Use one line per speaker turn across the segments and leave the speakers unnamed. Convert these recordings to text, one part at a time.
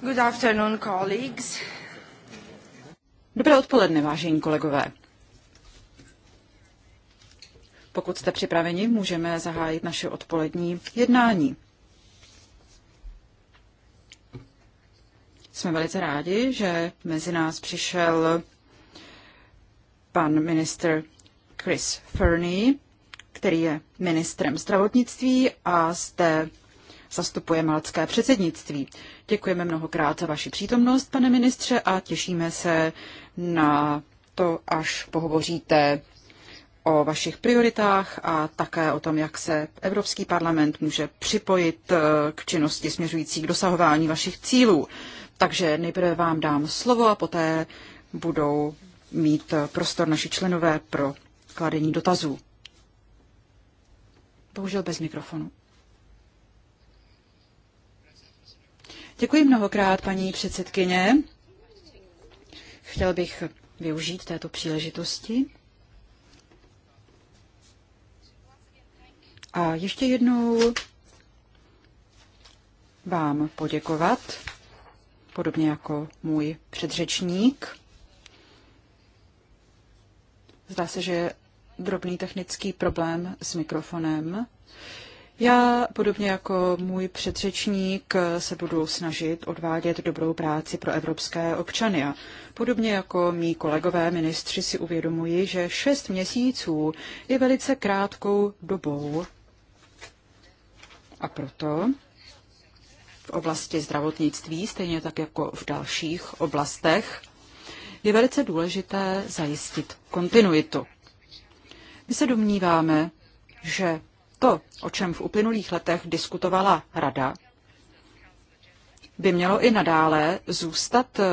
Good afternoon, colleagues. Dobré odpoledne, vážení kolegové. Pokud jste připraveni, můžeme zahájit naše odpolední jednání. Jsme velice rádi, že mezi nás přišel pan minister Chris Fernie, který je ministrem zdravotnictví a zde zastupuje malcké předsednictví. Děkujeme mnohokrát za vaši přítomnost, pane ministře, a těšíme se na to, až pohovoříte o vašich prioritách a také o tom, jak se Evropský parlament může připojit eh, k činnosti směřující k dosahování vašich cílů. Takže nejprve vám dám slovo a poté budou mít eh, prostor naši členové pro kladení dotazů. Bohužel bez mikrofonu. Děkuji mnohokrát, paní předsedkyně. Chtěl bych využít této příležitosti. A ještě jednou vám poděkovat, podobně jako můj předřečník. Zdá se, že drobný technický problém s mikrofonem. Já, podobně jako můj předřečník, se budu snažit odvádět dobrou práci pro evropské občany. A podobně jako mý kolegové ministři si uvědomuji, že šest měsíců je velice krátkou dobou. A proto v oblasti zdravotnictví, stejně tak jako v dalších oblastech, je velice důležité zajistit kontinuitu. My se domníváme, že to, o čem v uplynulých letech diskutovala Rada, by mělo i nadále zůstat eh,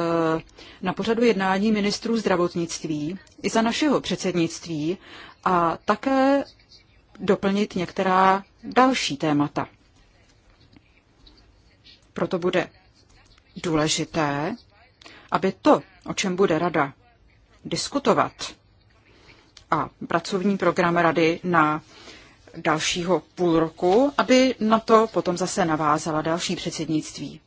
na pořadu jednání ministrů zdravotnictví i za našeho předsednictví a také doplnit některá další témata. Proto bude důležité, aby to, o čem bude rada diskutovat, a pracovní program rady na dalšího půl roku, aby na to potom zase navázala další předsednictví.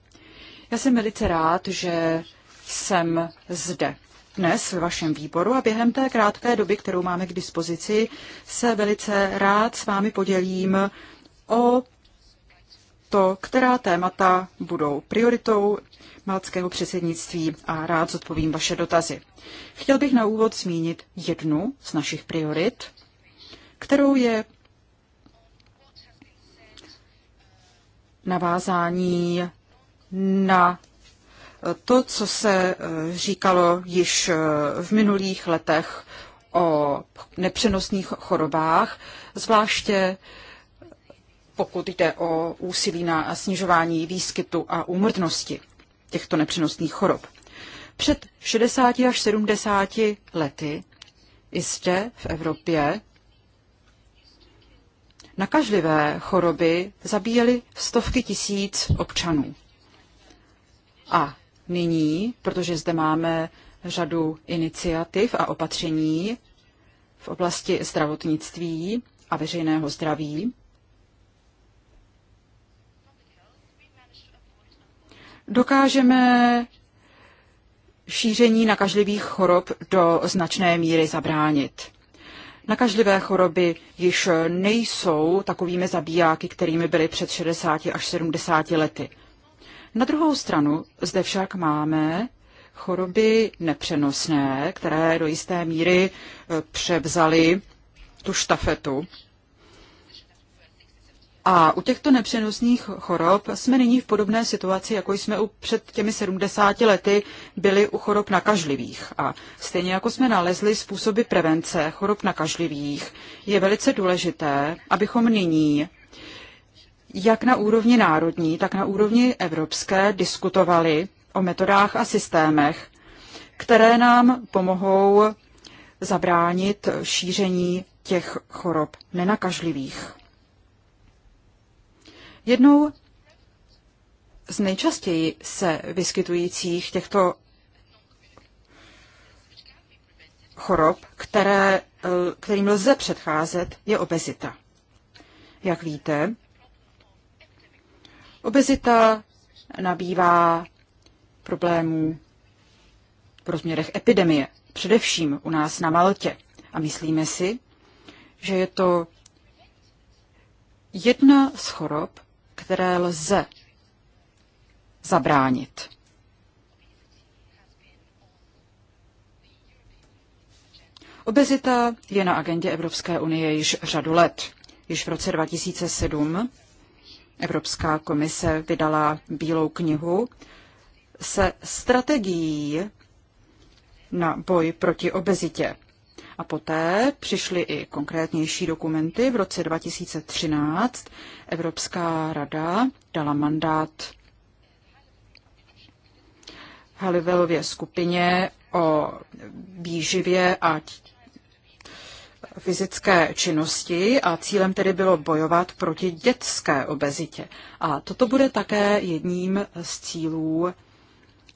Já jsem velice rád, že jsem zde dnes v vašem výboru a během té krátké doby, kterou máme k dispozici, se velice rád s vámi podělím o to, která témata budou prioritou malckého předsednictví a rád zodpovím vaše dotazy. Chtěl bych na úvod zmínit jednu z našich priorit, kterou je navázání na to, co se eh, říkalo již eh, v minulých letech o nepřenosných chorobách, zvláště pokud jde o úsilí na snižování výskytu a úmrtnosti těchto nepřenosných chorob. Před 60 až 70 lety i zde v Evropě nakažlivé choroby zabíjely stovky tisíc občanů. A nyní, protože zde máme řadu iniciativ a opatření v oblasti zdravotnictví a veřejného zdraví, dokážeme šíření nakažlivých chorob do značné míry zabránit. Nakažlivé choroby již nejsou takovými zabijáky, kterými byly před 60 až 70 lety. Na druhou stranu zde však máme choroby nepřenosné, které do jisté míry eh, převzaly tu štafetu a u těchto nepřenosných chorob jsme nyní v podobné situaci, jako jsme u před těmi 70 lety byli u chorob nakažlivých. A stejně jako jsme nalezli způsoby prevence chorob nakažlivých, je velice důležité, abychom nyní jak na úrovni národní, tak na úrovni evropské diskutovali o metodách a systémech, které nám pomohou zabránit šíření těch chorob nenakažlivých. Jednou z nejčastěji se vyskytujících těchto chorob, které, eh, kterým lze předcházet, je obezita. Jak víte, obezita nabývá problémů v rozměrech epidemie, především u nás na Maltě. A myslíme si, že je to jedna z chorob, které lze zabránit. Obezita je na agendě Evropské unie již řadu let. Již v roce 2007 Evropská komise vydala Bílou knihu se strategií na boj proti obezitě. A poté přišly i konkrétnější dokumenty. V roce 2013 Evropská rada dala mandát Halivelově skupině o výživě a fyzické činnosti a cílem tedy bylo bojovat proti dětské obezitě. A toto bude také jedním z cílů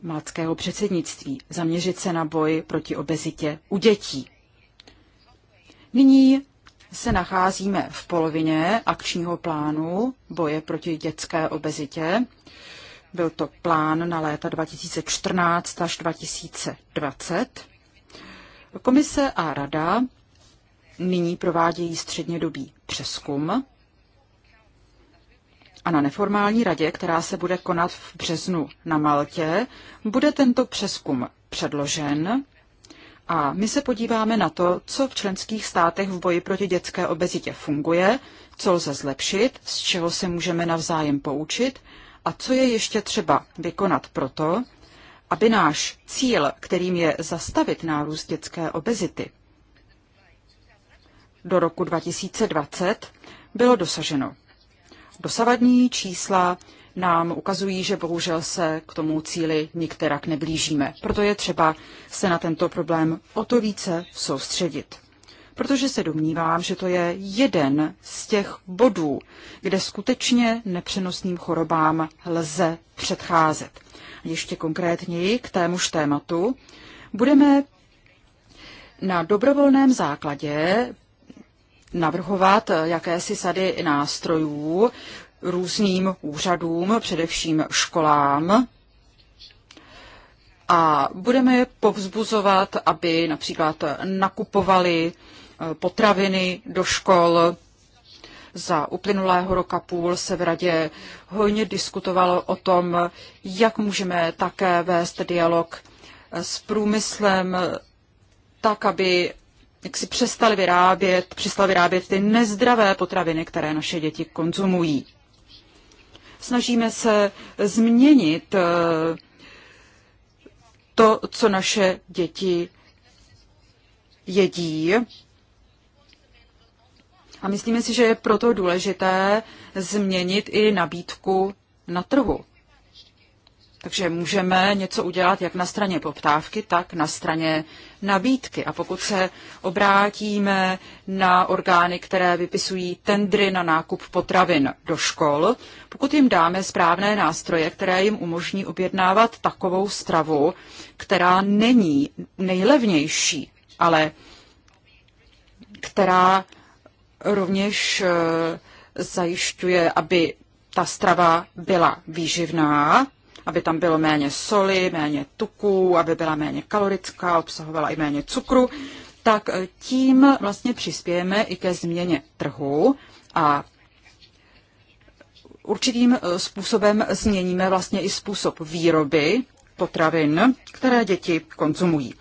malckého předsednictví, zaměřit se na boj proti obezitě u dětí. Nyní se nacházíme v polovině akčního plánu boje proti dětské obezitě. Byl to plán na léta 2014 až 2020. Komise a rada nyní provádějí střednědobý přeskum a na neformální radě, která se bude konat v březnu na Maltě, bude tento přeskum předložen a my se podíváme na to, co v členských státech v boji proti dětské obezitě funguje, co lze zlepšit, z čeho se můžeme navzájem poučit a co je ještě třeba vykonat proto, aby náš cíl, kterým je zastavit nárůst dětské obezity, do roku 2020 bylo dosaženo. Dosavadní čísla nám ukazují, že bohužel se k tomu cíli nikterak neblížíme. Proto je třeba se na tento problém o to více soustředit. Protože se domnívám, že to je jeden z těch bodů, kde skutečně nepřenosným chorobám lze předcházet. Ještě konkrétněji k témuž tématu budeme na dobrovolném základě navrhovat jakési sady nástrojů, různým úřadům, především školám, a budeme je povzbuzovat, aby například nakupovali eh, potraviny do škol. Za uplynulého roka půl se v radě hojně diskutovalo o tom, jak můžeme také vést dialog eh, s průmyslem, tak, aby jak si přestali vyrábět, přestali vyrábět ty nezdravé potraviny, které naše děti konzumují. Snažíme se změnit eh, to, co naše děti jedí. A myslíme si, že je proto důležité změnit i nabídku na trhu. Takže můžeme něco udělat jak na straně poptávky, tak na straně nabídky. A pokud se obrátíme na orgány, které vypisují tendry na nákup potravin do škol, pokud jim dáme správné nástroje, které jim umožní objednávat takovou stravu, která není nejlevnější, ale která rovněž eh, zajišťuje, aby ta strava byla výživná, aby tam bylo méně soli, méně tuků, aby byla méně kalorická, obsahovala i méně cukru, tak tím vlastně přispějeme i ke změně trhu a určitým eh, způsobem změníme vlastně i způsob výroby potravin, které děti konzumují.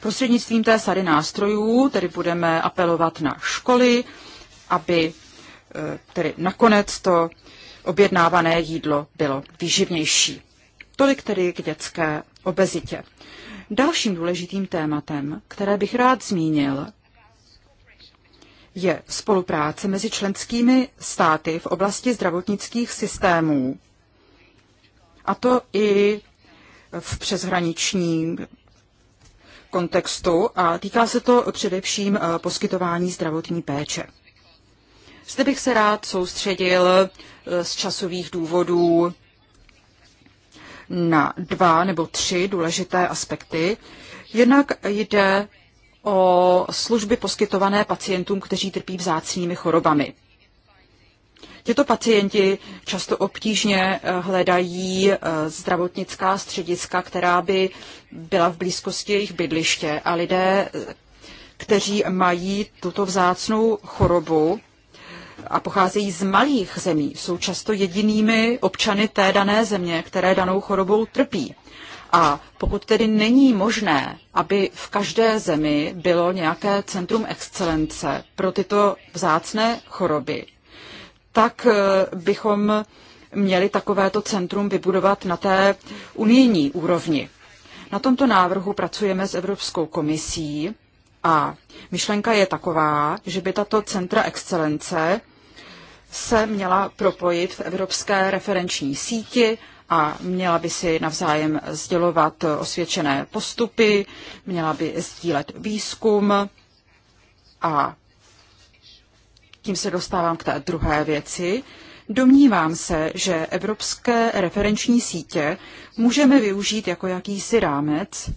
Prostřednictvím té sady nástrojů tedy budeme apelovat na školy, aby Eh, tedy nakonec to objednávané jídlo bylo výživnější. Tolik tedy k dětské obezitě. Dalším důležitým tématem, které bych rád zmínil, je spolupráce mezi členskými státy v oblasti zdravotnických systémů, a to i v přeshraničním kontextu a týká se to především eh, poskytování zdravotní péče. Zde bych se rád soustředil eh, z časových důvodů na dva nebo tři důležité aspekty. Jednak jde o služby poskytované pacientům, kteří trpí vzácnými chorobami. Těto pacienti často obtížně eh, hledají eh, zdravotnická střediska, která by byla v blízkosti jejich bydliště a lidé, kteří mají tuto vzácnou chorobu, a pocházejí z malých zemí, jsou často jedinými občany té dané země, které danou chorobou trpí. A pokud tedy není možné, aby v každé zemi bylo nějaké centrum excelence pro tyto vzácné choroby, tak eh, bychom měli takovéto centrum vybudovat na té unijní úrovni. Na tomto návrhu pracujeme s Evropskou komisí a myšlenka je taková, že by tato centra excelence se měla propojit v evropské referenční síti a měla by si navzájem sdělovat osvědčené postupy, měla by sdílet výzkum a tím se dostávám k té druhé věci. Domnívám se, že evropské referenční sítě můžeme využít jako jakýsi rámec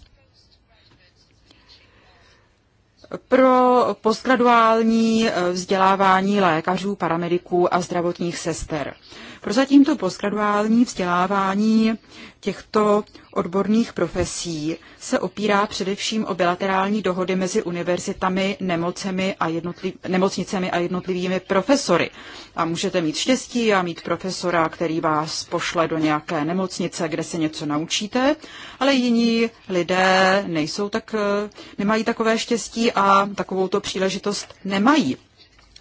pro postgraduální eh, vzdělávání lékařů, paramediků a zdravotních sester. Prozatím to postgraduální vzdělávání těchto odborných profesí se opírá především o bilaterální dohody mezi univerzitami, nemocemi a jednotliv, nemocnicemi a jednotlivými profesory. A můžete mít štěstí a mít profesora, který vás pošle do nějaké nemocnice, kde se něco naučíte, ale jiní lidé nejsou tak, nemají takové štěstí a takovou to příležitost nemají.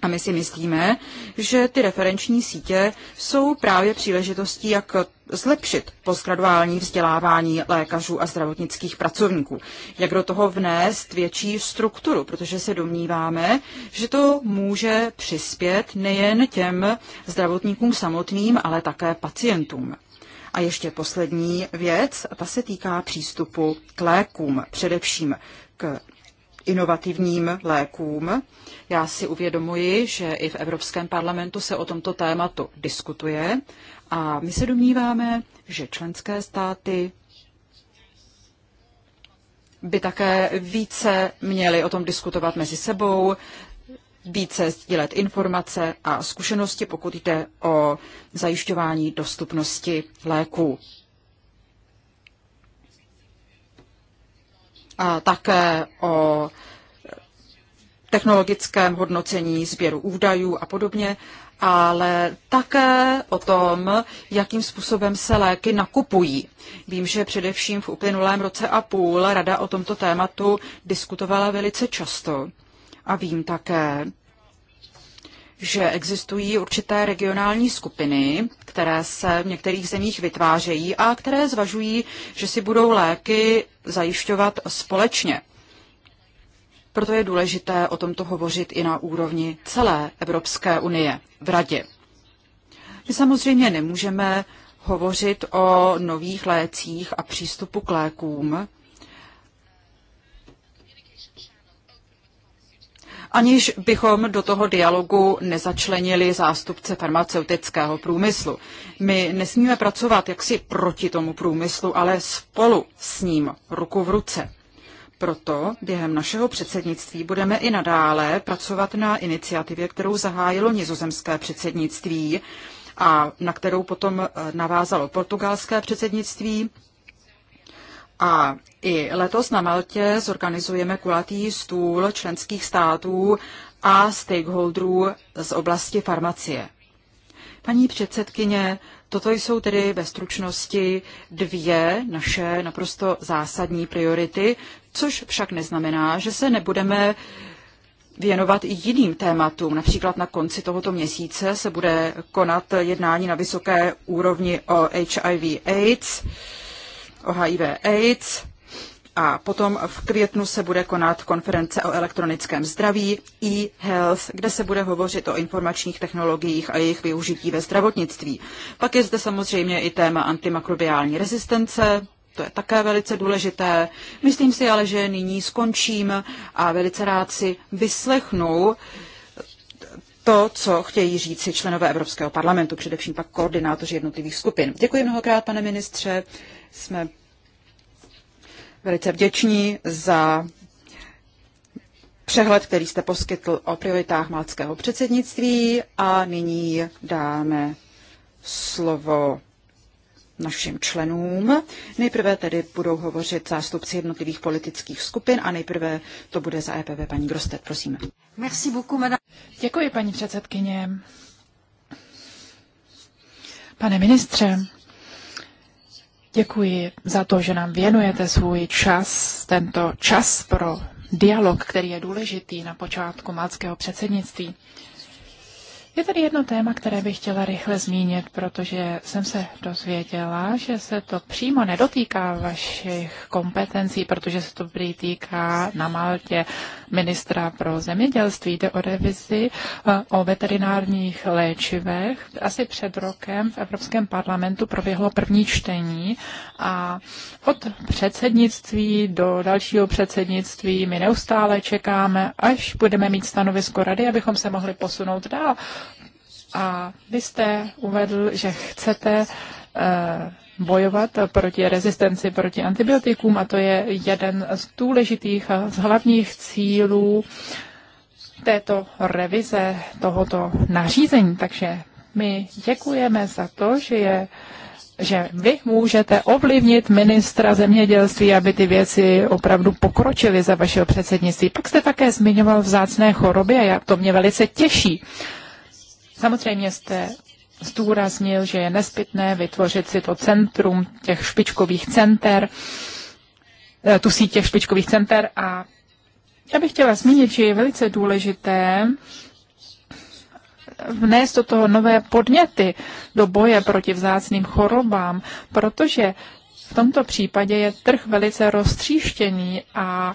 A my si myslíme, že ty referenční sítě jsou právě příležitostí, jak zlepšit postgraduální vzdělávání lékařů a zdravotnických pracovníků. Jak do toho vnést větší strukturu, protože se domníváme, že to může přispět nejen těm zdravotníkům samotným, ale také pacientům. A ještě poslední věc, a ta se týká přístupu k lékům, především k inovativním lékům. Já si uvědomuji, že i v Evropském parlamentu se o tomto tématu diskutuje a my se domníváme, že členské státy by také více měly o tom diskutovat mezi sebou, více sdílet informace a zkušenosti, pokud jde o zajišťování dostupnosti léků. také o technologickém hodnocení sběru údajů a podobně, ale také o tom, jakým způsobem se léky nakupují. Vím, že především v uplynulém roce a půl rada o tomto tématu diskutovala velice často. A vím také, že existují určité regionální skupiny, které se v některých zemích vytvářejí a které zvažují, že si budou léky zajišťovat společně. Proto je důležité o tomto hovořit i na úrovni celé Evropské unie v Radě. My samozřejmě nemůžeme hovořit o nových lécích a přístupu k lékům, aniž bychom do toho dialogu nezačlenili zástupce farmaceutického průmyslu. My nesmíme pracovat jaksi proti tomu průmyslu, ale spolu s ním, ruku v ruce. Proto během našeho předsednictví budeme i nadále pracovat na iniciativě, kterou zahájilo nizozemské předsednictví a na kterou potom eh, navázalo portugalské předsednictví a i letos na Maltě zorganizujeme kulatý stůl členských států a stakeholderů z oblasti farmacie. Paní předsedkyně, toto jsou tedy ve stručnosti dvě naše naprosto zásadní priority, což však neznamená, že se nebudeme věnovat i jiným tématům. Například na konci tohoto měsíce se bude konat jednání na vysoké úrovni o HIV AIDS o HIV AIDS a potom v květnu se bude konat konference o elektronickém zdraví e-health, kde se bude hovořit o informačních technologiích a jejich využití ve zdravotnictví. Pak je zde samozřejmě i téma antimakrobiální rezistence, to je také velice důležité. Myslím si ale, že nyní skončím a velice rád si vyslechnu to, co chtějí říci členové Evropského parlamentu, především pak koordinátoři jednotlivých skupin. Děkuji mnohokrát, pane ministře. Jsme velice vděční za přehled, který jste poskytl o prioritách malckého předsednictví a nyní dáme slovo našim členům. Nejprve tedy budou hovořit zástupci jednotlivých politických skupin a nejprve to bude za EPV paní Grostet, prosím.
Merci beaucoup, madame. Děkuji, paní předsedkyně. Pane ministře, Děkuji za to, že nám věnujete svůj čas, tento čas pro dialog, který je důležitý na počátku malckého předsednictví. Je tady jedno téma, které bych chtěla rychle zmínit, protože jsem se dozvěděla, že se to přímo nedotýká vašich kompetencí, protože se to prý týká na Maltě ministra pro zemědělství. Jde o revizi eh, o veterinárních léčivech. Asi před rokem v Evropském parlamentu proběhlo první čtení a od předsednictví do dalšího předsednictví my neustále čekáme, až budeme mít stanovisko rady, abychom se mohli posunout dál. A vy jste uvedl, že chcete eh, bojovat proti rezistenci proti antibiotikům a to je jeden z důležitých a z hlavních cílů této revize tohoto nařízení. Takže my děkujeme za to, že je že vy můžete ovlivnit ministra zemědělství, aby ty věci opravdu pokročily za vašeho předsednictví. Pak jste také zmiňoval vzácné choroby a já, to mě velice těší. Uh, Samozřejmě jste zdůraznil, že je nezbytné vytvořit si to centrum těch špičkových center, eh, tu síť těch špičkových center a já bych chtěla zmínit, že je velice důležité vnést do toho nové podněty do boje proti vzácným chorobám, protože v tomto případě je trh velice roztříštěný a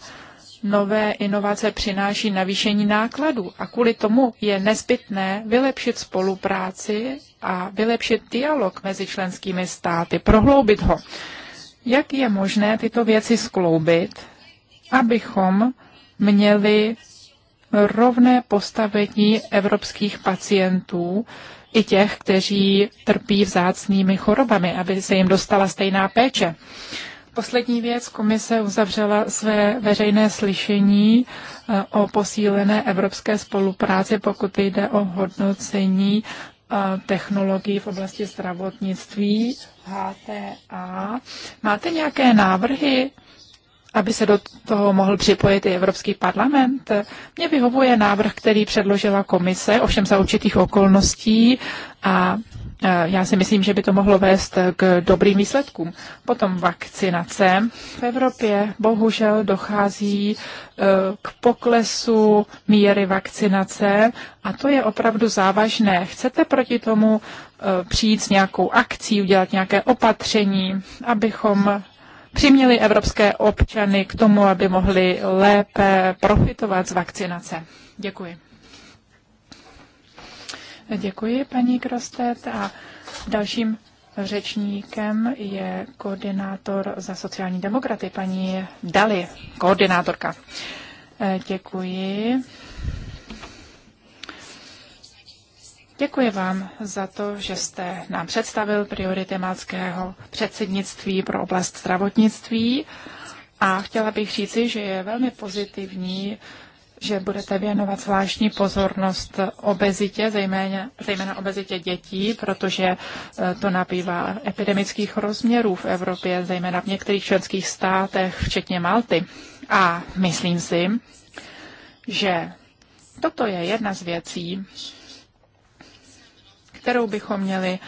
nové inovace přináší navýšení nákladů a kvůli tomu je nezbytné vylepšit spolupráci a vylepšit dialog mezi členskými státy, prohloubit ho. Jak je možné tyto věci skloubit, abychom měli rovné postavení evropských pacientů i těch, kteří trpí vzácnými chorobami, aby se jim dostala stejná péče. Poslední věc, komise uzavřela své veřejné slyšení eh, o posílené evropské spolupráci, pokud jde o hodnocení eh, technologií v oblasti zdravotnictví, HTA. Máte nějaké návrhy, aby se do toho mohl připojit i Evropský parlament? Mně vyhovuje návrh, který předložila komise, ovšem za určitých okolností a já si myslím, že by to mohlo vést k dobrým výsledkům. Potom vakcinace. V Evropě bohužel dochází e, k poklesu míry vakcinace a to je opravdu závažné. Chcete proti tomu e, přijít s nějakou akcí, udělat nějaké opatření, abychom přiměli evropské občany k tomu, aby mohli lépe profitovat z vakcinace? Děkuji. Děkuji, paní Krostet. A dalším řečníkem je koordinátor za sociální demokraty, paní Dali, koordinátorka. Eh, děkuji. Děkuji vám za to, že jste nám představil priority mátského předsednictví pro oblast zdravotnictví. A chtěla bych říci, že je velmi pozitivní, že budete věnovat zvláštní pozornost obezitě, zejména, zejména obezitě dětí, protože eh, to nabývá epidemických rozměrů v Evropě, zejména v některých členských státech, včetně Malty. A myslím si, že toto je jedna z věcí, kterou bychom měli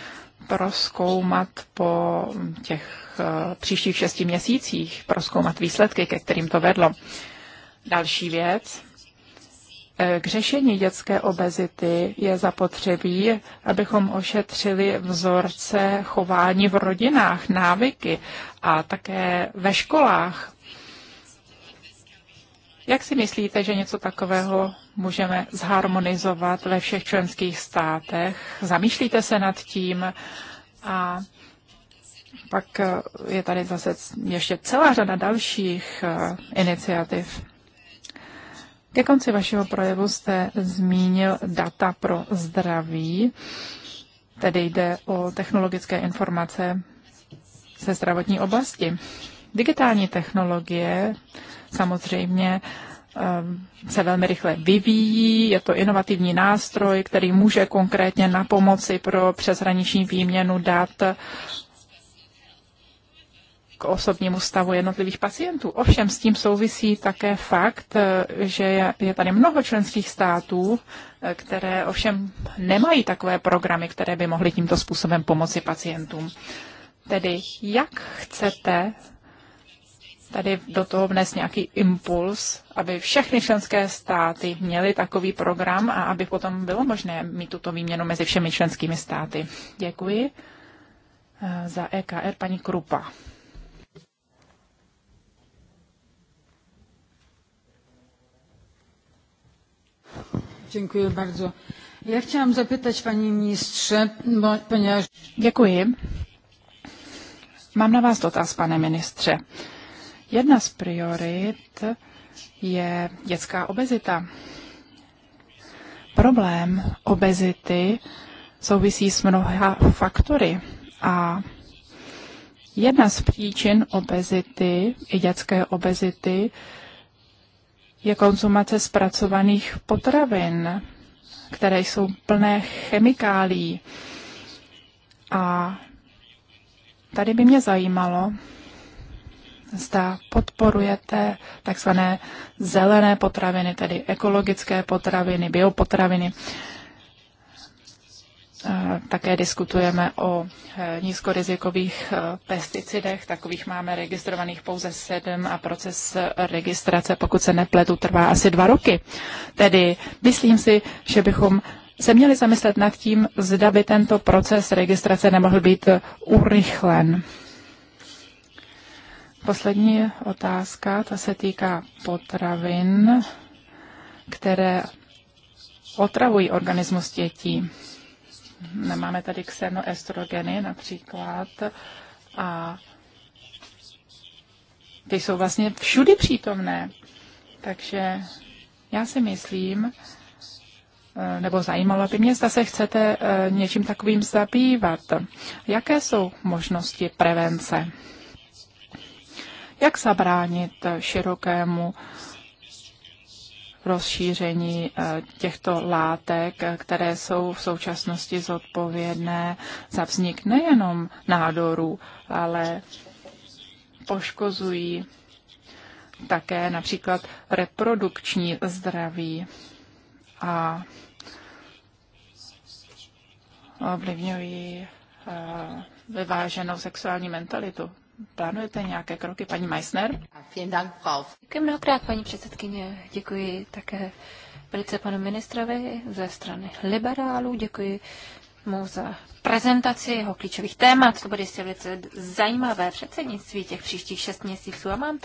proskoumat po těch eh, příštích šesti měsících, proskoumat výsledky, ke kterým to vedlo. Další věc, k řešení dětské obezity je zapotřebí, abychom ošetřili vzorce chování v rodinách, návyky a také ve školách. Jak si myslíte, že něco takového můžeme zharmonizovat ve všech členských státech? Zamýšlíte se nad tím a pak je tady zase ještě celá řada dalších eh, iniciativ. Ke konci vašeho projevu jste zmínil data pro zdraví, tedy jde o technologické informace ze zdravotní oblasti. Digitální technologie samozřejmě ehm, se velmi rychle vyvíjí, je to inovativní nástroj, který může konkrétně na pomoci pro přeshraniční výměnu dat k osobnímu stavu jednotlivých pacientů. Ovšem s tím souvisí také fakt, eh, že je tady mnoho členských států, eh, které ovšem nemají takové programy, které by mohly tímto způsobem pomoci pacientům. Tedy jak chcete tady do toho vnes nějaký impuls, aby všechny členské státy měly takový program a aby potom bylo možné mít tuto výměnu mezi všemi členskými státy. Děkuji eh, za EKR paní Krupa.
Děkuji Já chciałam zapytać, paní ministře,
poněvadž... Děkuji. Mám na vás dotaz, pane ministře. Jedna z priorit je dětská obezita. Problém obezity souvisí s mnoha faktory a jedna z příčin obezity i dětské obezity je konzumace zpracovaných potravin, které jsou plné chemikálí. A tady by mě zajímalo, zda podporujete takzvané zelené potraviny, tedy ekologické potraviny, biopotraviny. Uh, Eh, také diskutujeme o eh, nízkorizikových eh, pesticidech, takových máme registrovaných pouze sedm a proces registrace, pokud se nepletu, trvá asi dva roky. Tedy myslím si, že bychom se měli zamyslet nad tím, zda by tento proces registrace nemohl být urychlen. Poslední otázka, ta se týká potravin, které otravují organismus dětí. Máme tady xenoestrogeny například a ty jsou vlastně všudy přítomné. Takže já si myslím, eh, nebo zajímalo by mě, zda se chcete eh, něčím takovým zabývat. Jaké jsou možnosti prevence? Jak zabránit širokému rozšíření eh, těchto látek, které jsou v současnosti zodpovědné za vznik nejenom nádorů, ale poškozují také například reprodukční zdraví a ovlivňují eh, vyváženou sexuální mentalitu plánujete nějaké kroky, paní Meissner?
Děkuji mnohokrát, paní předsedkyně. Děkuji také velice panu ministrovi ze strany liberálů. Děkuji mu za prezentaci jeho klíčových témat. To bude jistě velice zajímavé předsednictví těch příštích šest měsíců. A mám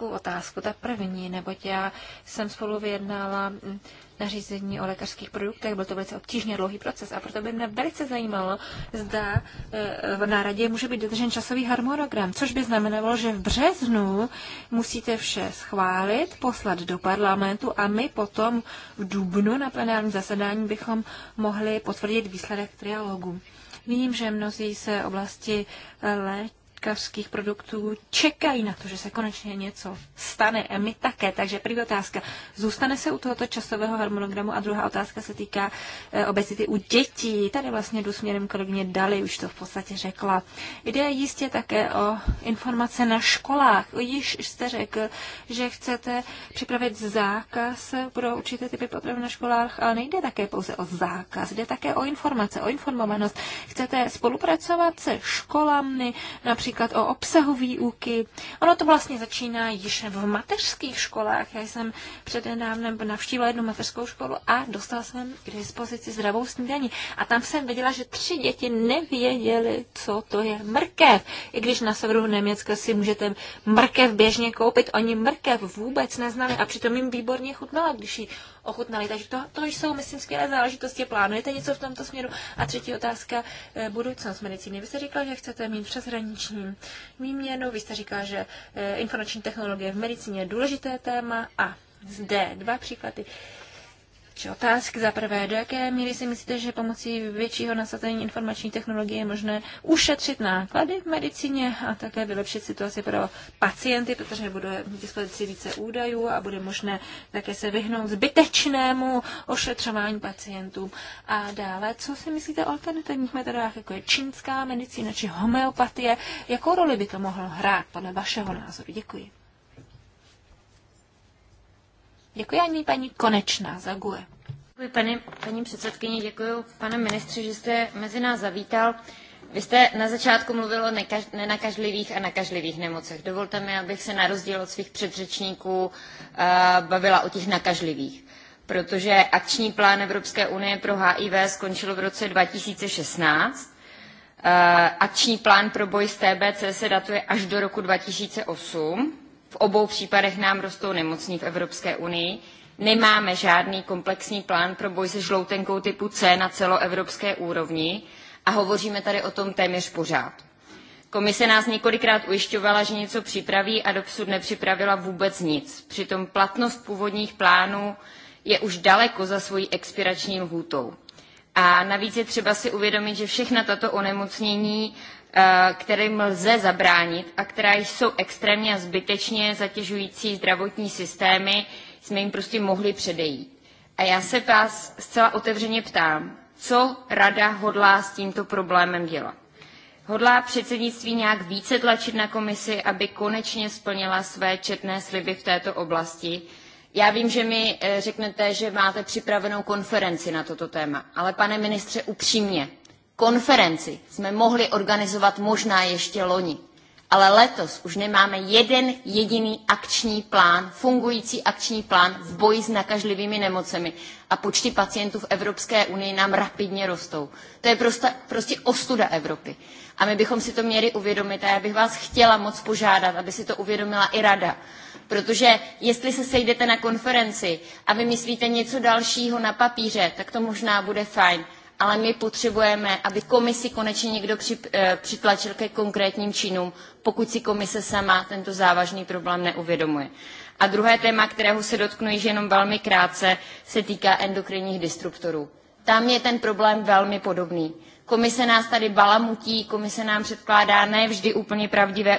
krátkou otázku. Ta první, neboť já jsem spolu vyjednala mm, nařízení o lékařských produktech, byl to velice obtížně dlouhý proces a proto by mě velice zajímalo, zda eh, v náradě může být dodržen časový harmonogram, což by znamenalo, že v březnu musíte vše schválit, poslat do parlamentu a my potom v dubnu na plenárním zasedání bychom mohli potvrdit výsledek trialogu. Vím, že mnozí se oblasti eh, léč potravinářských produktů čekají na to, že se konečně něco stane. A my také. Takže první otázka. Zůstane se u tohoto časového harmonogramu? A druhá otázka se týká eh, obezity u dětí. Tady vlastně jdu směrem kolegyně Dali, už to v podstatě řekla. Jde jistě také o informace na školách. Již jste řekl, že chcete připravit zákaz pro určité typy potravin na školách, ale nejde také pouze o zákaz, jde také o informace, o informovanost. Chcete spolupracovat se školami, například například o obsahu výuky. Ono to vlastně začíná již v mateřských školách. Já jsem před nedávnem navštívila jednu mateřskou školu a dostala jsem k dispozici zdravou snídaní. A tam jsem viděla, že tři děti nevěděly, co to je mrkev. I když na severu Německa si můžete mrkev běžně koupit, oni mrkev vůbec neznali a přitom jim výborně chutnala, když ji ochutnali. Takže to, to jsou, myslím, skvělé záležitosti. Plánujete něco v tomto směru? A třetí otázka, eh, budoucnost medicíny. Vy jste říkala, že chcete mít přeshraniční výměnu, vy jste říkala, že eh, informační technologie v medicíně je důležité téma a zde dva příklady. Či otázky za prvé, do jaké míry si myslíte, že pomocí většího nasazení informační technologie je možné ušetřit náklady v medicíně a také vylepšit situaci pro pacienty, protože bude k dispozici více údajů a bude možné také se vyhnout zbytečnému ošetřování pacientů. A dále, co si myslíte o alternativních metodách, jako je čínská medicína či homeopatie, jakou roli by to mohlo hrát podle vašeho názoru? Děkuji. Děkuji ani paní Konečná za GUE.
Děkuji paní, paní předsedkyně, děkuji pane ministře, že jste mezi nás zavítal. Vy jste na začátku mluvil o nekaž, nenakažlivých a nakažlivých nemocech. Dovolte mi, abych se na rozdíl od svých předřečníků uh, bavila o těch nakažlivých protože akční plán Evropské unie pro HIV skončil v roce 2016. Eh, akční plán pro boj s TBC se datuje až do roku 2008 v obou případech nám rostou nemocní v Evropské unii. Nemáme žádný komplexní plán pro boj se žloutenkou typu C na celoevropské úrovni a hovoříme tady o tom téměř pořád. Komise nás několikrát ujišťovala, že něco připraví a dosud nepřipravila vůbec nic. Přitom platnost původních plánů je už daleko za svojí expirační lhůtou. A navíc je třeba si uvědomit, že všechna tato onemocnění Eh, kterým lze zabránit a která jsou extrémně a zbytečně zatěžující zdravotní systémy, jsme jim prostě mohli předejít. A já se vás zcela otevřeně ptám, co Rada hodlá s tímto problémem dělat. Hodlá předsednictví nějak více tlačit na komisi, aby konečně splnila své četné sliby v této oblasti. Já vím, že mi eh, řeknete, že máte připravenou konferenci na toto téma, ale pane ministře, upřímně, Konferenci jsme mohli organizovat možná ještě loni, ale letos už nemáme jeden jediný akční plán, fungující akční plán v boji s nakažlivými nemocemi a počty pacientů v Evropské unii nám rapidně rostou. To je prostě, prostě ostuda Evropy. A my bychom si to měli uvědomit a já bych vás chtěla moc požádat, aby si to uvědomila i Rada, Protože jestli se sejdete na konferenci a vymyslíte něco dalšího na papíře, tak to možná bude fajn ale my potřebujeme, aby komisi konečně někdo eh, přitlačil ke konkrétním činům, pokud si komise sama tento závažný problém neuvědomuje. A druhé téma, kterého se dotknu již jenom velmi krátce, se týká endokrinních disruptorů. Tam je ten problém velmi podobný. Komise nás tady balamutí, komise nám předkládá ne vždy úplně pravdivé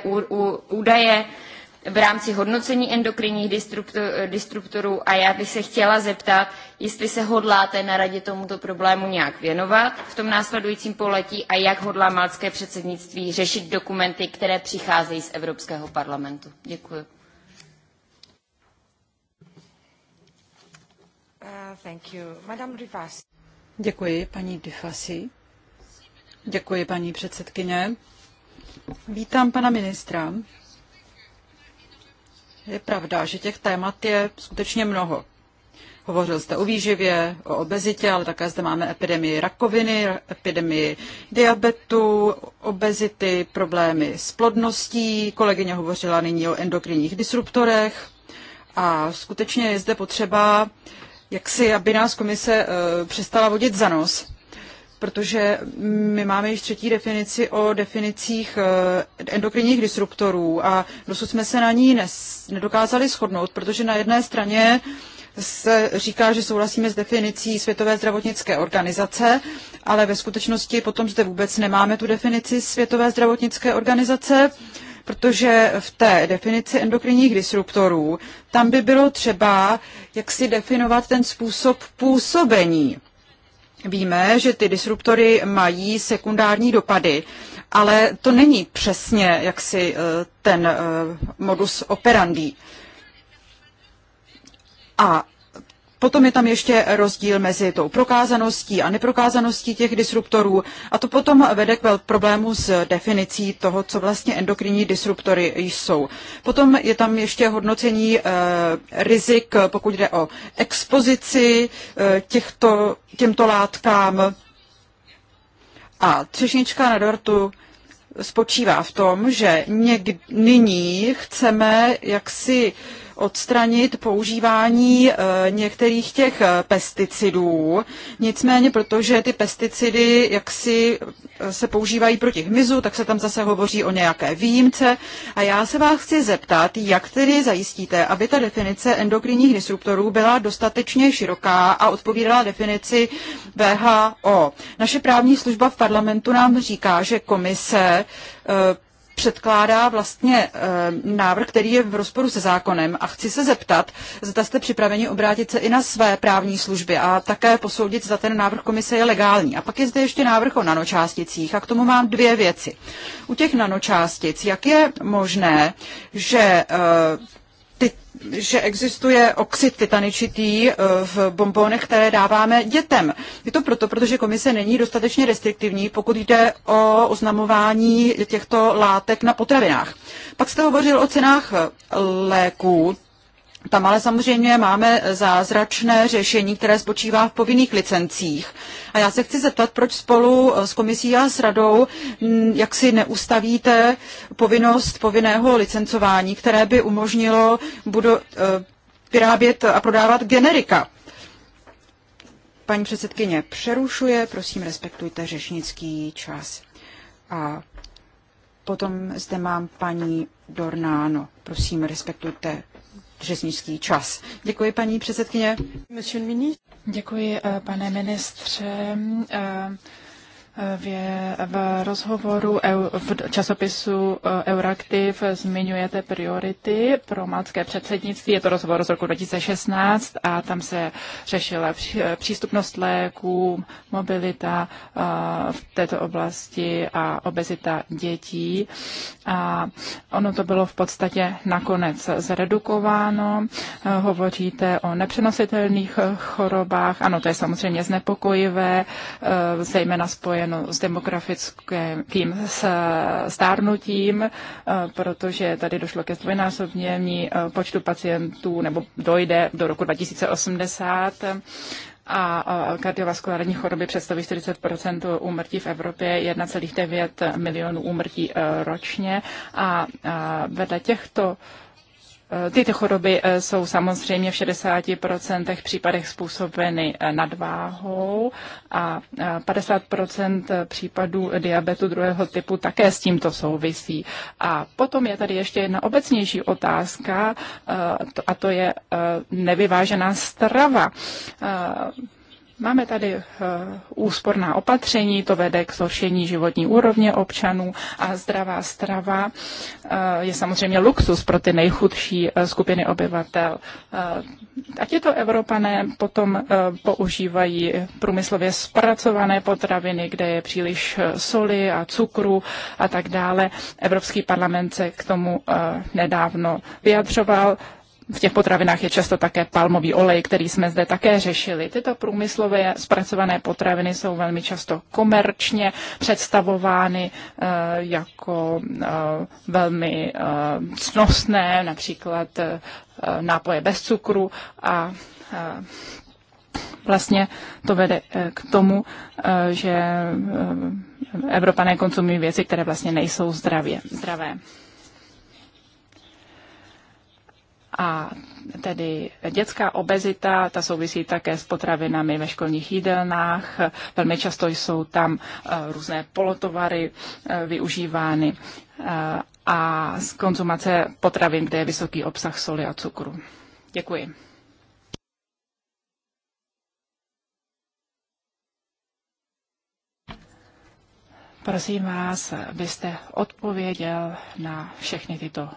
údaje, v rámci hodnocení endokrinních disruptorů a já bych se chtěla zeptat, jestli se hodláte na radě tomuto problému nějak věnovat v tom následujícím poletí a jak hodlá malcké předsednictví řešit dokumenty, které přicházejí z Evropského parlamentu. Děkuji.
Uh, Děkuji, paní Dufasi. Děkuji, paní předsedkyně. Vítám pana ministra. Je pravda, že těch témat je skutečně mnoho. Hovořil jste o výživě, o obezitě, ale také zde máme epidemii rakoviny, epidemii diabetu, obezity, problémy s plodností. Kolegyně hovořila nyní o endokrinních disruptorech. A skutečně je zde potřeba, jak si, aby nás komise eh, přestala vodit za nos protože my máme již třetí definici o definicích eh, endokrinních disruptorů a dosud jsme se na ní nedokázali shodnout, protože na jedné straně se říká, že souhlasíme s definicí Světové zdravotnické organizace, ale ve skutečnosti potom zde vůbec nemáme tu definici Světové zdravotnické organizace, protože v té definici endokrinních disruptorů tam by bylo třeba, jak si definovat ten způsob působení Víme, že ty disruptory mají sekundární dopady, ale to není přesně jaksi eh, ten eh, modus operandi. A Potom je tam ještě rozdíl mezi tou prokázaností a neprokázaností těch disruptorů a to potom vede k problému s definicí toho, co vlastně endokrinní disruptory jsou. Potom je tam ještě hodnocení e, rizik, pokud jde o expozici e, těchto, těmto látkám. A třešnička na dortu spočívá v tom, že někdy, nyní chceme jaksi uh, odstranit používání eh, některých těch eh, pesticidů. Nicméně, protože ty pesticidy jaksi eh, se používají proti hmyzu, tak se tam zase hovoří o nějaké výjimce. A já se vás chci zeptat, jak tedy zajistíte, aby ta definice endokrinních disruptorů byla dostatečně široká a odpovídala definici VHO. Naše právní služba v parlamentu nám říká, že komise předkládá vlastně eh, návrh, který je v rozporu se zákonem a chci se zeptat, zda jste připraveni obrátit se i na své právní služby a také posoudit, zda ten návrh komise je legální. A pak je zde ještě návrh o nanočásticích a k tomu mám dvě věci. U těch nanočástic, jak je možné, že eh, ty, že existuje oxid titaničitý eh, v bombónech, které dáváme dětem. Je to proto, protože komise není dostatečně restriktivní, pokud jde o oznamování těchto látek na potravinách. Pak jste hovořil o cenách léků. Tam ale samozřejmě máme zázračné řešení, které spočívá v povinných licencích. A já se chci zeptat, proč spolu eh, s komisí a s radou, mm, jak si neustavíte povinnost povinného licencování, které by umožnilo budu, eh, vyrábět a prodávat generika. Paní předsedkyně přerušuje, prosím respektujte řešnický čas. A potom zde mám paní Dornáno. Prosím, respektujte řečnický čas. Děkuji, paní předsedkyně.
Děkuji, eh, pane ministře. Eh, v rozhovoru v časopisu eh, Euraktiv zmiňujete priority pro malcké předsednictví. Je to rozhovor z roku 2016 a tam se řešila eh, přístupnost léků, mobilita eh, v této oblasti a obezita dětí. A ono to bylo v podstatě nakonec zredukováno. Hovoříte o nepřenositelných chorobách. Ano, to je samozřejmě znepokojivé, zejména spoje spojeno s demografickým stárnutím, eh, protože tady došlo ke zdvojnásobnění eh, počtu pacientů, nebo dojde do roku 2080 a kardiovaskulární choroby představují 40 úmrtí v Evropě, 1,9 milionů úmrtí eh, ročně. A vedle těchto Eh, tyto choroby eh, jsou samozřejmě v 60% případech způsobeny eh, nadváhou a 50% případů diabetu druhého typu také s tímto souvisí. A potom je tady ještě jedna obecnější otázka a to je nevyvážená strava Máme tady eh, úsporná opatření, to vede k zhoršení životní úrovně občanů a zdravá strava eh, je samozřejmě luxus pro ty nejchudší eh, skupiny obyvatel. A tito Evropané potom používají průmyslově zpracované potraviny, kde je příliš soli a cukru a tak dále. Evropský parlament se k tomu nedávno vyjadřoval v těch potravinách je často také palmový olej, který jsme zde také řešili. Tyto průmyslově zpracované potraviny jsou velmi často komerčně představovány eh, jako eh, velmi eh, cnostné, například nápoje bez cukru a vlastně to vede k tomu, že Evropané konzumují věci, které vlastně nejsou zdravě, zdravé. A tedy dětská obezita, ta souvisí také s potravinami ve školních jídelnách. Velmi často jsou tam eh, různé polotovary eh, využívány eh, a z konzumace potravin, kde je vysoký obsah soli a cukru. Děkuji. Prosím vás, abyste odpověděl na všechny tyto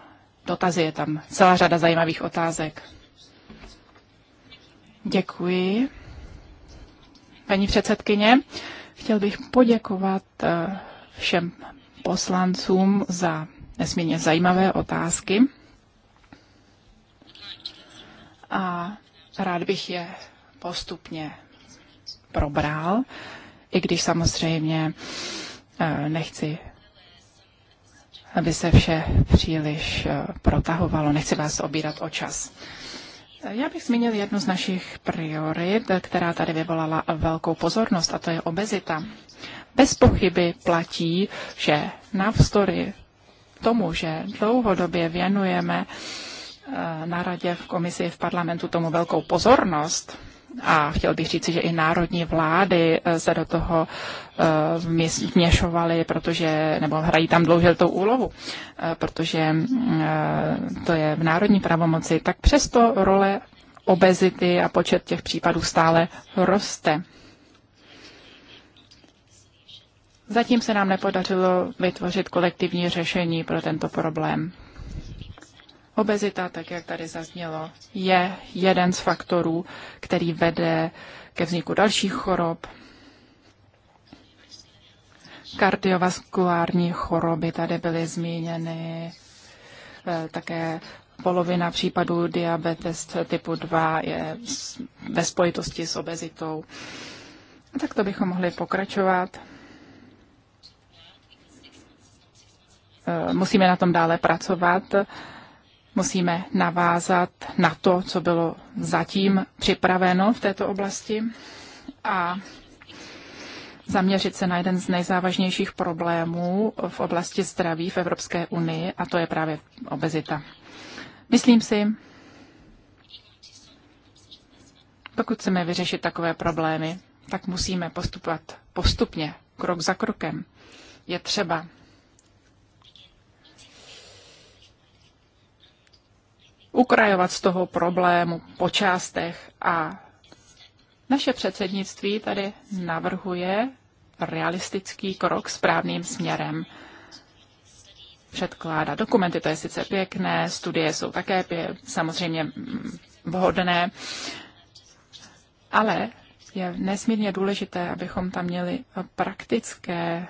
dotazy, je tam celá řada zajímavých otázek. Děkuji. Paní předsedkyně, chtěl bych poděkovat eh, všem poslancům za nesmírně zajímavé otázky. A rád bych je postupně probral, i když samozřejmě eh, nechci aby se vše příliš eh, protahovalo. Nechci vás obírat o čas. Já bych zmínil jednu z našich priorit, která tady vyvolala velkou pozornost, a to je obezita. Bez pochyby platí, že navzdory tomu, že dlouhodobě věnujeme eh, na radě, v komisi, v parlamentu tomu velkou pozornost, a chtěl bych říci, že i národní vlády eh, se do toho vměšovaly, eh, protože, nebo hrají tam dlouhou úlohu, eh, protože mm, to je v národní pravomoci, tak přesto role obezity a počet těch případů stále roste. Zatím se nám nepodařilo vytvořit kolektivní řešení pro tento problém. Obezita, tak jak tady zaznělo, je jeden z faktorů, který vede ke vzniku dalších chorob. Kardiovaskulární choroby tady byly zmíněny, eh, také polovina případů diabetes typu 2 je ve spojitosti s obezitou. A tak to bychom mohli pokračovat. Eh, musíme na tom dále pracovat Musíme navázat na to, co bylo zatím připraveno v této oblasti a zaměřit se na jeden z nejzávažnějších problémů v oblasti zdraví v Evropské unii, a to je právě obezita. Myslím si, pokud chceme vyřešit takové problémy, tak musíme postupovat postupně, krok za krokem. Je třeba ukrajovat z toho problému po částech. A naše předsednictví tady navrhuje realistický krok správným směrem. Předkládá dokumenty, to je sice pěkné, studie jsou také pě- samozřejmě mm, vhodné, ale je nesmírně důležité, abychom tam měli praktické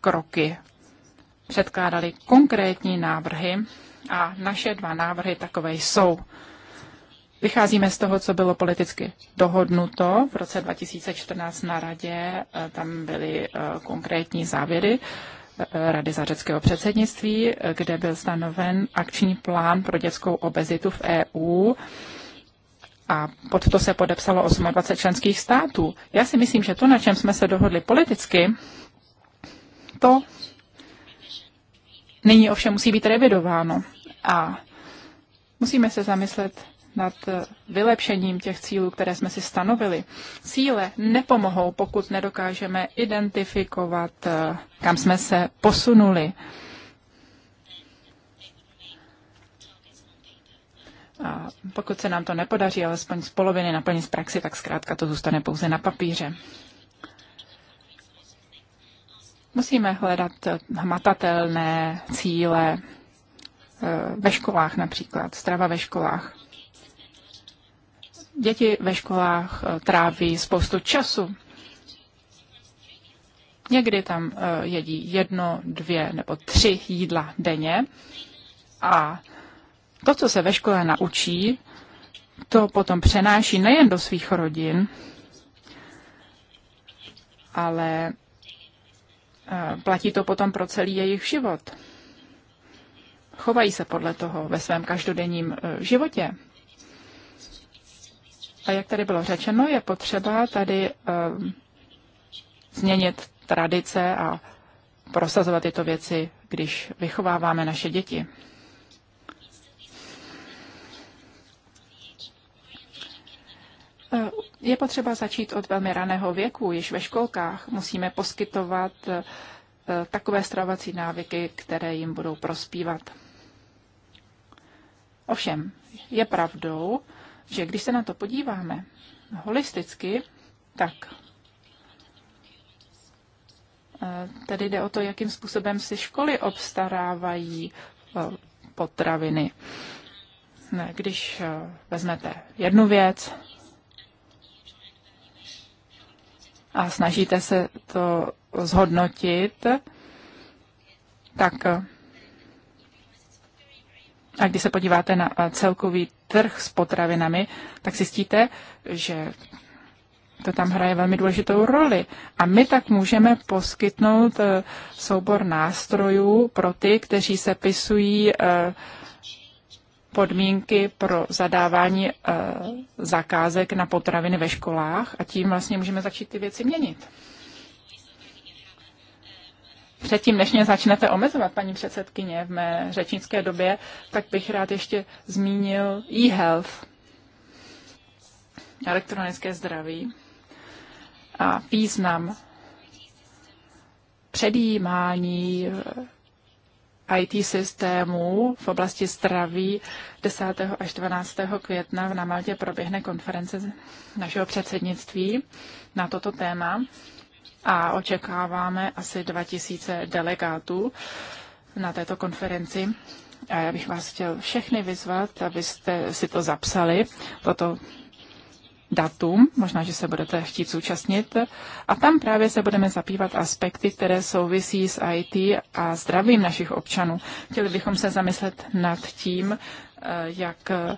kroky. Předkládali konkrétní návrhy, a naše dva návrhy takové jsou. Vycházíme z toho, co bylo politicky dohodnuto v roce 2014 na radě. E, tam byly e, konkrétní závěry e, Rady za řeckého předsednictví, kde byl stanoven akční plán pro dětskou obezitu v EU a pod to se podepsalo 28 členských států. Já si myslím, že to, na čem jsme se dohodli politicky, to Nyní ovšem musí být revidováno a musíme se zamyslet nad eh, vylepšením těch cílů, které jsme si stanovili. Cíle nepomohou, pokud nedokážeme identifikovat, eh, kam jsme se posunuli. A pokud se nám to nepodaří alespoň z poloviny naplnit z praxi, tak zkrátka to zůstane pouze na papíře. Musíme hledat hmatatelné cíle eh, ve školách například, strava ve školách. Děti ve školách eh, tráví spoustu času. Někdy tam eh, jedí jedno, dvě nebo tři jídla denně a to, co se ve škole naučí, to potom přenáší nejen do svých rodin, ale platí to potom pro celý jejich život. Chovají se podle toho ve svém každodenním e, životě. A jak tady bylo řečeno, je potřeba tady e, změnit tradice a prosazovat tyto věci, když vychováváme naše děti. Eh, je potřeba začít od velmi raného věku, již ve školkách musíme poskytovat eh, takové stravovací návyky, které jim budou prospívat. Ovšem, je pravdou, že když se na to podíváme holisticky, tak eh, tady jde o to, jakým způsobem si školy obstarávají potraviny. Když vezmete jednu věc, a snažíte se to zhodnotit, tak a když se podíváte na eh, celkový trh s potravinami, tak zjistíte, že to tam hraje velmi důležitou roli. A my tak můžeme poskytnout eh, soubor nástrojů pro ty, kteří se pisují eh, podmínky pro zadávání eh, zakázek na potraviny ve školách a tím vlastně můžeme začít ty věci měnit. Předtím, než mě začnete omezovat, paní předsedkyně, v mé řečnické době, tak bych rád ještě zmínil e-health, elektronické zdraví a význam předjímání IT systémů v oblasti zdraví 10. až 12. května na Maltě proběhne konference našeho předsednictví na toto téma a očekáváme asi 2000 delegátů na této konferenci. A já bych vás chtěl všechny vyzvat, abyste si to zapsali, toto datum, možná, že se budete chtít zúčastnit. A tam právě se budeme zabývat aspekty, které souvisí s IT a zdravím našich občanů. Chtěli bychom se zamyslet nad tím, eh, jak eh,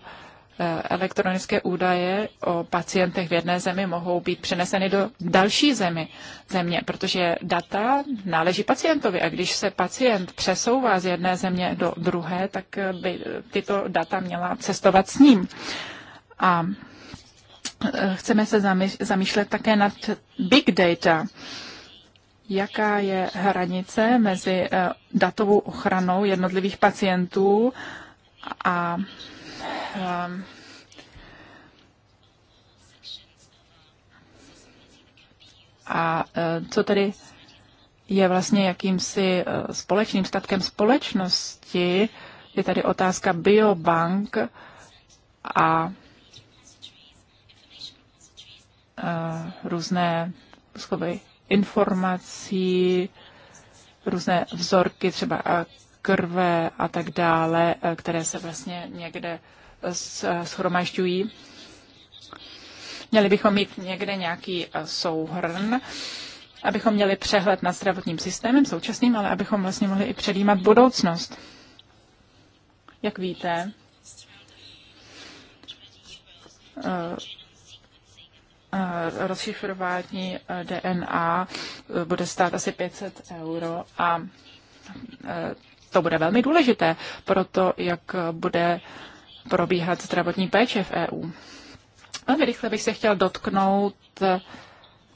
elektronické údaje o pacientech v jedné zemi mohou být přeneseny do další zemi, země, protože data náleží pacientovi a když se pacient přesouvá z jedné země do druhé, tak by tyto data měla cestovat s ním. A chceme se zamýšlet také nad big data. Jaká je hranice mezi eh, datovou ochranou jednotlivých pacientů a eh, a eh, co tedy je vlastně jakýmsi společným statkem společnosti, je tady otázka biobank a Eh, různé schovy informací, různé vzorky třeba eh, krve a tak dále, eh, které se vlastně někde schromažďují. Měli bychom mít někde nějaký souhrn, abychom měli přehled nad zdravotním systémem současným, ale abychom vlastně mohli i předjímat budoucnost. Jak víte, rozšifrování eh, DNA eh, bude stát asi 500 euro a eh, to bude velmi důležité pro to, jak bude probíhat zdravotní péče v EU. Velmi rychle bych se chtěl dotknout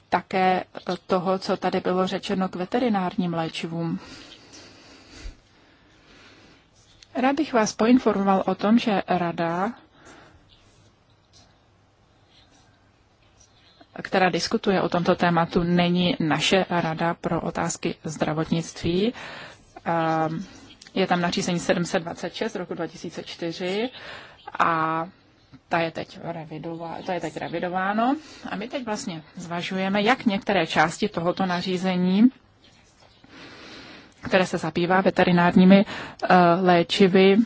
také toho, co tady bylo řečeno k veterinárním léčivům. Rád bych vás poinformoval o tom, že Rada která diskutuje o tomto tématu, není naše rada pro otázky zdravotnictví. Ehm, je tam nařízení 726 z roku 2004 a ta je teď, revidová, Ta je teď revidováno. A my teď vlastně zvažujeme, jak některé části tohoto nařízení, které se zabývá veterinárními eh, léčivy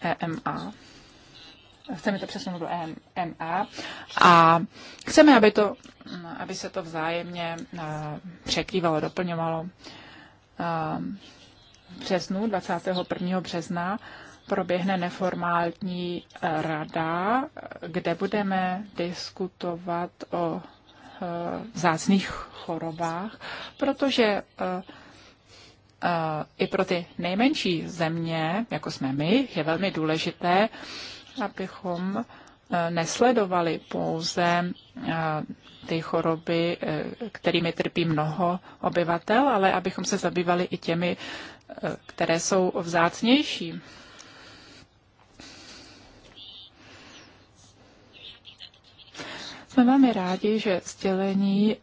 EMA, chceme to přesunout do EMA a chceme, aby, to, aby se to vzájemně eh, překrývalo, doplňovalo. Eh, v březnu, 21. března, proběhne neformální eh, rada, kde budeme diskutovat o vzácných chorobách, protože i pro ty nejmenší země, jako jsme my, je velmi důležité, abychom eh, nesledovali pouze eh, ty choroby, eh, kterými trpí mnoho obyvatel, ale abychom se zabývali i těmi, které jsou vzácnější. Jsme velmi rádi, že sdělení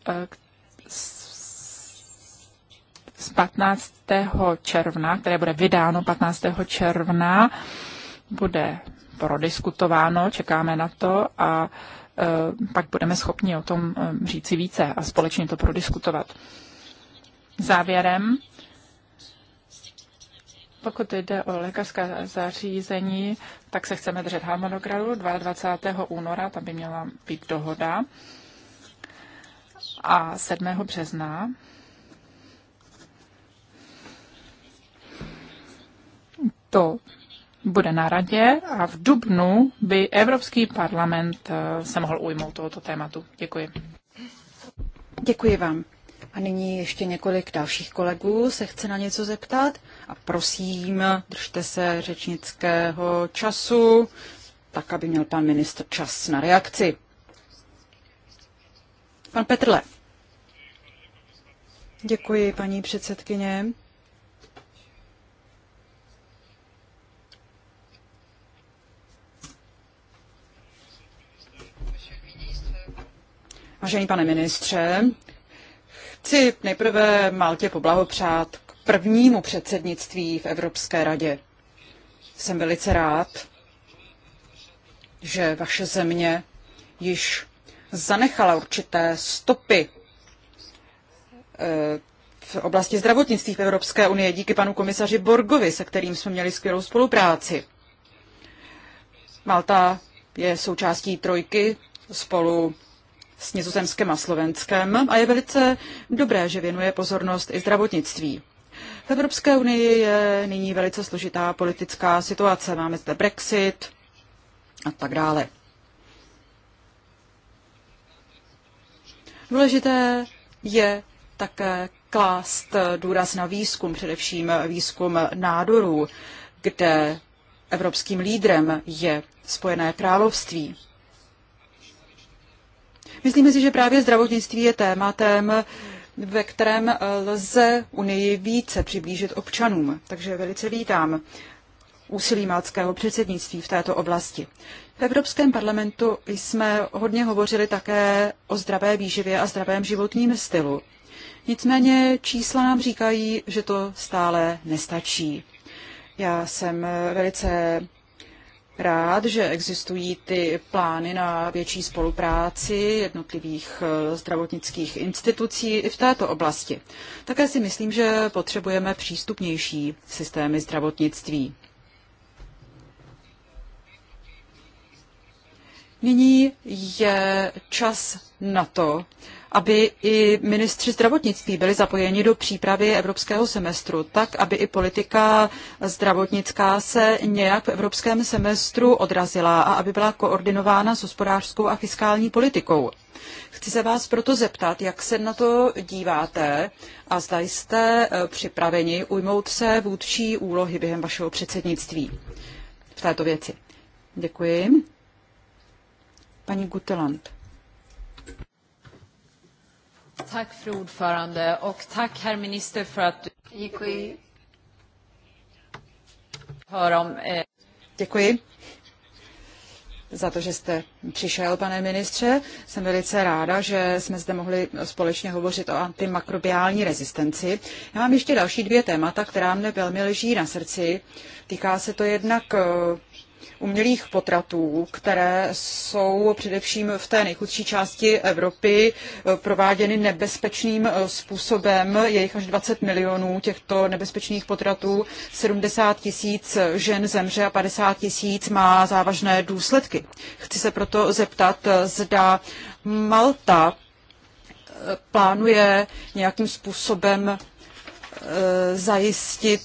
z 15. června, které bude vydáno 15. června, bude prodiskutováno, čekáme na to a e, pak budeme schopni o tom e, říci více a společně to prodiskutovat. Závěrem, pokud jde o lékařské zařízení, tak se chceme držet harmonogramu 22. února, tam by měla být dohoda, a 7. března to bude na radě a v dubnu by Evropský parlament eh, se mohl ujmout tohoto tématu. Děkuji.
Děkuji vám. A nyní ještě několik dalších kolegů se chce na něco zeptat. A prosím, držte se řečnického času, tak, aby měl pan ministr čas na reakci. Pan Petrle. Děkuji, paní předsedkyně. Vážený pane ministře, chci nejprve Maltě poblahopřát k prvnímu předsednictví v Evropské radě. Jsem velice rád, že vaše země již zanechala určité stopy eh, v oblasti zdravotnictví v Evropské unii díky panu komisaři Borgovi, se kterým jsme měli skvělou spolupráci. Malta je součástí trojky spolu s Nizozemskem a Slovenskem a je velice dobré, že věnuje pozornost i zdravotnictví. V Evropské unii je nyní velice složitá politická situace. Máme zde Brexit a tak dále. Důležité je také klást důraz na výzkum, především výzkum nádorů, kde evropským lídrem je Spojené království. Myslíme si, že právě zdravotnictví je tématem, ve kterém eh, lze Unii více přiblížit občanům. Takže velice vítám úsilí malckého předsednictví v této oblasti. V Evropském parlamentu jsme hodně hovořili také o zdravé výživě a zdravém životním stylu. Nicméně čísla nám říkají, že to stále nestačí. Já jsem eh, velice rád, že existují ty plány na větší spolupráci jednotlivých eh, zdravotnických institucí i v této oblasti. Také si myslím, že potřebujeme přístupnější systémy zdravotnictví. Nyní je čas na to, aby i ministři zdravotnictví byli zapojeni do přípravy evropského semestru, tak aby i politika zdravotnická se nějak v evropském semestru odrazila a aby byla koordinována s hospodářskou a fiskální politikou. Chci se vás proto zeptat, jak se na to díváte a zda jste eh, připraveni ujmout se vůdčí úlohy během vašeho předsednictví v této věci. Děkuji. Paní Guteland. Tak, fru ordförande, tak, herr minister, för Děkuji. Hörom, eh... Děkuji za to, že jste přišel, pane ministře. Jsem velice ráda, že jsme zde mohli společně hovořit o antimakrobiální rezistenci. Já mám ještě další dvě témata, která mne velmi leží na srdci. Týká se to jednak eh, umělých potratů, které jsou především v té nejchudší části Evropy eh, prováděny nebezpečným eh, způsobem. Je jich až 20 milionů těchto nebezpečných potratů, 70 tisíc žen zemře a 50 tisíc má závažné důsledky. Chci se proto zeptat, eh, zda Malta plánuje nějakým způsobem zajistit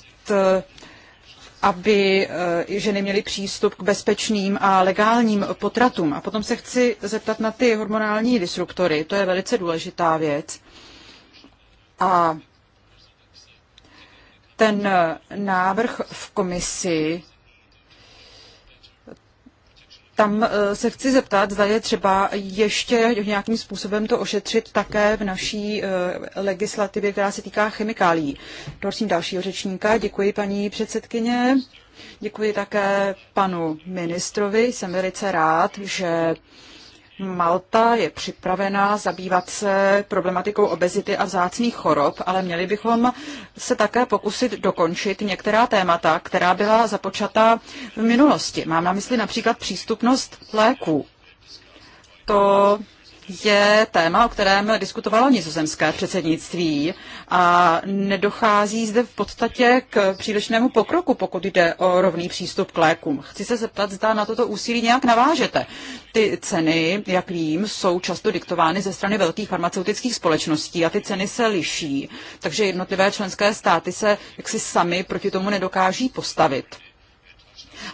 aby eh, ženy měly přístup k bezpečným a legálním potratům. A potom se chci zeptat na ty hormonální disruptory. To je velice důležitá věc. A ten eh, návrh v komisi tam eh, se chci zeptat, zda je třeba ještě nějakým způsobem to ošetřit také v naší eh, legislativě, která se týká chemikálí. Prosím dalšího řečníka. Děkuji paní předsedkyně. Děkuji také panu ministrovi. Jsem velice rád, že Malta je připravená zabývat se problematikou obezity a vzácných chorob, ale měli bychom se také pokusit dokončit některá témata, která byla započata v minulosti. Mám na mysli například přístupnost léků. To je téma, o kterém diskutovalo nizozemské předsednictví a nedochází zde v podstatě k přílišnému pokroku, pokud jde o rovný přístup k lékům. Chci se zeptat, zda na toto úsilí nějak navážete. Ty ceny, jak vím, jsou často diktovány ze strany velkých farmaceutických společností a ty ceny se liší, takže jednotlivé členské státy se jaksi sami proti tomu nedokáží postavit.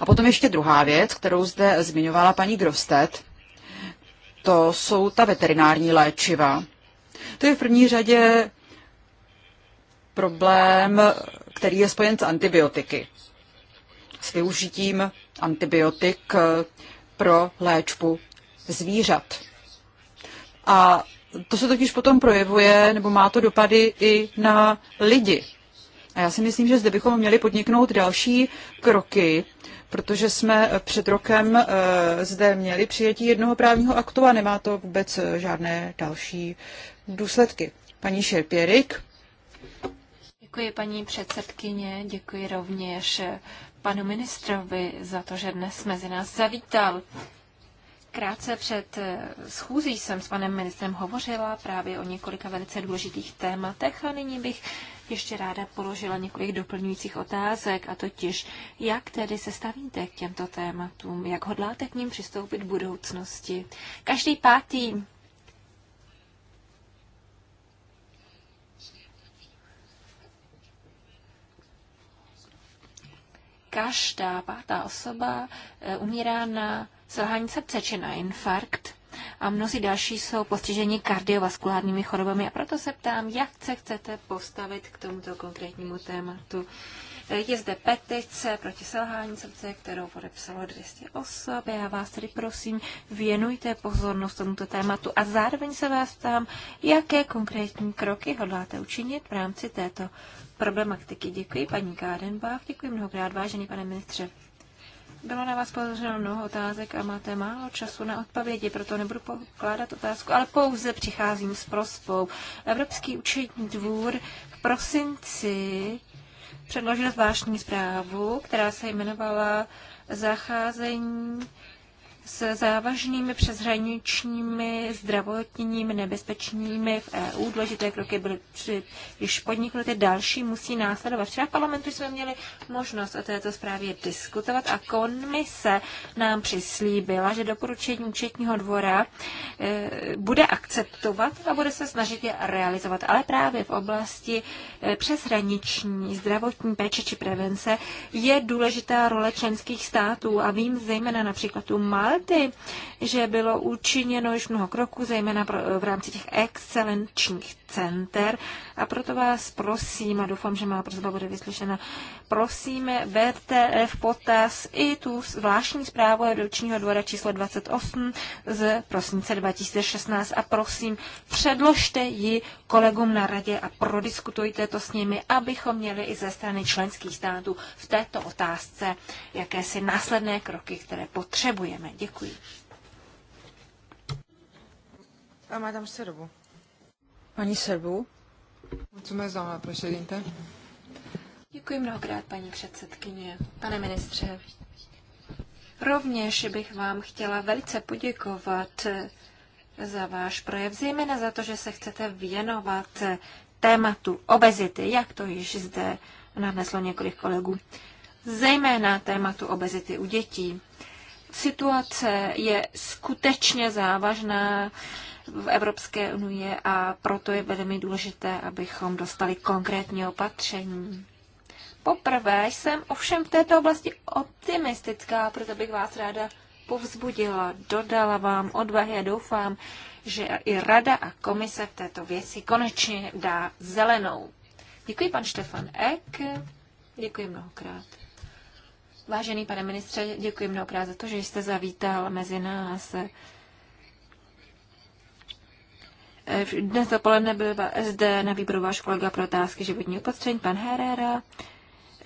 A potom ještě druhá věc, kterou zde zmiňovala paní Grostet, to jsou ta veterinární léčiva. To je v první řadě problém, který je spojen s antibiotiky. S využitím antibiotik pro léčbu zvířat. A to se totiž potom projevuje, nebo má to dopady i na lidi. A já si myslím, že zde bychom měli podniknout další kroky, protože jsme před rokem eh, zde měli přijetí jednoho právního aktu a nemá to vůbec eh, žádné další důsledky. Paní Šerpěrik.
Děkuji paní předsedkyně, děkuji rovněž eh, panu ministrovi za to, že dnes mezi nás zavítal. Krátce před schůzí jsem s panem ministrem hovořila právě o několika velice důležitých tématech a nyní bych ještě ráda položila několik doplňujících otázek, a totiž, jak tedy se stavíte k těmto tématům, jak hodláte k ním přistoupit v budoucnosti. Každý pátý každá pátá osoba eh, umírá na selhání srdce či na infarkt a mnozí další jsou postiženi kardiovaskulárními chorobami. A proto se ptám, jak se chcete postavit k tomuto konkrétnímu tématu. Je zde petice proti selhání srdce, kterou podepsalo 200 osob. Já vás tedy prosím, věnujte pozornost tomuto tématu a zároveň se vás ptám, jaké konkrétní kroky hodláte učinit v rámci této problematiky. Děkuji paní Kádenbach, děkuji mnohokrát, vážený pane ministře. Bylo na vás položeno mnoho otázek a máte málo času na odpovědi, proto nebudu pokládat otázku, ale pouze přicházím s prospou. Evropský účetní dvůr v prosinci předložil zvláštní zprávu, která se jmenovala Zacházení s závažnými přeshraničními zdravotními nebezpečnými v EU. Důležité kroky byly při, již podniknuty, další musí následovat. Včera v parlamentu jsme měli možnost o této zprávě diskutovat a komise nám přislíbila, že doporučení účetního dvora e, bude akceptovat a bude se snažit je realizovat. Ale právě v oblasti e, přeshraniční zdravotní péče či prevence je důležitá role členských států a vím zejména například tu Mal, lety, že bylo učiněno již mnoho kroků, zejména v rámci těch excelenčních center a proto vás prosím, a doufám, že má prozba bude vyslyšena, prosíme, berte v potaz i tu zvláštní zprávu Ročního dvora číslo 28 z prosince 2016 a prosím, předložte ji kolegům na radě a prodiskutujte to s nimi, abychom měli i ze strany členských států v této otázce jakési následné kroky, které potřebujeme. Děkuji. A madame
Serbu. Paní Serbu.
Děkuji mnohokrát, paní předsedkyně. Pane ministře, rovněž bych vám chtěla velice poděkovat za váš projev, zejména za to, že se chcete věnovat tématu obezity, jak to již zde nadneslo několik kolegů, zejména tématu obezity u dětí. Situace je skutečně závažná v Evropské unii a proto je velmi důležité, abychom dostali konkrétní opatření. Poprvé jsem ovšem v této oblasti optimistická, proto bych vás ráda povzbudila, dodala vám odvahy a doufám, že i Rada a Komise v této věci konečně dá zelenou. Děkuji pan Štefan Ek, děkuji mnohokrát. Vážený pane ministře, děkuji mnohokrát za to, že jste zavítal mezi nás. Dnes dopoledne byl zde na výboru váš kolega pro otázky životní opatření, pan Herrera,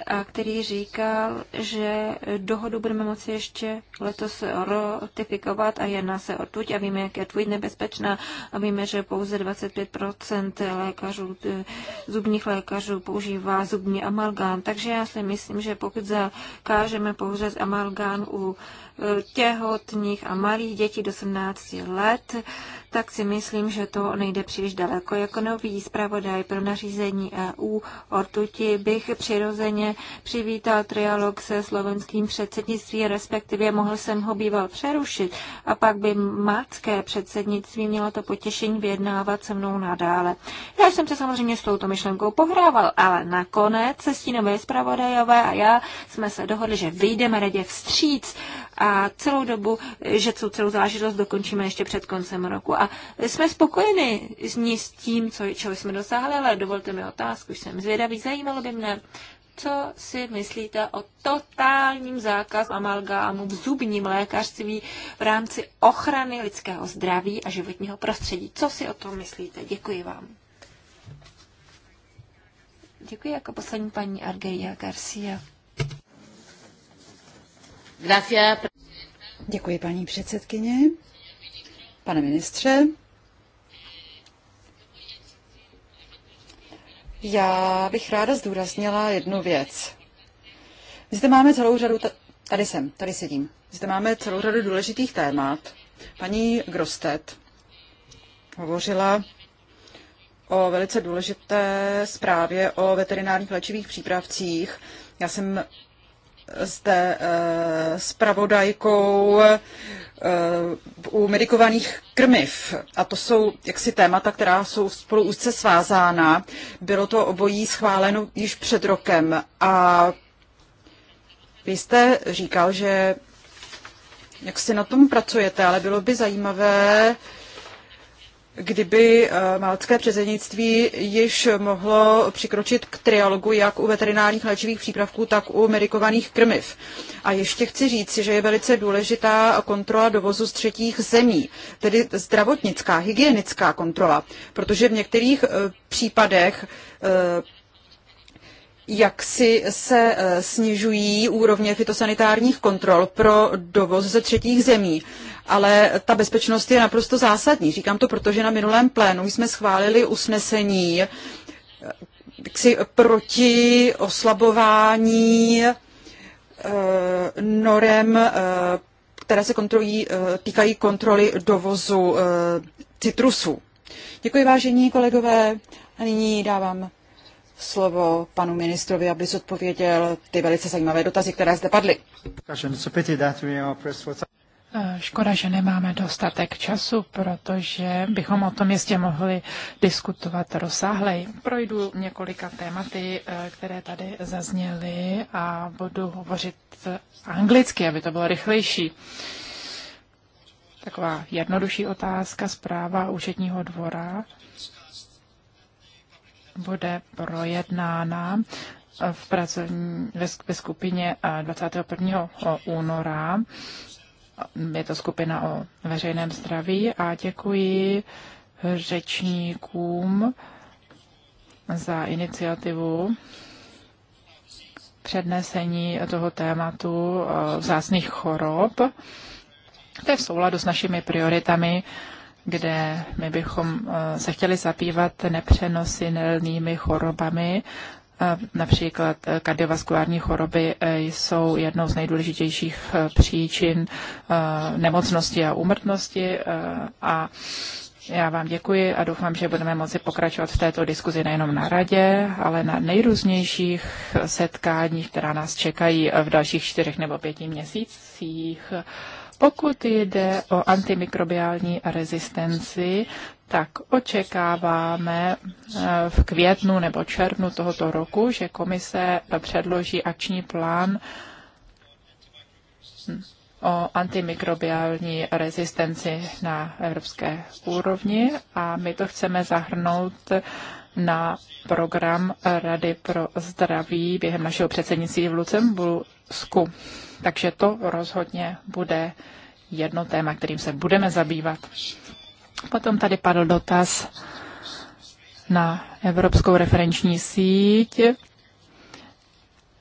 a který říkal, že dohodu budeme moci ještě letos ratifikovat a jedná se o tuť a víme, jak je tuť nebezpečná a víme, že pouze 25% lékařů, zubních lékařů používá zubní amalgán. Takže já si myslím, že pokud zakážeme pouze amalgán u těhotných a malých dětí do 18 let, tak si myslím, že to nejde příliš daleko. Jako nový zpravodaj pro nařízení EU o rtuti bych přirozeně přivítal trialog se slovenským předsednictví, respektive mohl jsem ho býval přerušit a pak by matské předsednictví mělo to potěšení vyjednávat se mnou nadále. Já jsem se samozřejmě s touto myšlenkou pohrával, ale nakonec se stínové zpravodajové a já jsme se dohodli, že vyjdeme radě vstříc a celou dobu, že tu celou záležitost dokončíme ještě před koncem roku. A jsme spokojeni s, ní, s tím, co, čeho jsme dosáhli, ale dovolte mi otázku, jsem zvědavý, zajímalo by mne, co si myslíte o totálním zákazu amalgámu v zubním lékařství v rámci ochrany lidského zdraví a životního prostředí? Co si o tom myslíte? Děkuji vám. Děkuji jako poslední paní Argeria Garcia.
Děkuji, paní předsedkyně. Pane ministře, já bych ráda zdůraznila jednu věc. My zde máme celou řadu, tady jsem, tady sedím, zde máme celou řadu důležitých témat. Paní Grostet hovořila o velice důležité zprávě o veterinárních léčivých přípravcích. Já jsem zde spravodajkou eh, eh, u medikovaných krmiv. A to jsou jaksi témata, která jsou spolu úzce svázána. Bylo to obojí schváleno již před rokem a vy jste říkal, že jak si na tom pracujete, ale bylo by zajímavé kdyby eh, malcké předsednictví již mohlo přikročit k trialogu jak u veterinárních léčivých přípravků, tak u medikovaných krmiv. A ještě chci říct, že je velice důležitá kontrola dovozu z třetích zemí, tedy zdravotnická, hygienická kontrola, protože v některých eh, případech eh, jak si se eh, snižují úrovně fitosanitárních kontrol pro dovoz ze třetích zemí. Ale ta bezpečnost je naprosto zásadní. Říkám to, protože na minulém plénu jsme schválili usnesení eh, si proti oslabování eh, norem, které se kontrolují, týkají kontroly dovozu citrusů. Děkuji vážení kolegové a nyní dávám slovo panu ministrovi, aby zodpověděl ty velice zajímavé dotazy, které zde padly.
Eh, Škoda, že nemáme dostatek času, protože bychom o tom jistě mohli diskutovat rozsáhleji. Projdu několika tématy, eh, které tady zazněly a budu hovořit anglicky, aby to bylo rychlejší. Taková jednodušší otázka, zpráva účetního dvora bude projednána v pracovní, ve skupině 21. Eh, února. Je to skupina o veřejném zdraví a děkuji řečníkům za iniciativu přednesení toho tématu eh, vzácných chorob. To je v souladu s našimi prioritami kde my bychom eh, se chtěli zabývat nepřenositelnými chorobami. Eh, například eh, kardiovaskulární choroby jsou jednou z nejdůležitějších příčin nemocnosti a úmrtnosti a já vám děkuji a doufám, že budeme moci pokračovat v této diskuzi nejenom na radě, ale na nejrůznějších setkáních, která nás čekají v dalších čtyřech nebo pěti měsících. Pokud jde o antimikrobiální rezistenci, tak očekáváme eh, v květnu nebo červnu tohoto roku, že komise předloží akční plán o antimikrobiální rezistenci na evropské úrovni a my to chceme zahrnout na program Rady pro zdraví během našeho předsednictví v Lucembursku. Takže to rozhodně bude jedno téma, kterým se budeme zabývat. Potom tady padl dotaz na Evropskou referenční síť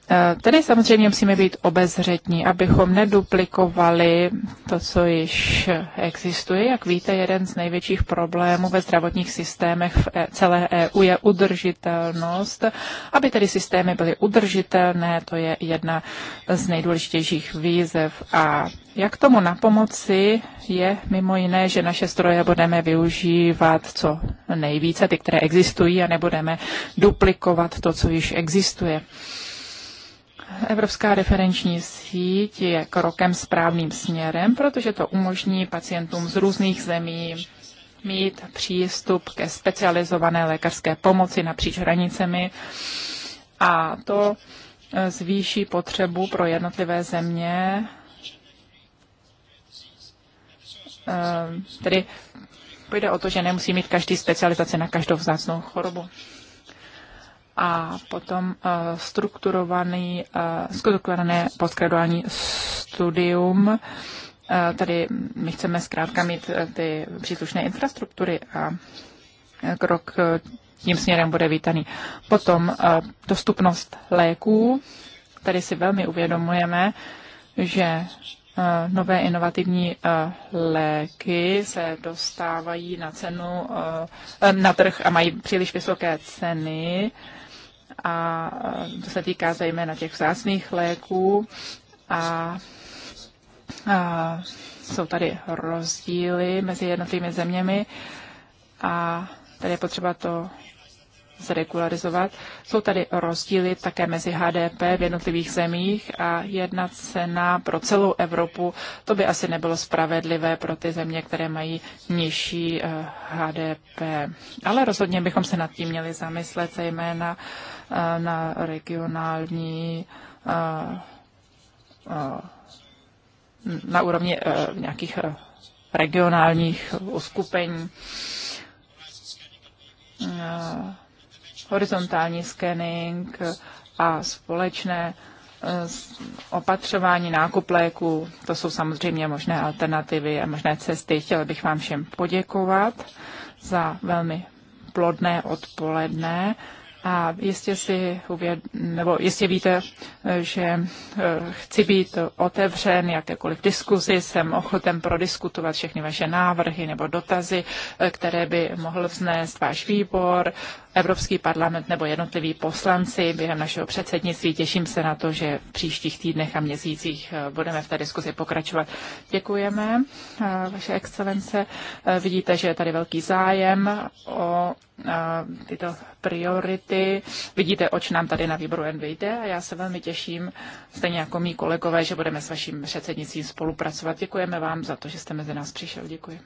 Eh, Tady samozřejmě musíme být obezřetní, abychom neduplikovali to, co již existuje. Jak víte, jeden z největších problémů ve zdravotních systémech v e- celé EU je udržitelnost. Aby tedy systémy byly udržitelné, to je jedna z nejdůležitějších výzev. A jak tomu na pomoci je mimo jiné, že naše stroje budeme využívat co nejvíce, ty, které existují, a nebudeme duplikovat to, co již existuje. Evropská referenční síť je krokem správným směrem, protože to umožní pacientům z různých zemí mít přístup ke specializované lékařské pomoci napříč hranicemi a to e, zvýší potřebu pro jednotlivé země, e, tedy půjde o to, že nemusí mít každý specializaci na každou vzácnou chorobu a potom eh, strukturovaný, eh, skutečně postgraduální studium. Eh, tady my chceme zkrátka mít ty příslušné infrastruktury a krok tím směrem bude vítaný. Potom dostupnost léků. Tady si velmi uvědomujeme, že Eh, nové inovativní eh, léky se dostávají na cenu, eh, na trh a mají příliš vysoké ceny a to se týká zejména těch vzácných léků a, a jsou tady rozdíly mezi jednotlivými zeměmi a tady je potřeba to zregularizovat. Jsou tady rozdíly také mezi HDP v jednotlivých zemích a jedna cena pro celou Evropu. To by asi nebylo spravedlivé pro ty země, které mají nižší HDP. Eh, Ale rozhodně bychom se nad tím měli zamyslet, zejména eh, na regionální eh, na úrovni nějakých regionálních uskupení horizontální scanning a společné eh, opatřování nákup léků. To jsou samozřejmě možné alternativy a možné cesty. Chtěl bych vám všem poděkovat za velmi plodné odpoledne. A jistě si uvěd, nebo jistě víte, eh, že eh, chci být otevřen jakékoliv diskuzi, jsem ochoten prodiskutovat všechny vaše návrhy nebo dotazy, které by mohl vznést váš výbor Evropský parlament nebo jednotliví poslanci během našeho předsednictví. Těším se na to, že v příštích týdnech a měsících eh, budeme v té diskuzi pokračovat. Děkujeme, eh, vaše excelence. Eh, vidíte, že je tady velký zájem o tyto priority. Vidíte, oč nám tady na výboru NVD a já se velmi těším, stejně jako mý kolegové, že budeme s vaším předsednictvím spolupracovat. Děkujeme vám za to, že jste mezi nás přišel. Děkuji.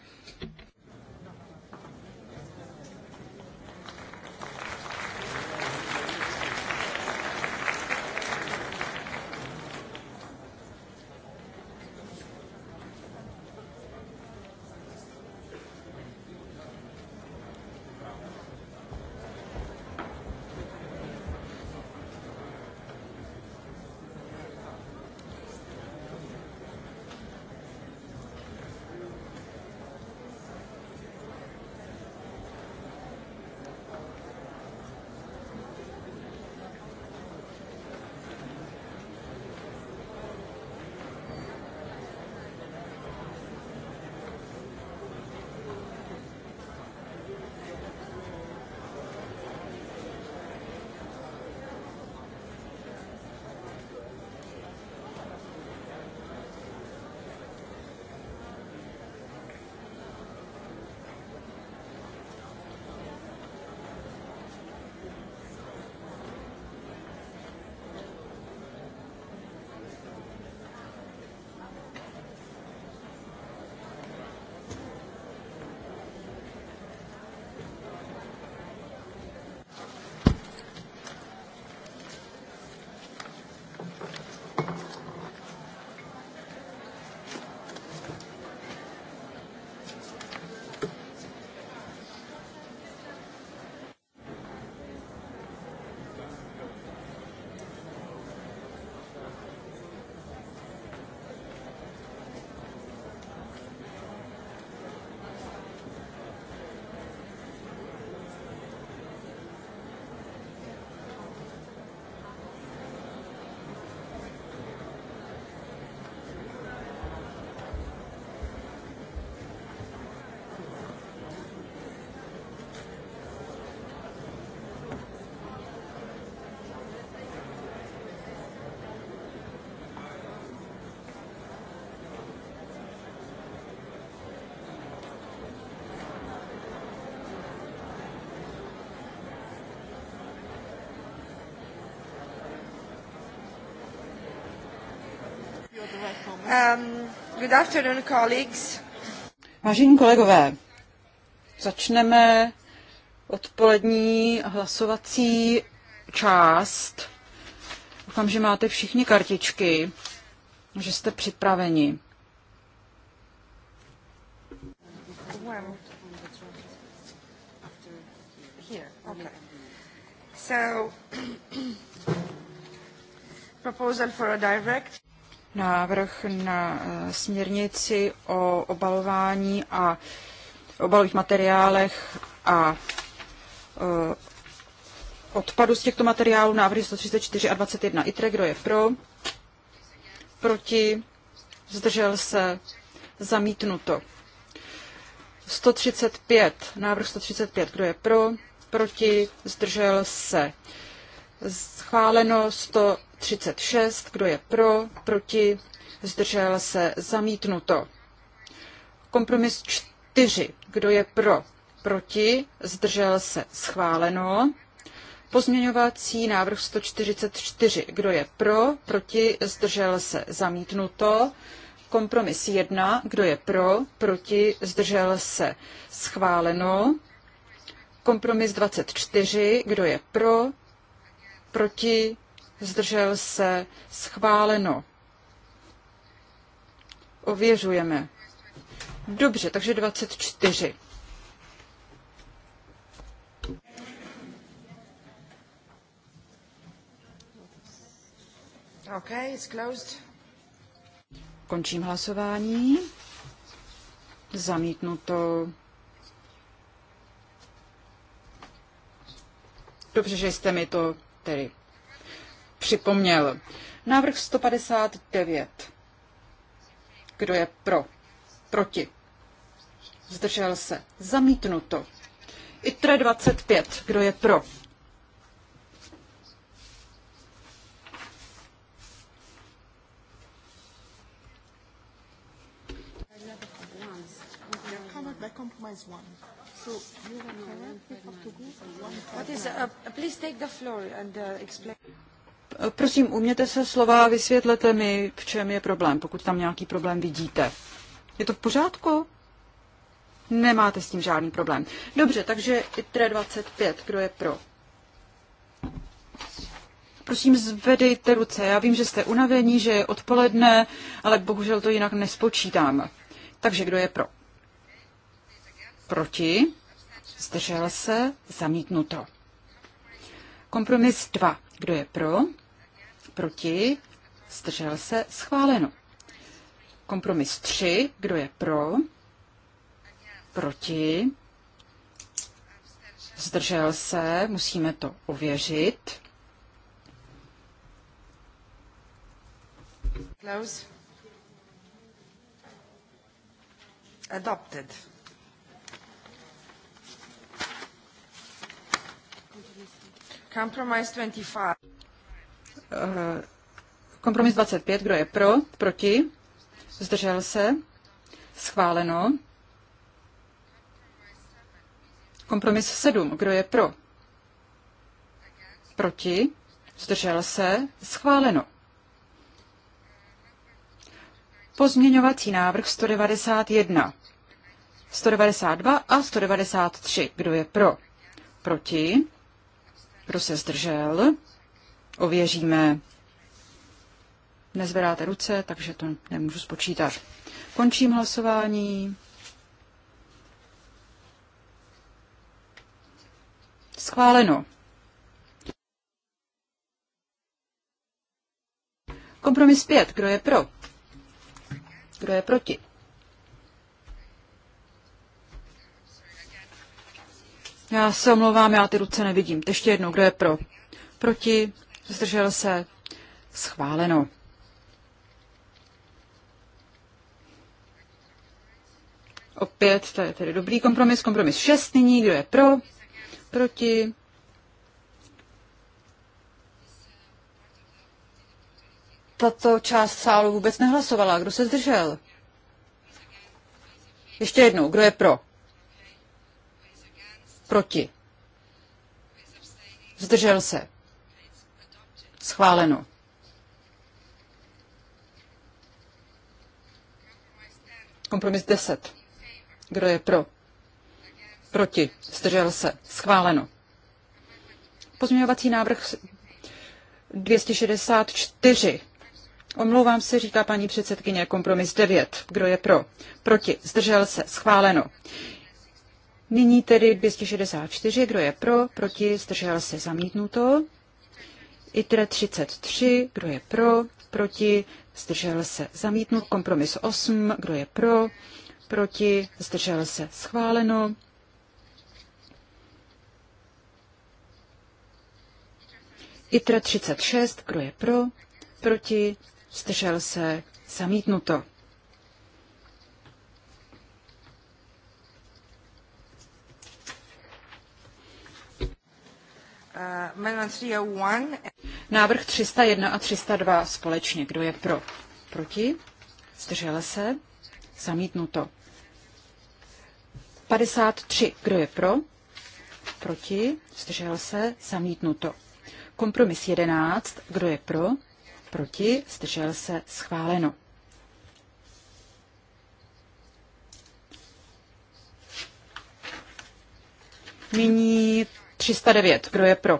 Um, good afternoon, colleagues. Vážení kolegové, začneme odpolední hlasovací část. Doufám, že máte všichni kartičky, že jste připraveni. okay. So,
proposal for a direct
návrh na eh, směrnici o obalování a obalových materiálech a eh, odpadu z těchto materiálů, návrhy 134 a 21 ITRE, kdo je pro, proti, zdržel se, zamítnuto. 135, návrh 135, kdo je pro, proti, zdržel se, schváleno 136, kdo je pro, proti, zdržel se, zamítnuto. Kompromis 4, kdo je pro, proti, zdržel se, schváleno. Pozměňovací návrh 144, kdo je pro, proti, zdržel se, zamítnuto. Kompromis 1, kdo je pro, proti, zdržel se, schváleno. Kompromis 24, kdo je pro, proti, zdržel se, schváleno. Ověřujeme. Dobře, takže 24. Okay, it's closed. Končím hlasování. Zamítnuto. Dobře, že jste mi to tedy připomněl. Návrh 159. Kdo je pro? Proti? Zdržel se. Zamítnuto. ITRE 25. Kdo je pro? compromise one. Uh, uh, uh, prosím, uměte se slova a vysvětlete mi, v čem je problém, pokud tam nějaký problém vidíte. Je to v pořádku? Nemáte s tím žádný problém. Dobře, takže ITRE 25, kdo je pro? Prosím, zvedejte ruce. Já vím, že jste unavení, že je odpoledne, ale bohužel to jinak nespočítám. Takže kdo je pro? Proti? Zdržel se? Zamítnuto. Kompromis 2. Kdo je pro? Proti? Zdržel se? Schváleno. Kompromis 3. Kdo je pro? Proti? Zdržel se? Musíme to ověřit. Close. Adopted. Compromise 25. Kompromis 25, eh, kdo je pro, proti, zdržel se, schváleno. Kompromis 7, kdo je pro, proti, zdržel se, schváleno. Pozměňovací návrh 191, 192 a 193, kdo je pro, proti, kdo se zdržel? Ověříme. Nezvedáte ruce, takže to nemůžu spočítat. Končím hlasování. Schváleno. Kompromis 5. Kdo je pro? Kdo je proti? Já se omlouvám, já ty ruce nevidím. Ještě jednou, kdo je pro? Proti? Zdržel se? Schváleno. Opět, to je tedy dobrý kompromis. Kompromis 6 nyní, kdo je pro? Proti? Tato část sálu vůbec nehlasovala. Kdo se zdržel? Ještě jednou, kdo je pro? Proti. Zdržel se. Schváleno. Kompromis 10. Kdo je pro? Proti. Zdržel se. Schváleno. Pozměňovací návrh 264. Omlouvám se, říká paní předsedkyně, kompromis 9. Kdo je pro? Proti. Zdržel se. Schváleno. Nyní tedy 264, kdo je pro, proti, zdržel se zamítnuto. ITRE 33, kdo je pro, proti, zdržel se zamítnut. Kompromis 8, kdo je pro, proti, zdržel se schváleno. ITRE 36, kdo je pro, proti, zdržel se zamítnuto. Uh, oh Návrh 301 a 302 společně. Kdo je pro? Proti? Zdržel se? Zamítnuto. 53. Kdo je pro? Proti? Zdržel se? Zamítnuto. Kompromis 11. Kdo je pro? Proti? Zdržel se? Schváleno. Nyní 309. Kdo je pro?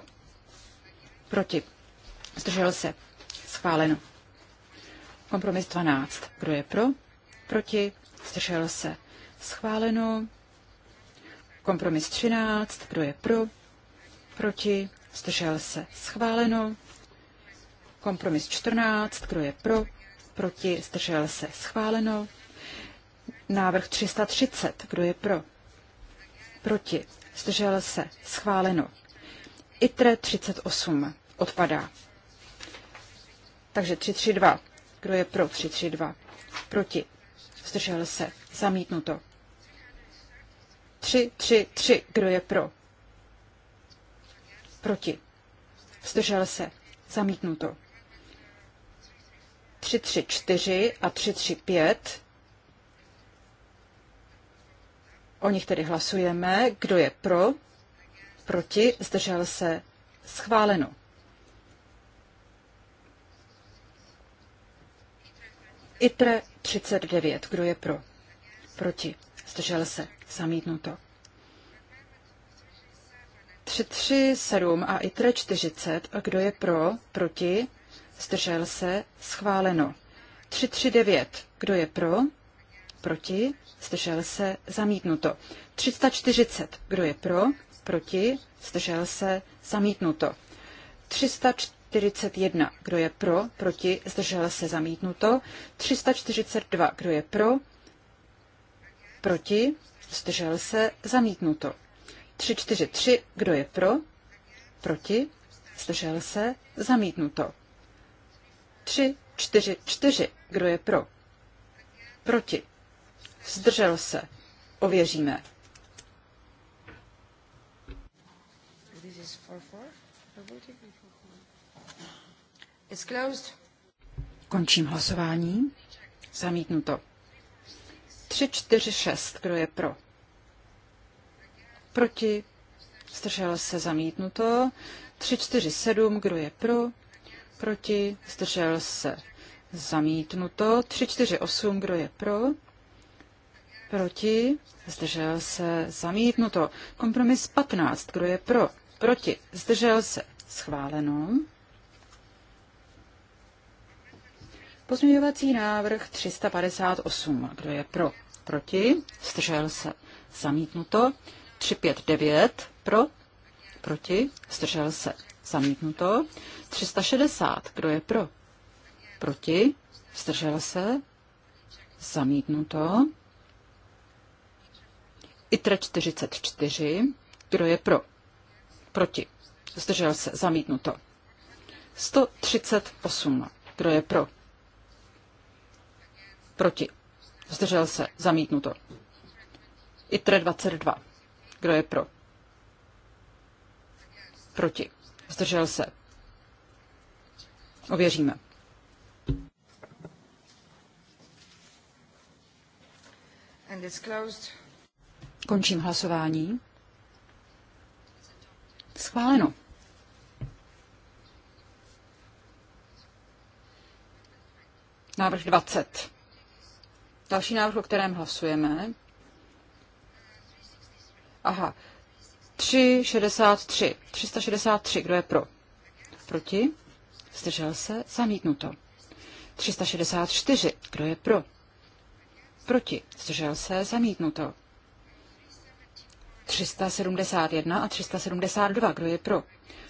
Proti. Zdržel se. Schváleno. Kompromis 12. Kdo je pro? Proti. Zdržel se. Schváleno. Kompromis 13. Kdo je pro? Proti. Zdržel se. Schváleno. Kompromis 14. Kdo je pro? Proti. Zdržel se. Schváleno. Návrh 330. Kdo je pro? Proti zdržel se, schváleno. ITRE 38 odpadá. Takže 332. Kdo je pro 332? Proti. Zdržel se. Zamítnuto. 333. Kdo je pro? Proti. Zdržel se. Zamítnuto. 334 a 335 O nich tedy hlasujeme. Kdo je pro? Proti? Zdržel se? Schváleno. ITRE 39. Kdo je pro? Proti? Zdržel se? Zamítnuto. 337 a ITRE 40. A kdo je pro? Proti? Zdržel se? Schváleno. 339. Kdo je pro? Proti? zdržel se, zamítnuto. 340, kdo je pro, proti, zdržel se, zamítnuto. 341, kdo je pro, proti, zdržel se, zamítnuto. 342, kdo je pro, proti, zdržel se, zamítnuto. 343, kdo je pro, proti, zdržel se, zamítnuto. 344, kdo je pro, proti, zdržel se, ověříme. Končím hlasování. Zamítnuto. 3, 4, 6. Kdo je pro? Proti? Zdržel se zamítnuto. 3, 4, 7. Kdo je pro? Proti? Zdržel se zamítnuto. 3, 4, 8. Kdo je pro? Proti? Zdržel se. Zamítnuto. Kompromis 15. Kdo je pro? Proti? Zdržel se. Schváleno. Pozměňovací návrh 358. Kdo je pro? Proti? Zdržel se. Zamítnuto. 359. Pro? Proti? Zdržel se. Zamítnuto. 360. Kdo je pro? Proti? Zdržel se. Zamítnuto. ITRE 44. Kdo je pro? Proti. Zdržel se. Zamítnuto. 138. Kdo je pro? Proti. Zdržel se. Zamítnuto. ITRE 22. Kdo je pro? Proti. Zdržel se. Ověříme. And it's closed. Končím hlasování. Schváleno. Návrh 20. Další návrh, o kterém hlasujeme. Aha. 363. 363. Kdo je pro? Proti? Zdržel se? Zamítnuto. 364. Kdo je pro? Proti? Zdržel se? Zamítnuto. 371 a 372. Kdo je pro?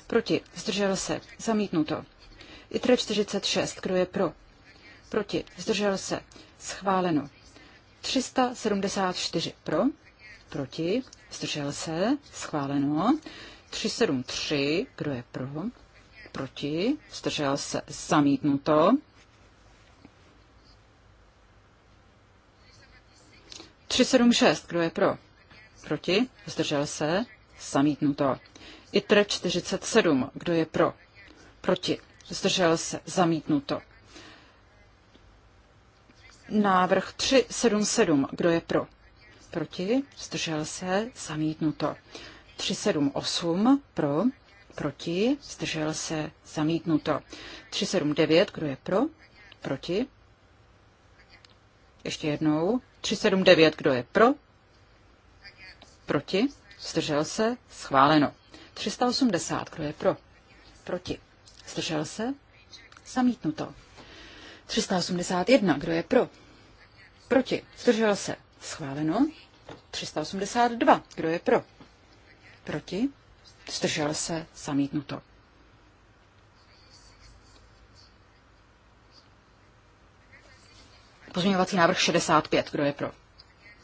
Proti. Zdržel se. Zamítnuto. ITRE 46. Kdo je pro? Proti. Zdržel se. Schváleno. 374 pro, proti, zdržel se, schváleno. 373, kdo je pro, proti, zdržel se, zamítnuto. 376, kdo je pro, proti, zdržel se, zamítnuto. ITR 47, kdo je pro, proti, zdržel se, zamítnuto. Návrh 377, kdo je pro, proti, zdržel se, zamítnuto. 378, pro, proti, zdržel se, zamítnuto. 379, kdo je pro, proti, ještě jednou, 379, kdo je pro, Proti? Zdržel se? Schváleno. 380. Kdo je pro? Proti. Zdržel se? Zamítnuto. 381. Kdo je pro? Proti. Zdržel se? Schváleno. 382. Kdo je pro? Proti. Zdržel se? Zamítnuto. Pozměňovací návrh 65. Kdo je pro?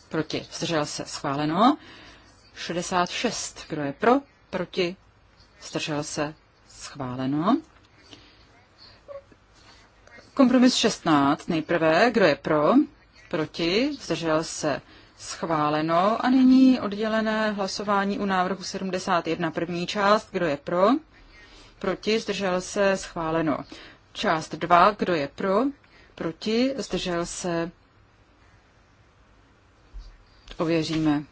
Proti. Zdržel se? Schváleno. 66. Kdo je pro? Proti? Zdržel se? Schváleno. Kompromis 16. Nejprve, kdo je pro? Proti? Zdržel se? Schváleno. A nyní oddělené hlasování u návrhu 71. První část. Kdo je pro? Proti? Zdržel se? Schváleno. Část 2. Kdo je pro? Proti? Zdržel se? Ověříme.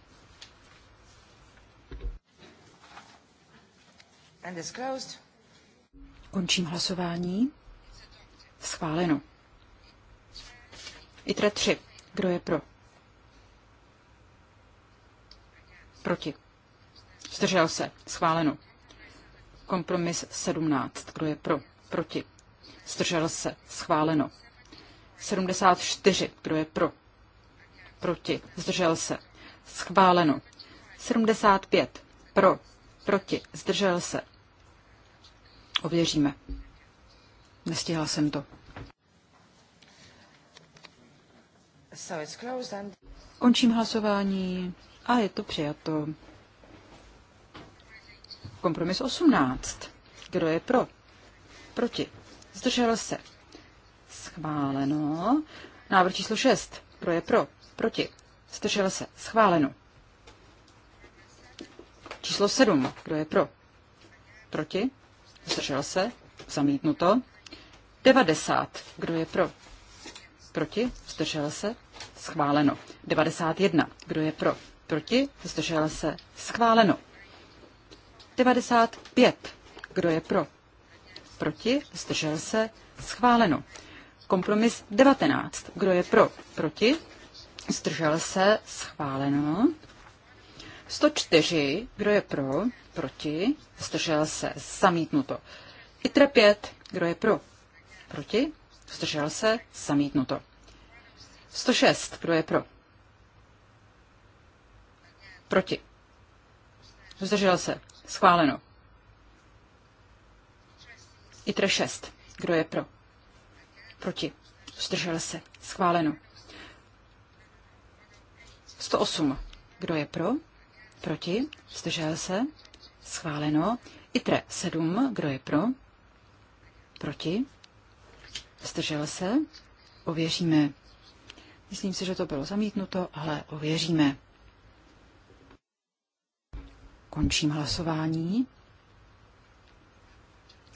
And closed. Končím hlasování. Schváleno. ITRA 3. Kdo je pro? Proti. Zdržel se. Schváleno. Kompromis 17. Kdo je pro? Proti. Zdržel se. Schváleno. 74. Kdo je pro? Proti. Zdržel se. Schváleno. 75. Pro. Proti. Zdržel se. Ověříme. Nestihla jsem to. Končím hlasování a je to přijato. Kompromis 18. Kdo je pro? Proti. Zdržel se. Schváleno. Návrh číslo 6. Pro je pro. Proti. Zdržel se. Schváleno. Číslo 7. Kdo je pro? Proti zdržel se, zamítnuto. 90, kdo je pro, proti, zdržel se, schváleno. 91, kdo je pro, proti, zdržel se, schváleno. 95, kdo je pro, proti, zdržel se, schváleno. Kompromis 19, kdo je pro, proti, zdržel se, schváleno. 104, kdo je pro, proti, zdržel se, zamítnuto. ITRE 5, kdo je pro? Proti, zdržel se, zamítnuto. 106, kdo je pro? Proti. Zdržel se. Schváleno. ITRE 6. Kdo je pro? Proti. Zdržel se. Schváleno. 108. Kdo je pro? Proti. Zdržel se. Schváleno. ITRE 7. Kdo je pro? Proti? Zdržel se? Ověříme. Myslím si, že to bylo zamítnuto, ale ověříme. Končím hlasování.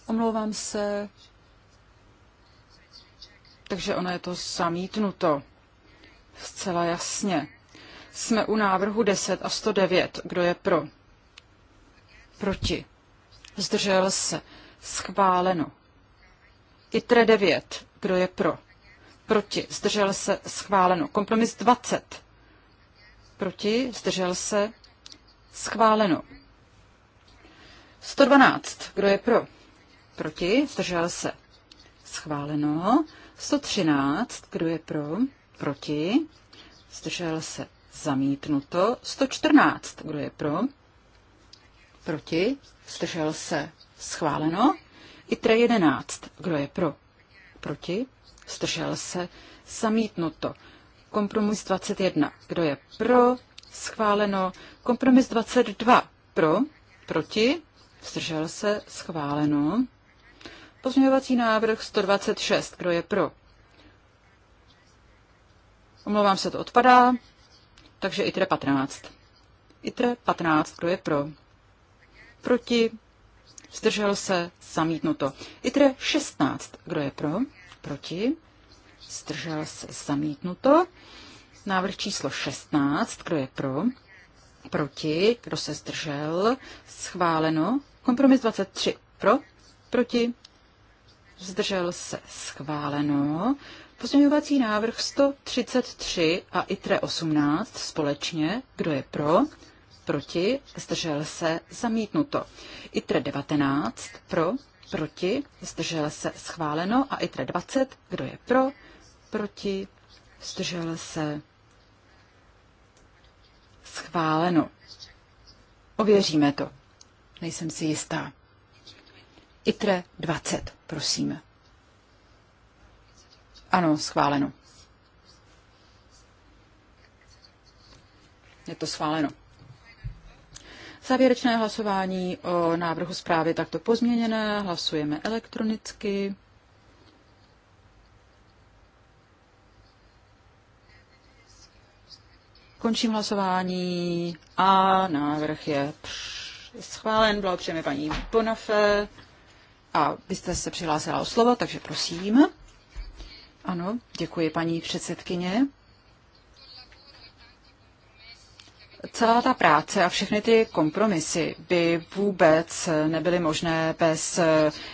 Omlouvám se. Takže ono je to zamítnuto. Zcela jasně. Jsme u návrhu 10 a 109. Kdo je pro? proti, zdržel se, schváleno. ITRE 9, kdo je pro, proti, zdržel se, schváleno. Kompromis 20, proti, zdržel se, schváleno. 112, kdo je pro, proti, zdržel se, schváleno. 113, kdo je pro, proti, zdržel se, zamítnuto. 114, kdo je pro, Proti? Zdržel se. Schváleno. ITRE 11. Kdo je pro? Proti? Zdržel se. Zamítnuto. Kompromis 21. Kdo je pro? Schváleno. Kompromis 22. Pro? Proti? Zdržel se. Schváleno. Pozměňovací návrh 126. Kdo je pro? Omlouvám se, to odpadá. Takže ITRE 15. ITRE 15. Kdo je pro? proti, zdržel se, zamítnuto. ITRE 16, kdo je pro, proti, zdržel se, zamítnuto. Návrh číslo 16, kdo je pro, proti, kdo se zdržel, schváleno. Kompromis 23, pro, proti, zdržel se, schváleno. Pozměňovací návrh 133 a ITRE 18 společně, kdo je pro, proti, zdržel se, zamítnuto. ITRE 19, pro, proti, zdržel se, schváleno. A ITRE 20, kdo je pro, proti, zdržel se, schváleno. Ověříme to. Nejsem si jistá. ITRE 20, prosím. Ano, schváleno. Je to schváleno. Závěrečné hlasování o návrhu zprávy takto pozměněné. Hlasujeme elektronicky. Končím hlasování a návrh je schválen. Bylo paní Bonafé a vy jste se přihlásila o slovo, takže prosím. Ano, děkuji paní předsedkyně. celá ta práce a všechny ty kompromisy by vůbec nebyly možné bez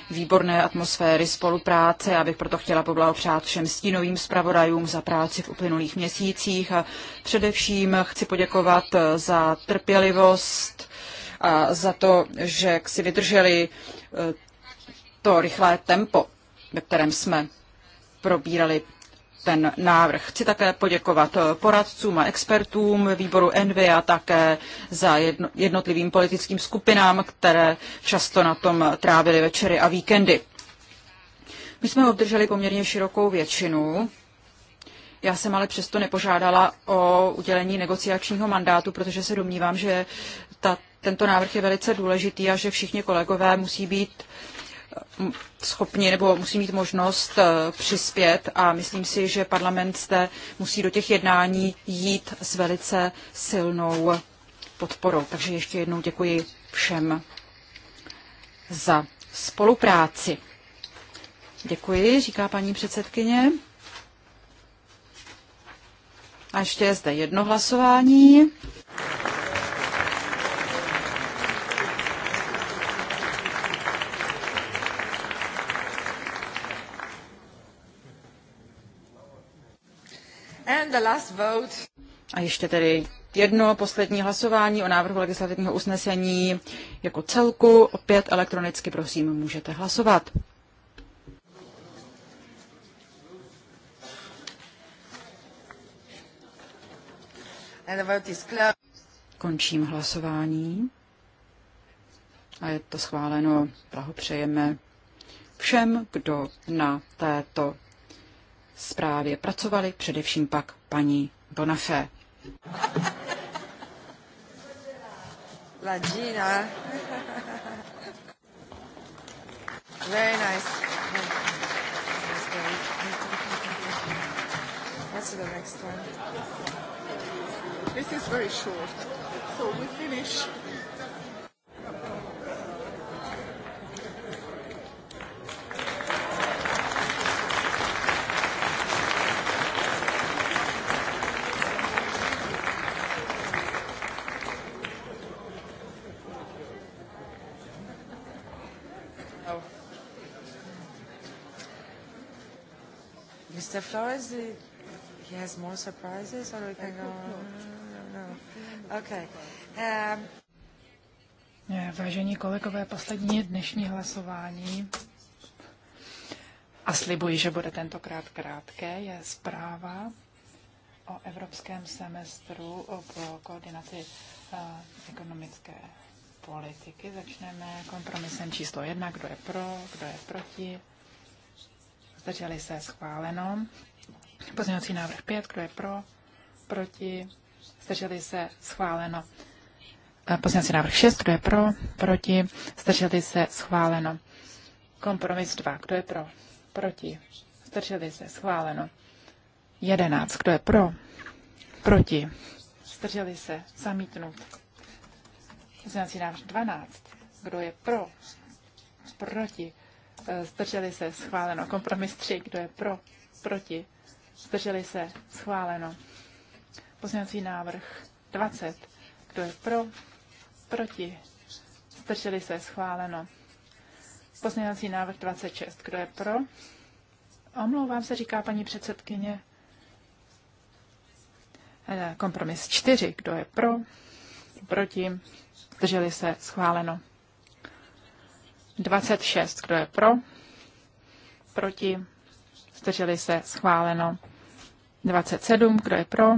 výborné atmosféry spolupráce. Já bych proto chtěla poblahopřát všem stínovým zpravodajům za práci v uplynulých měsících a především chci poděkovat za trpělivost a za to, že si vydrželi eh, to rychlé tempo, ve kterém jsme probírali ten návrh. Chci také poděkovat poradcům a expertům výboru Envy a také za jednotlivým politickým skupinám, které často na tom trávily večery a víkendy. My jsme obdrželi poměrně širokou většinu. Já jsem ale přesto nepožádala o udělení negociačního mandátu, protože se domnívám, že ta, tento návrh je velice důležitý a že všichni kolegové musí být uh, schopni nebo musí mít možnost eh, přispět a myslím si, že parlament zde musí do těch jednání jít s velice silnou podporou. Takže ještě jednou děkuji všem za spolupráci. Děkuji, říká paní předsedkyně. A ještě je zde jedno hlasování. the last vote. A ještě tedy jedno poslední hlasování o návrhu legislativního usnesení jako celku. Opět elektronicky, prosím, můžete hlasovat. Končím hlasování. A je to schváleno. Blahopřejeme všem, kdo na této zprávě pracovali, především pak paní Bonafé. La
Very nice. What's the next one?
This is very short. So we finish. Florence, he has more surprises, or we can
go on?
No, no, no. Okay.
Um, Vážení kolegové, poslední dnešní hlasování a slibuji, že bude tentokrát krátké, je zpráva o evropském semestru pro koordinaci eh, ekonomické politiky. Začneme kompromisem číslo jedna, kdo je pro, kdo je proti, zdrželi se, schváleno. Pozměňovací návrh 5, kdo je pro, proti, zdrželi se, schváleno. Eh, pozměňovací návrh 6, kdo je pro, proti, zdrželi se, schváleno. Kompromis 2, kdo je pro, proti, zdrželi se, schváleno. 11, kdo je pro, proti, zdrželi se, zamítnut. Pozměňovací návrh 12, kdo je pro, proti, Eh, zdrželi se, schváleno. Kompromis 3, kdo je pro, proti, zdrželi se, schváleno. Pozměňovací návrh 20, kdo je pro, proti, zdrželi se, schváleno. Pozměňovací návrh 26, kdo je pro, omlouvám se, říká paní předsedkyně, eh, kompromis 4, kdo je pro, proti, zdrželi se, schváleno. 26. Kdo je pro? Proti? Zdrželi se? Schváleno. 27. Kdo je pro?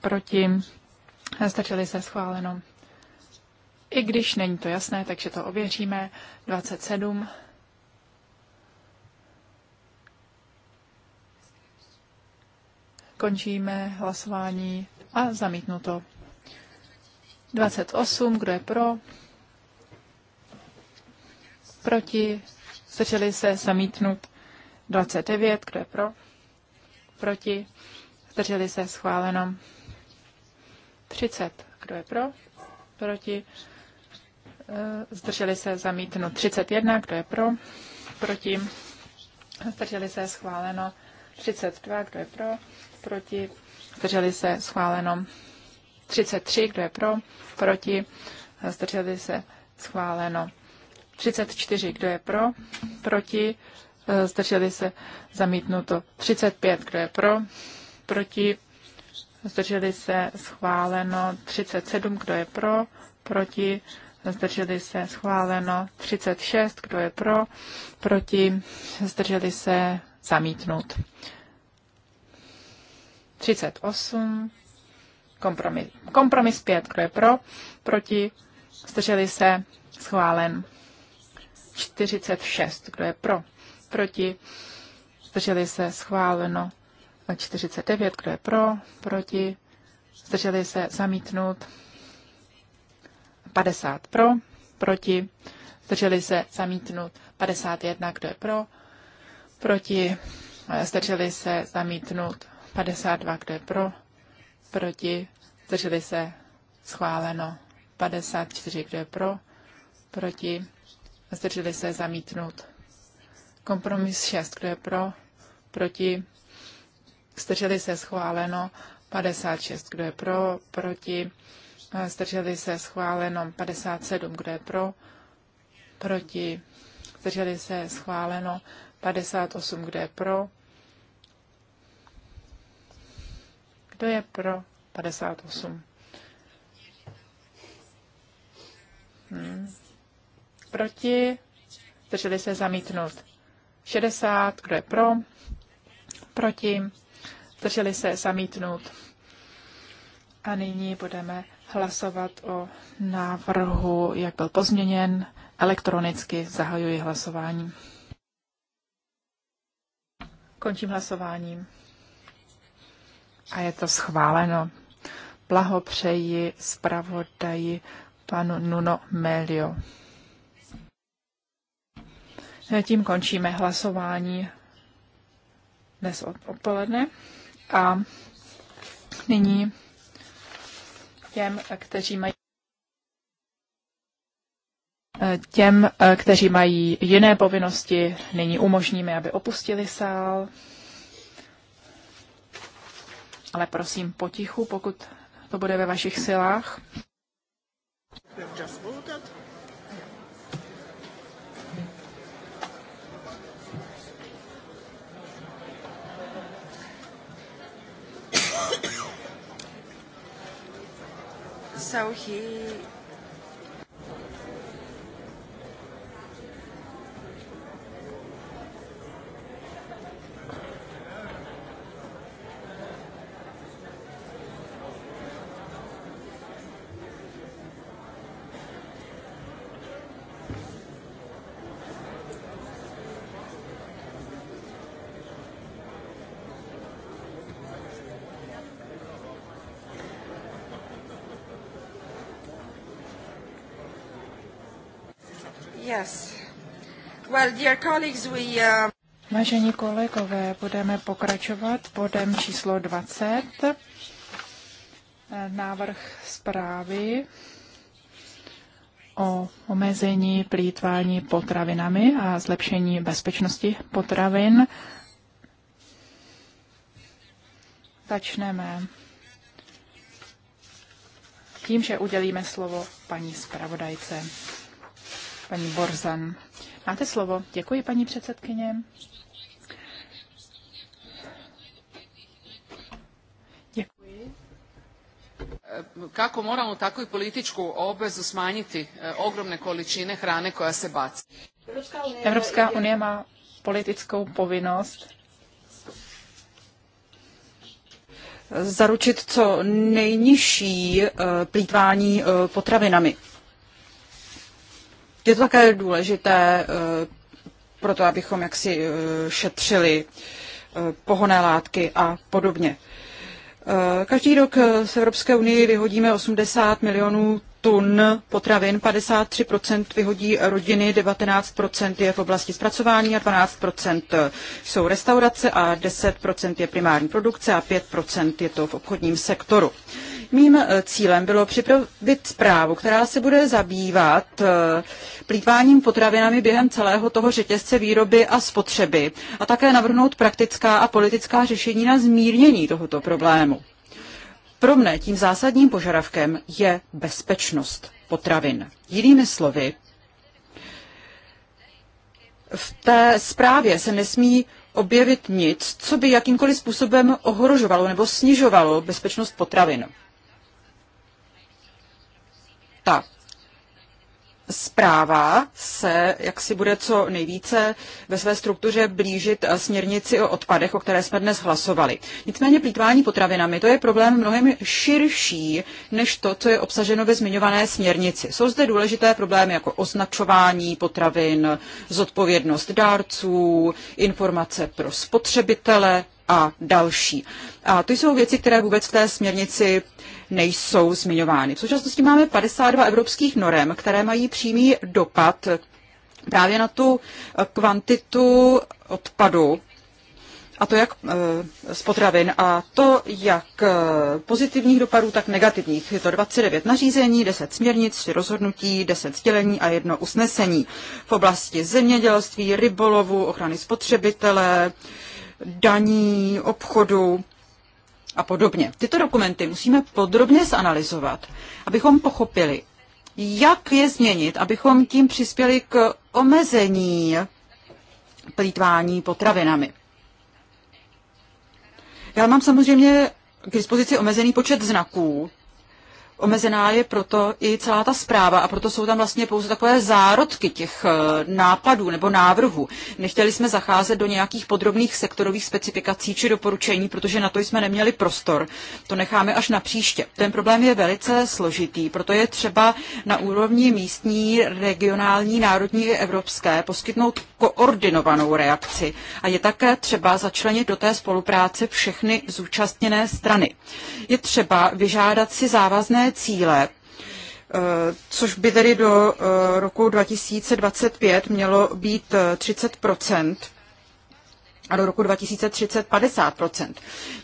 Proti? Zdrželi se? Schváleno. I když není to jasné, takže to ověříme. 27. Končíme hlasování a zamítnuto. 28. Kdo je pro? proti, zdrželi se, zamítnut. 29, kdo je pro, proti, zdrželi se, schváleno. 30, kdo je pro, proti, eh, zdrželi se, zamítnut. 31, kdo je pro, proti, zdrželi se, schváleno. 32, kdo je pro, proti, zdrželi se, schváleno. 33, kdo je pro, proti, zdrželi se, schváleno. 34, kdo je pro, proti, e, zdrželi se zamítnuto 35, kdo je pro, proti, zdrželi se schváleno 37, kdo je pro, proti, zdrželi se schváleno 36, kdo je pro, proti, zdrželi se zamítnut. 38, kompromis, kompromis 5, kdo je pro, proti, zdrželi se schválen 46. Kdo je pro? Proti? Zdrželi se? Schváleno. 49. Kdo je pro? Proti? Zdrželi se? Zamítnut. 50 pro, proti, zdrželi se zamítnut 51, kdo je pro, proti, zdrželi se zamítnut 52, kdo je pro, proti, zdrželi se schváleno 54, kdo je pro, proti, zdrželi se zamítnout. Kompromis 6, kdo je pro, proti, zdrželi se schváleno 56, kdo je pro, proti, zdrželi se schváleno 57, kdo je pro, proti, zdrželi se schváleno 58, kdo je pro, kdo je pro 58. Hmm proti, zdrželi se zamítnout. 60, kdo je pro, proti, zdrželi se zamítnout. A nyní budeme hlasovat o návrhu, jak byl pozměněn. Elektronicky zahajuji hlasování. Končím hlasováním. A je to schváleno. Blahopřeji zpravodaji panu Nuno Melio. Tím končíme hlasování dnes odpoledne. A nyní těm, kteří mají Těm, kteří mají jiné povinnosti, nyní umožníme, aby opustili sál. Ale prosím potichu, pokud to bude ve vašich silách.
just so he Yes. Well, dear colleagues, we, uh...
Vážení kolegové, budeme pokračovat bodem číslo 20, návrh zprávy o omezení plítvání potravinami a zlepšení bezpečnosti potravin. Začneme tím, že udělíme slovo paní zpravodajce paní Borzan. Máte slovo. Děkuji, paní předsedkyně. Děkuji.
Kako moramo tako i političku obvezu smanjiti eh, ogromne količine
hrane koja se baci. Evropská unie má politickou povinnost zaručit co
nejnižší eh, plítvání eh, potravinami. Je to také důležité eh, pro to, abychom jaksi eh, šetřili eh, pohoné látky a podobně. Každý rok z Evropské unie vyhodíme 80 milionů tun potravin, 53% vyhodí rodiny, 19% je v oblasti zpracování a 12% jsou restaurace a 10% je primární produkce a 5% je to v obchodním sektoru. Mým eh, cílem bylo připravit zprávu, která se bude zabývat eh, plýtváním potravinami během celého toho řetězce výroby a spotřeby a také navrhnout praktická a politická řešení na zmírnění tohoto problému. Pro mne tím zásadním požadavkem je bezpečnost potravin. Jinými slovy, v té zprávě se nesmí objevit nic, co by jakýmkoliv způsobem ohrožovalo nebo snižovalo bezpečnost potravin. Ta zpráva se, jak si bude co nejvíce ve své struktuře blížit eh, směrnici o odpadech, o které jsme dnes hlasovali. Nicméně plítvání potravinami, to je problém mnohem širší než to, co je obsaženo ve zmiňované směrnici. Jsou zde důležité problémy jako označování potravin, zodpovědnost dárců, informace pro spotřebitele a další. A to jsou věci, které vůbec v té směrnici nejsou zmiňovány. V současnosti máme 52 evropských norem, které mají přímý dopad právě na tu eh, kvantitu odpadu, a to jak eh, z potravin, a to jak eh, pozitivních dopadů, tak negativních. Je to 29 nařízení, 10 směrnic, 3 rozhodnutí, 10 sdělení a jedno usnesení. V oblasti zemědělství, rybolovu, ochrany spotřebitele, daní, obchodu a podobně. Tyto dokumenty musíme podrobně zanalizovat, abychom pochopili, jak je změnit, abychom tím přispěli k omezení plítvání potravinami. Já mám samozřejmě k dispozici omezený počet znaků, omezená je proto i celá ta zpráva a proto jsou tam vlastně pouze takové zárodky těch eh, nápadů nebo návrhů. Nechtěli jsme zacházet do nějakých podrobných sektorových specifikací či doporučení, protože na to jsme neměli prostor. To necháme až na příště. Ten problém je velice složitý, proto je třeba na úrovni místní, regionální, národní i evropské poskytnout koordinovanou reakci a je také třeba začlenit do té spolupráce všechny zúčastněné strany. Je třeba vyžádat si závazné cíle, eh, což by tedy do eh, roku 2025 mělo být 30 eh, a do roku 2030 50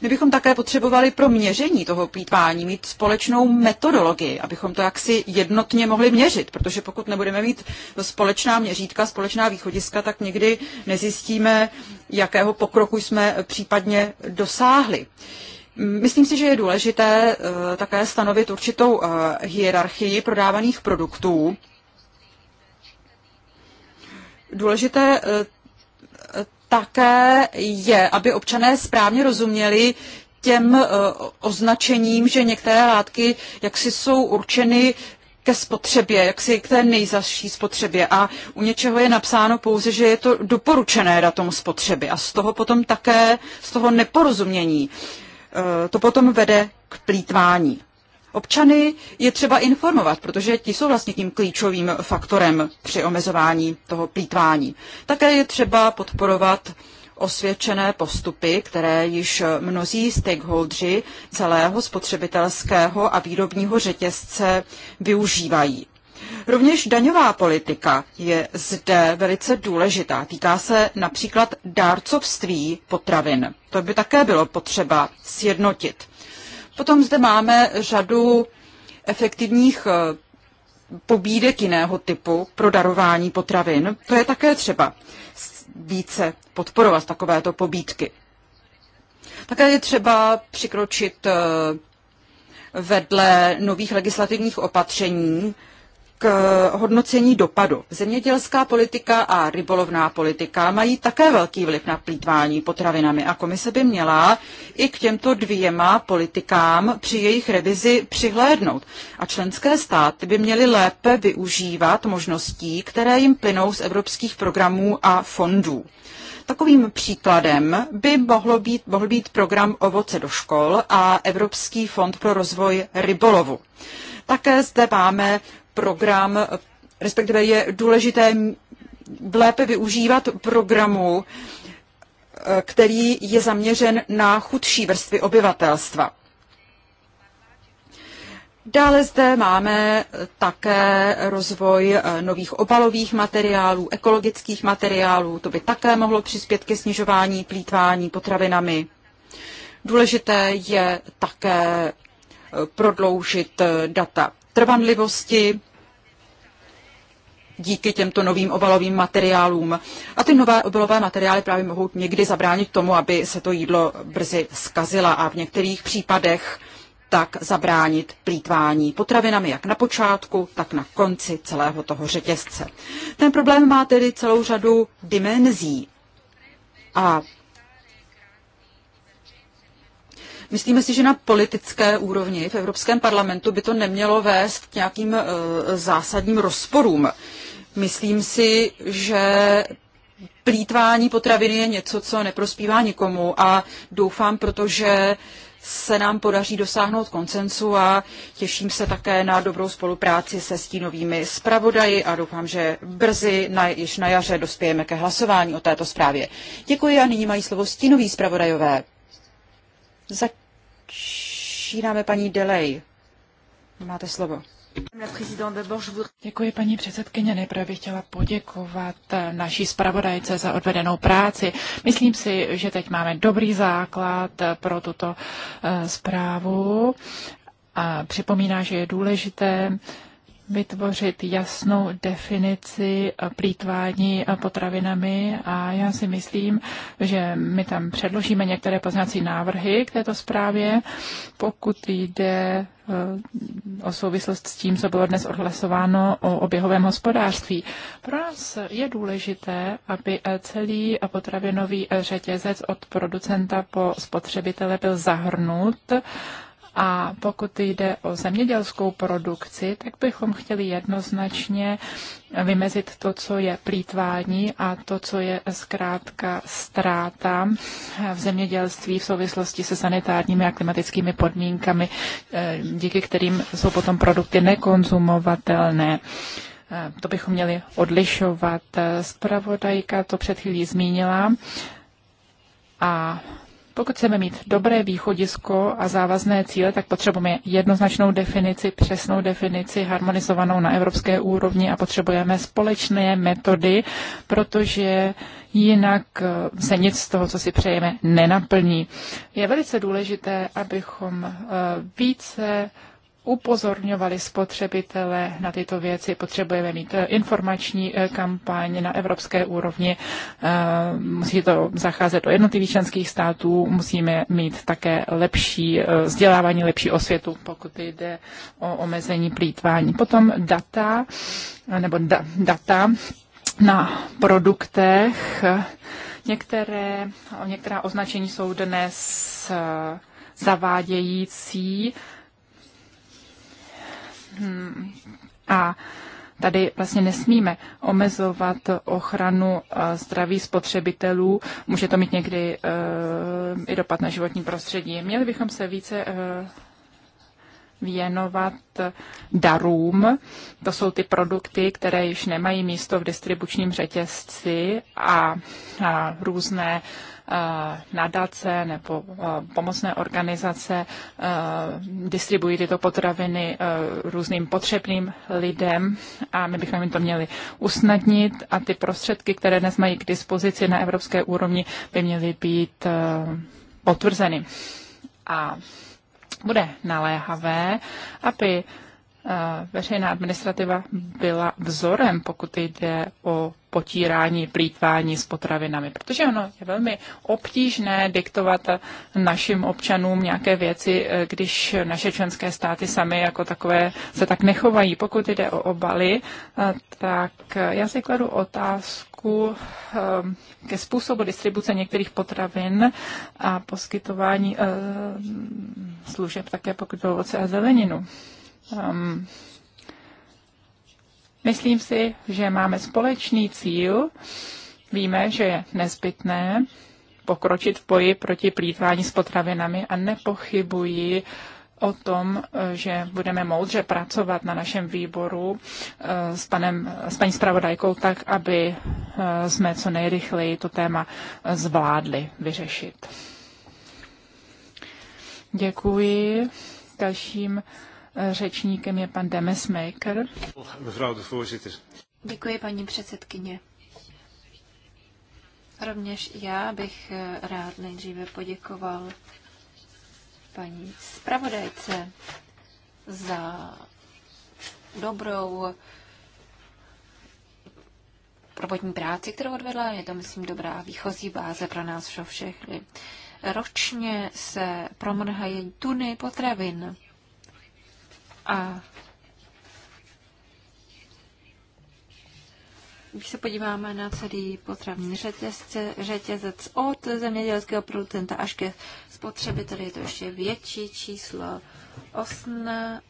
My bychom také potřebovali pro měření toho plítvání mít společnou metodologii, abychom to jaksi jednotně mohli měřit, protože pokud nebudeme mít společná měřítka, společná východiska, tak někdy nezjistíme, jakého pokroku jsme případně dosáhli. Uh, Myslím si, že je důležité eh, také stanovit určitou eh, hierarchii prodávaných produktů. Důležité eh, také je, aby občané správně rozuměli těm označením, že některé látky jaksi jsou určeny ke spotřebě, jaksi k té nejzaší spotřebě a u něčeho je napsáno pouze, že je to doporučené datum spotřeby a z toho potom také, z toho neporozumění uh, Eh, to potom vede k plítvání. Občany je třeba informovat, protože ti jsou vlastně tím klíčovým faktorem při omezování toho plítvání. Také je třeba podporovat osvědčené postupy, které již mnozí stakeholdři celého spotřebitelského a výrobního řetězce využívají. Rovněž daňová politika je zde velice důležitá. Týká se například dárcovství potravin. To by také bylo potřeba sjednotit. Potom zde máme řadu efektivních eh, pobídek jiného typu pro darování potravin. To je také třeba více podporovat takovéto pobídky. Také je třeba přikročit eh, vedle nových legislativních opatření k eh, hodnocení dopadu. Zemědělská politika a rybolovná politika mají také velký vliv na plítvání potravinami a komise by měla i k těmto dvěma politikám při jejich revizi přihlédnout. A členské státy by měly lépe využívat možností, které jim plynou z evropských programů a fondů. Takovým příkladem by mohlo být, mohl být program Ovoce do škol a Evropský fond pro rozvoj rybolovu. Také zde máme program, respektive je důležité lépe využívat programu, eh, který je zaměřen na chudší vrstvy obyvatelstva. Dále zde máme také rozvoj eh, nových obalových materiálů, ekologických materiálů. To by také mohlo přispět ke snižování plítvání potravinami. Důležité je také eh, prodloužit data trvanlivosti díky těmto novým obalovým materiálům. A ty nové obalové materiály právě mohou někdy zabránit tomu, aby se to jídlo brzy skazila a v některých případech tak zabránit plítvání potravinami jak na počátku, tak na konci celého toho řetězce. Ten problém má tedy celou řadu dimenzí. A Myslíme si, že na politické úrovni v Evropském parlamentu by to nemělo vést k nějakým uh, zásadním rozporům. Myslím si, že plítvání potraviny je něco, co neprospívá nikomu a doufám, protože se nám podaří dosáhnout koncensu a těším se také na dobrou spolupráci se stínovými zpravodaji a doufám, že brzy, na, již na jaře, dospějeme ke hlasování o této zprávě. Děkuji a nyní mají slovo stínoví zpravodajové. Začínáme paní Delej.
Máte slovo. Děkuji, paní předsedkyně. Nejprve bych chtěla poděkovat naší zpravodajce za odvedenou práci. Myslím si, že teď máme dobrý základ pro tuto eh, zprávu a připomíná, že je důležité vytvořit jasnou definici eh, plítvání eh, potravinami a já si myslím, že my tam předložíme některé poznací návrhy k této zprávě, pokud jde eh, o souvislost s tím, co bylo dnes odhlasováno o oběhovém hospodářství. Pro nás je důležité, aby celý potravinový řetězec od producenta po spotřebitele byl zahrnut a pokud jde o zemědělskou produkci, tak bychom chtěli jednoznačně vymezit to, co je plítvání a to, co je zkrátka ztráta v zemědělství v souvislosti se sanitárními a klimatickými podmínkami, eh, díky kterým jsou potom produkty nekonzumovatelné. Eh, to bychom měli odlišovat. Spravodajka eh, to před chvílí zmínila. A pokud chceme mít dobré východisko a závazné cíle, tak potřebujeme jednoznačnou definici, přesnou definici, harmonizovanou na evropské úrovni a potřebujeme společné metody, protože jinak eh, se nic z toho, co si přejeme, nenaplní. Je velice důležité, abychom eh, více upozorňovali spotřebitele na tyto věci. Potřebujeme mít eh, informační eh, kampaň na evropské úrovni. Eh, musí to zacházet do jednotlivých členských států. Musíme mít také lepší vzdělávání, lepší osvětu, pokud jde o omezení plítvání. Potom data, nebo da, data na produktech. Některé, některá označení jsou dnes zavádějící a tady vlastně nesmíme omezovat ochranu eh, zdraví spotřebitelů. Může to mít někdy eh, i dopad na životní prostředí. Měli bychom se více eh, věnovat darům. To jsou ty produkty, které již nemají místo v distribučním řetězci a, a různé nadace nebo pomocné organizace distribuují tyto potraviny různým potřebným lidem a my bychom jim to měli usnadnit a ty prostředky, které dnes mají k dispozici na evropské úrovni, by měly být potvrzeny. A bude naléhavé, aby eh, veřejná administrativa byla vzorem, pokud jde o potírání, plítvání s potravinami, protože ono je velmi obtížné diktovat našim občanům nějaké věci, eh, když naše členské státy sami jako takové se tak nechovají. Pokud jde o obaly, eh, tak já si kladu otázku, otázku eh, ke způsobu distribuce některých potravin a poskytování eh, služeb také pokud ovoce a zeleninu. Ehm, myslím si, že máme společný cíl. Víme, že je nezbytné pokročit v boji proti plítvání s potravinami a nepochybuji o tom, eh, že budeme moudře pracovat na našem výboru eh, s, panem, s paní zpravodajkou tak, aby eh, jsme co nejrychleji to téma zvládli vyřešit. Děkuji. Dalším řečníkem je pan Demesmaker. Děkuji, paní
předsedkyně. Rovněž já bych rád nejdříve poděkoval paní zpravodajce za dobrou robotní práci, kterou odvedla. Je to, myslím, dobrá výchozí báze pro nás pro všechny. Ročně se promrhají tuny potravin a Když se podíváme na celý potravní řetězce, řetězec od zemědělského producenta až ke spotřebiteli je to ještě větší číslo, 18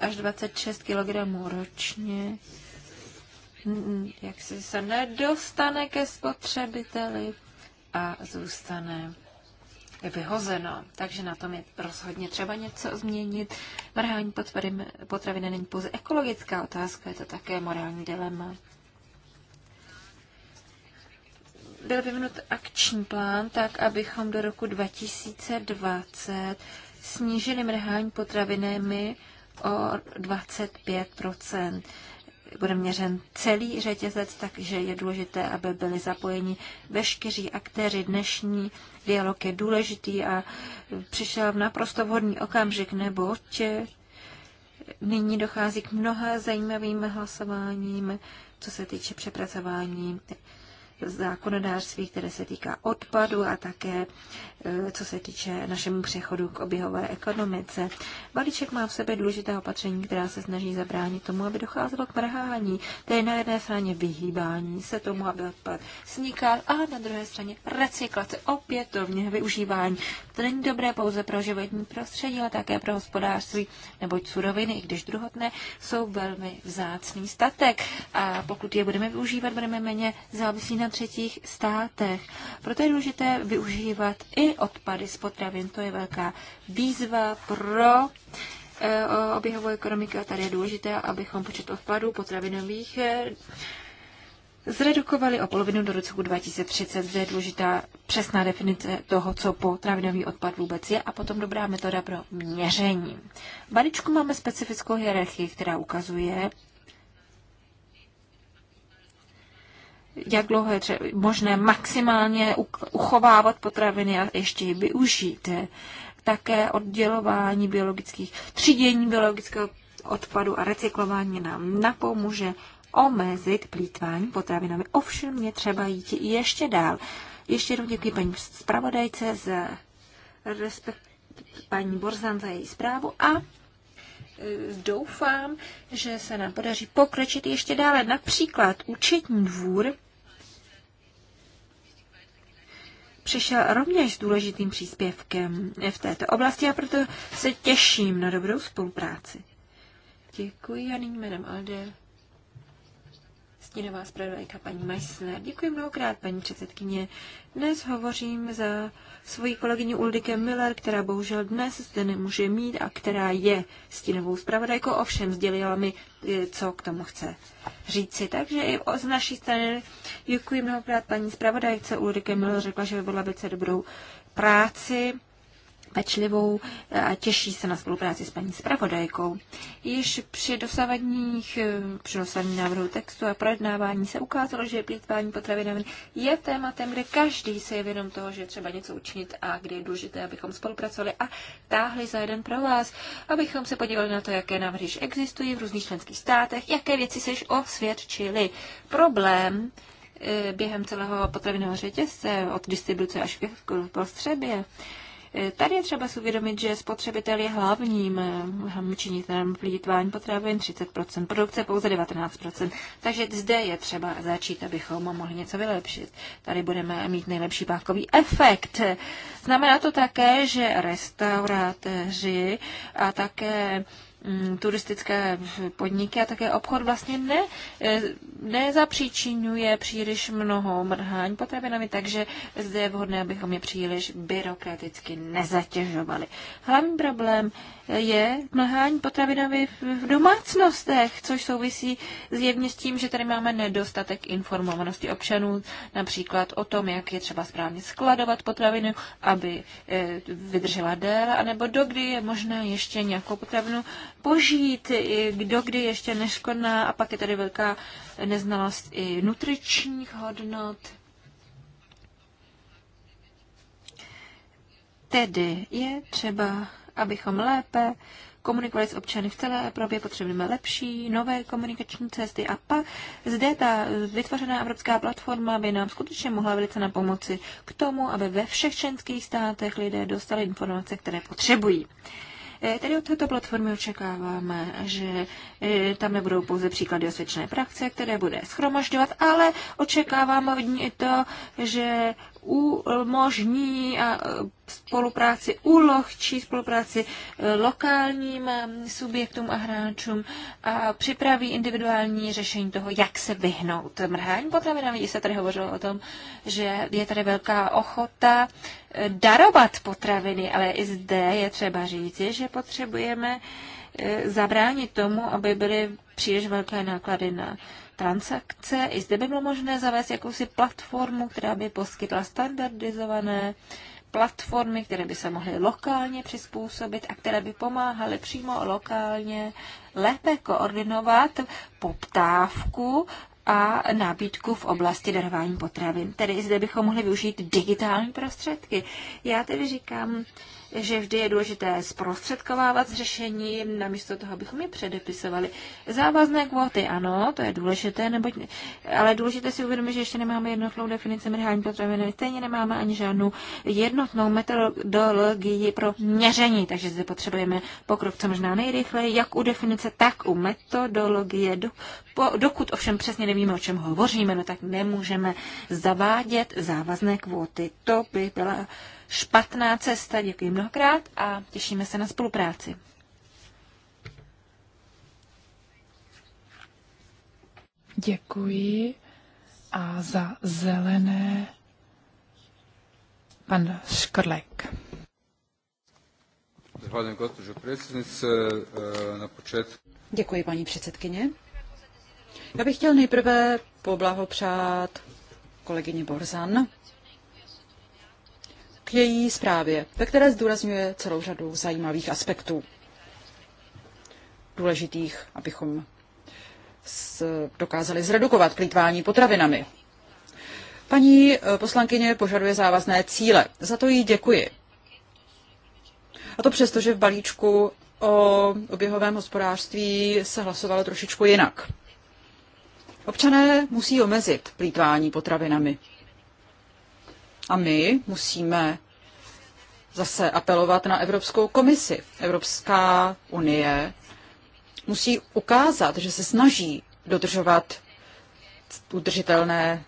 až 26 kg ročně, mm, jak si se nedostane ke spotřebiteli a zůstane vyhozeno. Takže na tom je rozhodně třeba něco změnit. Mrhání potraviny není pouze ekologická otázka, je to také morální dilema byl vyvinut akční plán tak, abychom do roku 2020 snížili mrhání potravinami o 25 bude měřen celý řetězec, takže je důležité, aby byli zapojeni veškeří aktéři. Dnešní dialog je důležitý a přišel v naprosto vhodný okamžik, neboť nyní dochází k mnoha zajímavým hlasováním, co se týče přepracování zákonodářství, které se týká odpadu a také e, co se týče našemu přechodu k oběhové ekonomice. Balíček má v sebe důležité opatření, která se snaží zabránit tomu, aby docházelo k mrhání, tedy na jedné straně vyhýbání se tomu, aby odpad sníkal. a na druhé straně recyklace, opětovně využívání. To není dobré pouze pro životní prostředí, ale také pro hospodářství, neboť suroviny, i když druhotné, jsou velmi vzácný statek. A pokud je budeme využívat, budeme méně závislí na na třetích státech. Proto je důležité využívat i odpady z potravin. To je velká výzva pro eh, oběhovou ekonomiku a tady je důležité, abychom počet odpadů potravinových eh, zredukovali o polovinu do roku 2030, zde je důležitá přesná definice toho, co potravinový odpad vůbec je a potom dobrá metoda pro měření. V balíčku máme specifickou hierarchii, která ukazuje, jak dlouho je třeba, možné maximálně uchovávat potraviny a ještě ji využít. Také oddělování biologických, třídění biologického odpadu a recyklování nám napomůže omezit plítvání potravinami. Ovšem je třeba jít ještě dál. Ještě jednou děkuji paní zpravodajce za respekt paní Borzan za její zprávu a e, doufám, že se nám podaří pokročit ještě dále. Například účetní dvůr přišel rovněž s důležitým příspěvkem v této oblasti a proto se těším na dobrou spolupráci. Děkuji a nyní jménem Alde stínová zpravodajka paní Meissner. Děkuji mnohokrát, paní předsedkyně. Dnes hovořím za svoji kolegyni Uldike Miller, která bohužel dnes zde nemůže mít a která je stínovou zpravodajkou, ovšem sdělila mi, eh, co k tomu chce říci. Takže i z naší strany děkuji mnohokrát paní zpravodajce Ulrike Miller, řekla, že by byla velice dobrou práci pečlivou a těší se na spolupráci s paní zpravodajkou. Již při dosavadních, při dosavadní návrhu textu a projednávání se ukázalo, že plítvání potravinami je tématem, kde každý se je vědom toho, že třeba něco učinit a kde je důležité, abychom spolupracovali a táhli za jeden pro vás, abychom se podívali na to, jaké návrhy existují v různých členských státech, jaké věci se již osvědčily. Problém, během celého potravinového řetězce, od distribuce až k prostřebě Tady je třeba si uvědomit, že spotřebitel je hlavním, činitelem plítvání potravin 30%, produkce pouze 19%. Takže zde je třeba začít, abychom mohli něco vylepšit. Tady budeme mít nejlepší pákový efekt. Znamená to také, že restaurátoři a také Mm, turistické podniky a také obchod vlastně ne, e, nezapříčinuje příliš mnoho mrhání potravinami, takže zde je vhodné, abychom je příliš byrokraticky nezatěžovali. Hlavní problém je mlhání potravinovi v domácnostech, což souvisí zjevně s tím, že tady máme nedostatek informovanosti občanů, například o tom, jak je třeba správně skladovat potravinu, aby eh, vydržela déle, anebo dokdy je možné ještě nějakou potravinu požít, dokdy ještě neškodná a pak je tady velká neznalost i nutričních hodnot. Tedy je třeba abychom lépe komunikovali s občany v celé Evropě, potřebujeme lepší, nové komunikační cesty a pak zde ta vytvořená evropská platforma by nám skutečně mohla velice na pomoci k tomu, aby ve všech členských státech lidé dostali informace, které potřebují. E, tedy od této platformy očekáváme, že e, tam nebudou pouze příklady osvědčené praxe, které bude schromažďovat, ale očekáváme od ní i to, že umožní a eh, spolupráci, ulohčí spolupráci eh, lokálním eh, subjektům a hráčům a připraví individuální řešení toho, jak se vyhnout mrhání potravinami. I se tady hovořilo o tom, že je tady velká ochota darovat potraviny, ale i zde je třeba říci, že potřebujeme zabránit tomu, aby byly příliš velké náklady na transakce. I zde by bylo možné zavést jakousi platformu, která by poskytla standardizované platformy, které by se mohly lokálně přizpůsobit a které by pomáhaly přímo lokálně lépe koordinovat poptávku a nabídku v oblasti darování potravin. Tedy i zde bychom mohli využít digitální prostředky. Já tedy říkám, že vždy je důležité zprostředkovávat řešení, namísto toho, abychom je předepisovali. Závazné kvóty, ano, to je důležité, neboť, ale důležité si uvědomit, že ještě nemáme jednotnou definici minerální potraviny, stejně nemáme ani žádnou jednotnou metodologii pro měření, takže zde potřebujeme pokrok co možná nejrychleji, jak u definice, tak u metodologie. Do, po, dokud ovšem přesně nevíme, o čem hovoříme, no tak nemůžeme zavádět závazné kvóty. To by byla špatná cesta. Děkuji mnohokrát a těšíme se na spolupráci. Děkuji
a za zelené pan Škrlek.
E,
Děkuji, paní předsedkyně. Já bych chtěl nejprve poblahopřát kolegyni Borzan k její zprávě, ve které zdůrazňuje celou řadu zajímavých aspektů důležitých, abychom dokázali zredukovat plítvání potravinami. Paní eh, poslankyně požaduje závazné cíle. Za to jí děkuji. A to přesto, že v balíčku o oběhovém hospodářství se hlasovalo trošičku jinak. Občané musí omezit plítvání potravinami. A my musíme zase apelovat na Evropskou komisi. Evropská unie musí ukázat, že se snaží dodržovat udržitelné,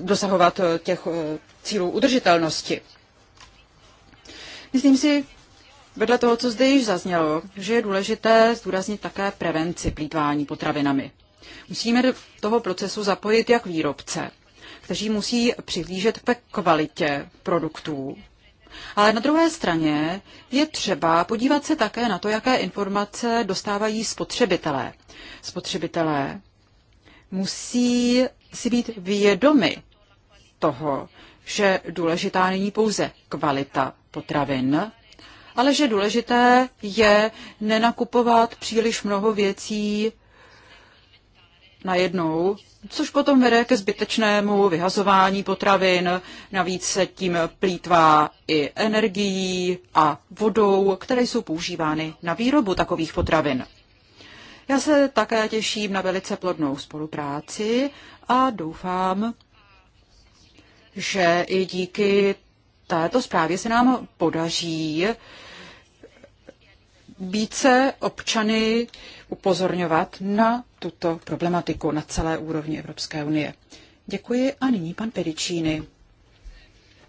dosahovat těch eh, cílů udržitelnosti. Myslím si, vedle toho, co zde již zaznělo, že je důležité zdůraznit také prevenci plítvání potravinami. Musíme do toho procesu zapojit jak výrobce, kteří musí přihlížet ke kvalitě produktů. Ale na druhé straně je třeba podívat se také na to, jaké informace dostávají spotřebitelé. Spotřebitelé musí si být vědomi toho, že důležitá není pouze kvalita potravin, ale že důležité je nenakupovat příliš mnoho věcí najednou, což potom vede ke zbytečnému vyhazování potravin, navíc se tím plítvá i energií a vodou, které jsou používány na výrobu takových potravin. Já se také těším na velice plodnou spolupráci a doufám, že i díky této zprávě se nám podaří více občany upozorňovat na tuto problematiku na celé úrovni Evropské unie. Děkuji a nyní pan Pedicíny.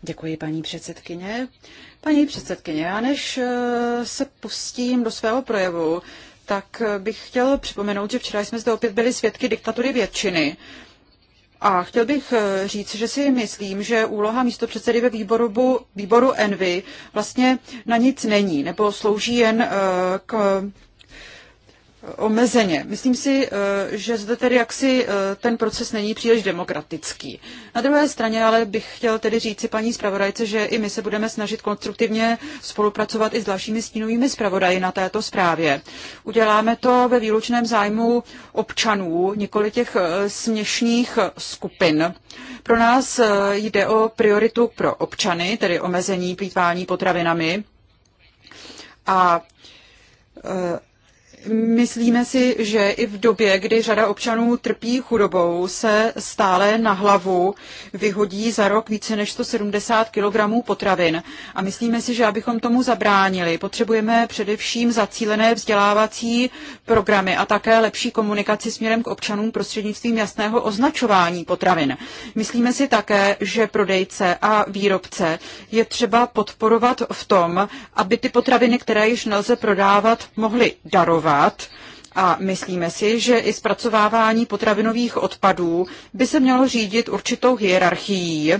Děkuji, paní předsedkyně. Paní předsedkyně, já než eh, se pustím do svého projevu, tak eh, bych chtěl připomenout, že včera jsme zde opět byli svědky diktatury většiny. A chtěl bych eh, říct, že si myslím, že úloha místo předsedy ve výboru, výboru Envy vlastně na nic není, nebo slouží jen k omezeně. Myslím si, eh, že zde tedy jaksi eh, ten proces není příliš demokratický. Na druhé straně ale bych chtěl tedy říci paní zpravodajce, že i my se budeme snažit konstruktivně spolupracovat i s dalšími stínovými zpravodaji na této zprávě. Uděláme to ve výlučném zájmu občanů, nikoli těch eh, směšných skupin. Pro nás jde o prioritu pro občany, tedy omezení plítvání potravinami. A Myslíme si, že i v době, kdy řada občanů trpí chudobou, se stále na hlavu vyhodí za rok více než 170 kg potravin. A myslíme si, že abychom tomu zabránili, potřebujeme především zacílené vzdělávací programy a také lepší komunikaci směrem k občanům prostřednictvím jasného označování potravin. Myslíme si také, že prodejce a výrobce je třeba podporovat v tom, aby ty potraviny, které již nelze prodávat, mohly darovat zpracovat a myslíme si, že i zpracovávání potravinových odpadů by se mělo řídit určitou hierarchií,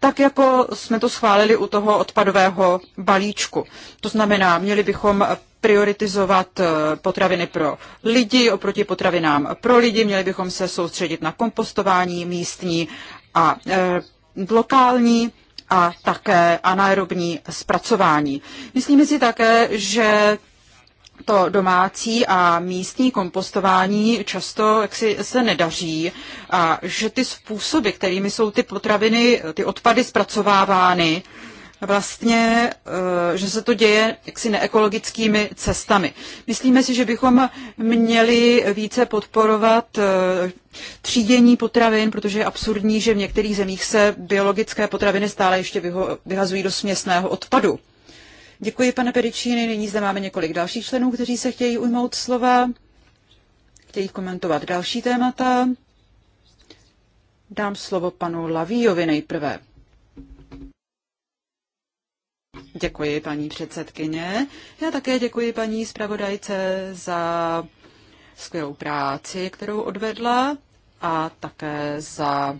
tak jako jsme to schválili u toho odpadového balíčku. To znamená, měli bychom prioritizovat eh, potraviny pro lidi oproti potravinám pro lidi, měli bychom se soustředit na kompostování místní a e, lokální a také anaerobní zpracování. Myslíme si také, že to domácí a místní kompostování často jaksi se nedaří a že ty způsoby, kterými jsou ty potraviny, ty odpady zpracovávány, vlastně, eh, že se to děje jaksi neekologickými cestami. Myslíme si, že bychom měli více podporovat eh, třídění potravin, protože je absurdní, že v některých zemích se biologické potraviny stále ještě vyhazují do směsného odpadu. Děkuji, pane Peričíny. Nyní zde máme několik dalších členů, kteří se chtějí ujmout slova, chtějí komentovat další témata. Dám slovo panu Lavíjovi nejprve. Děkuji, paní předsedkyně. Já také děkuji paní zpravodajce za skvělou práci, kterou odvedla a také za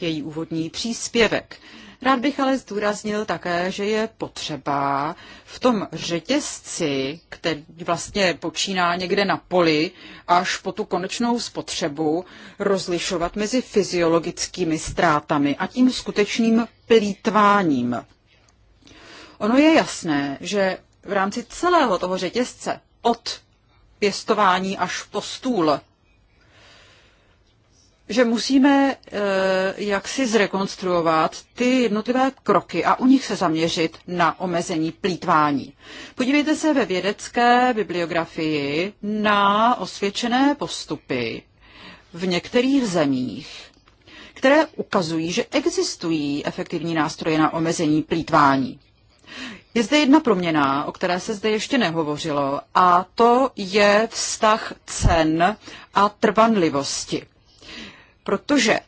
její úvodní příspěvek. Rád bych ale zdůraznil také, že je potřeba v tom řetězci, který vlastně počíná někde na poli až po tu konečnou spotřebu, rozlišovat mezi fyziologickými ztrátami a tím skutečným plítváním. Ono je jasné, že v rámci celého toho řetězce od pěstování až po stůl že musíme eh, jaksi zrekonstruovat ty jednotlivé kroky a u nich se zaměřit na omezení plítvání. Podívejte se ve vědecké bibliografii na osvědčené postupy v některých zemích, které ukazují, že existují efektivní nástroje na omezení plítvání. Je zde jedna proměna, o které se zde ještě nehovořilo, a to je vztah cen a trvanlivosti protože eh,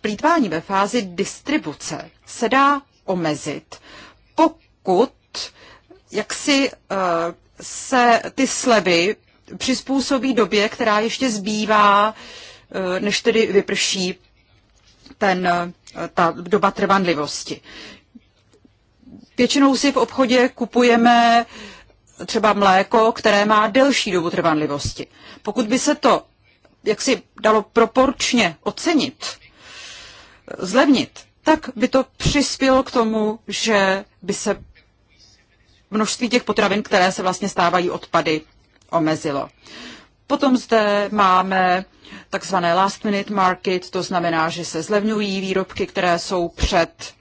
plítvání ve fázi distribuce se dá omezit, pokud jak si eh, se ty slevy přizpůsobí době, která ještě zbývá, eh, než tedy vyprší ten, ta doba trvanlivosti. Většinou si v obchodě kupujeme třeba mléko, které má delší dobu trvanlivosti. Pokud by se to jak si dalo proporčně ocenit, zlevnit, tak by to přispělo k tomu, že by se množství těch potravin, které se vlastně stávají odpady, omezilo. Potom zde máme takzvané last minute market, to znamená, že se zlevňují výrobky, které jsou před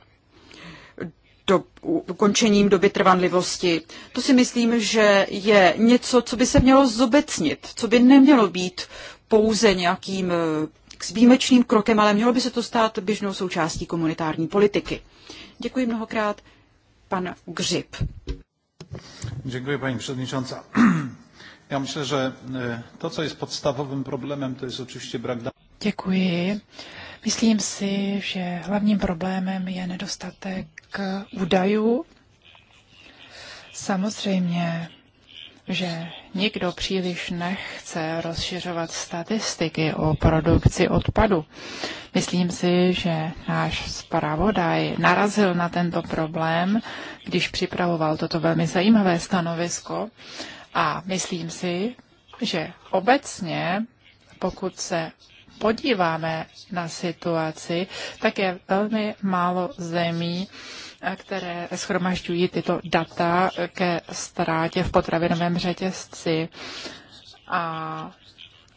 do, ukončením doby trvanlivosti. To si myslím, že je něco, co by se mělo zobecnit, co by nemělo být pouze nějakým eh, k výjimečným krokem, ale mělo by se to stát běžnou součástí komunitární politiky. Děkuji mnohokrát,
pan Gřib. Děkuji, paní předničanca. Já myslím, že eh, to, co je podstavovým problémem, to je určitě brak Děkuji. Myslím si, že hlavním problémem je nedostatek údajů. Samozřejmě že nikdo příliš nechce rozšiřovat statistiky o produkci odpadu. Myslím si, že náš zpravodaj narazil na tento problém, když připravoval toto velmi zajímavé stanovisko a myslím si, že obecně, pokud se podíváme na situaci, tak je velmi málo zemí, které schromažďují tyto data ke ztrátě v potravinovém řetězci. A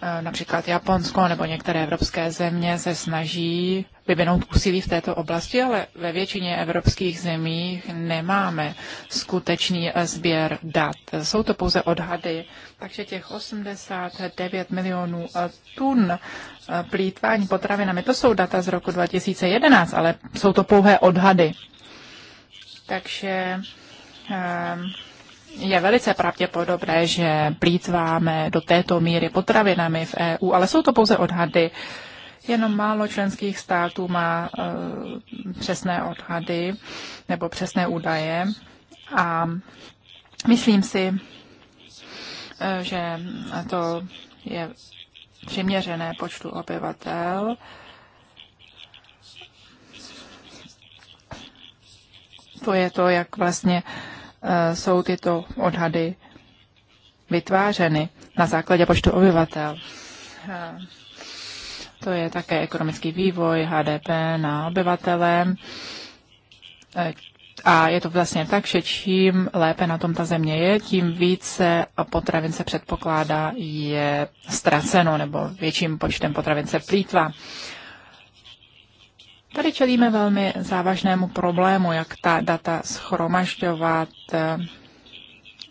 e, například Japonsko nebo některé evropské země se snaží vyvinout úsilí v této oblasti, ale ve většině evropských zemích nemáme skutečný e, sběr dat. Jsou to pouze odhady, takže těch 89 milionů e, tun plítvání potravinami, to jsou data z roku 2011, ale jsou to pouhé odhady. Takže ehm, je velice pravděpodobné, že plítváme do této míry potravinami v EU, ale jsou to pouze odhady. Jenom málo členských států má uh, přesné odhady nebo přesné údaje. A myslím si, eh, že to je přiměřené počtu obyvatel. Uh, to je to, jak vlastně eh, jsou tyto odhady vytvářeny na základě počtu obyvatel. Eh, to je také ekonomický vývoj HDP na obyvatele. Eh, a je to vlastně tak, že čím lépe na tom ta země je, tím více potravin se předpokládá je ztraceno nebo větším počtem potravin se plítva. Tady čelíme velmi závažnému problému, jak ta data schromažďovat eh,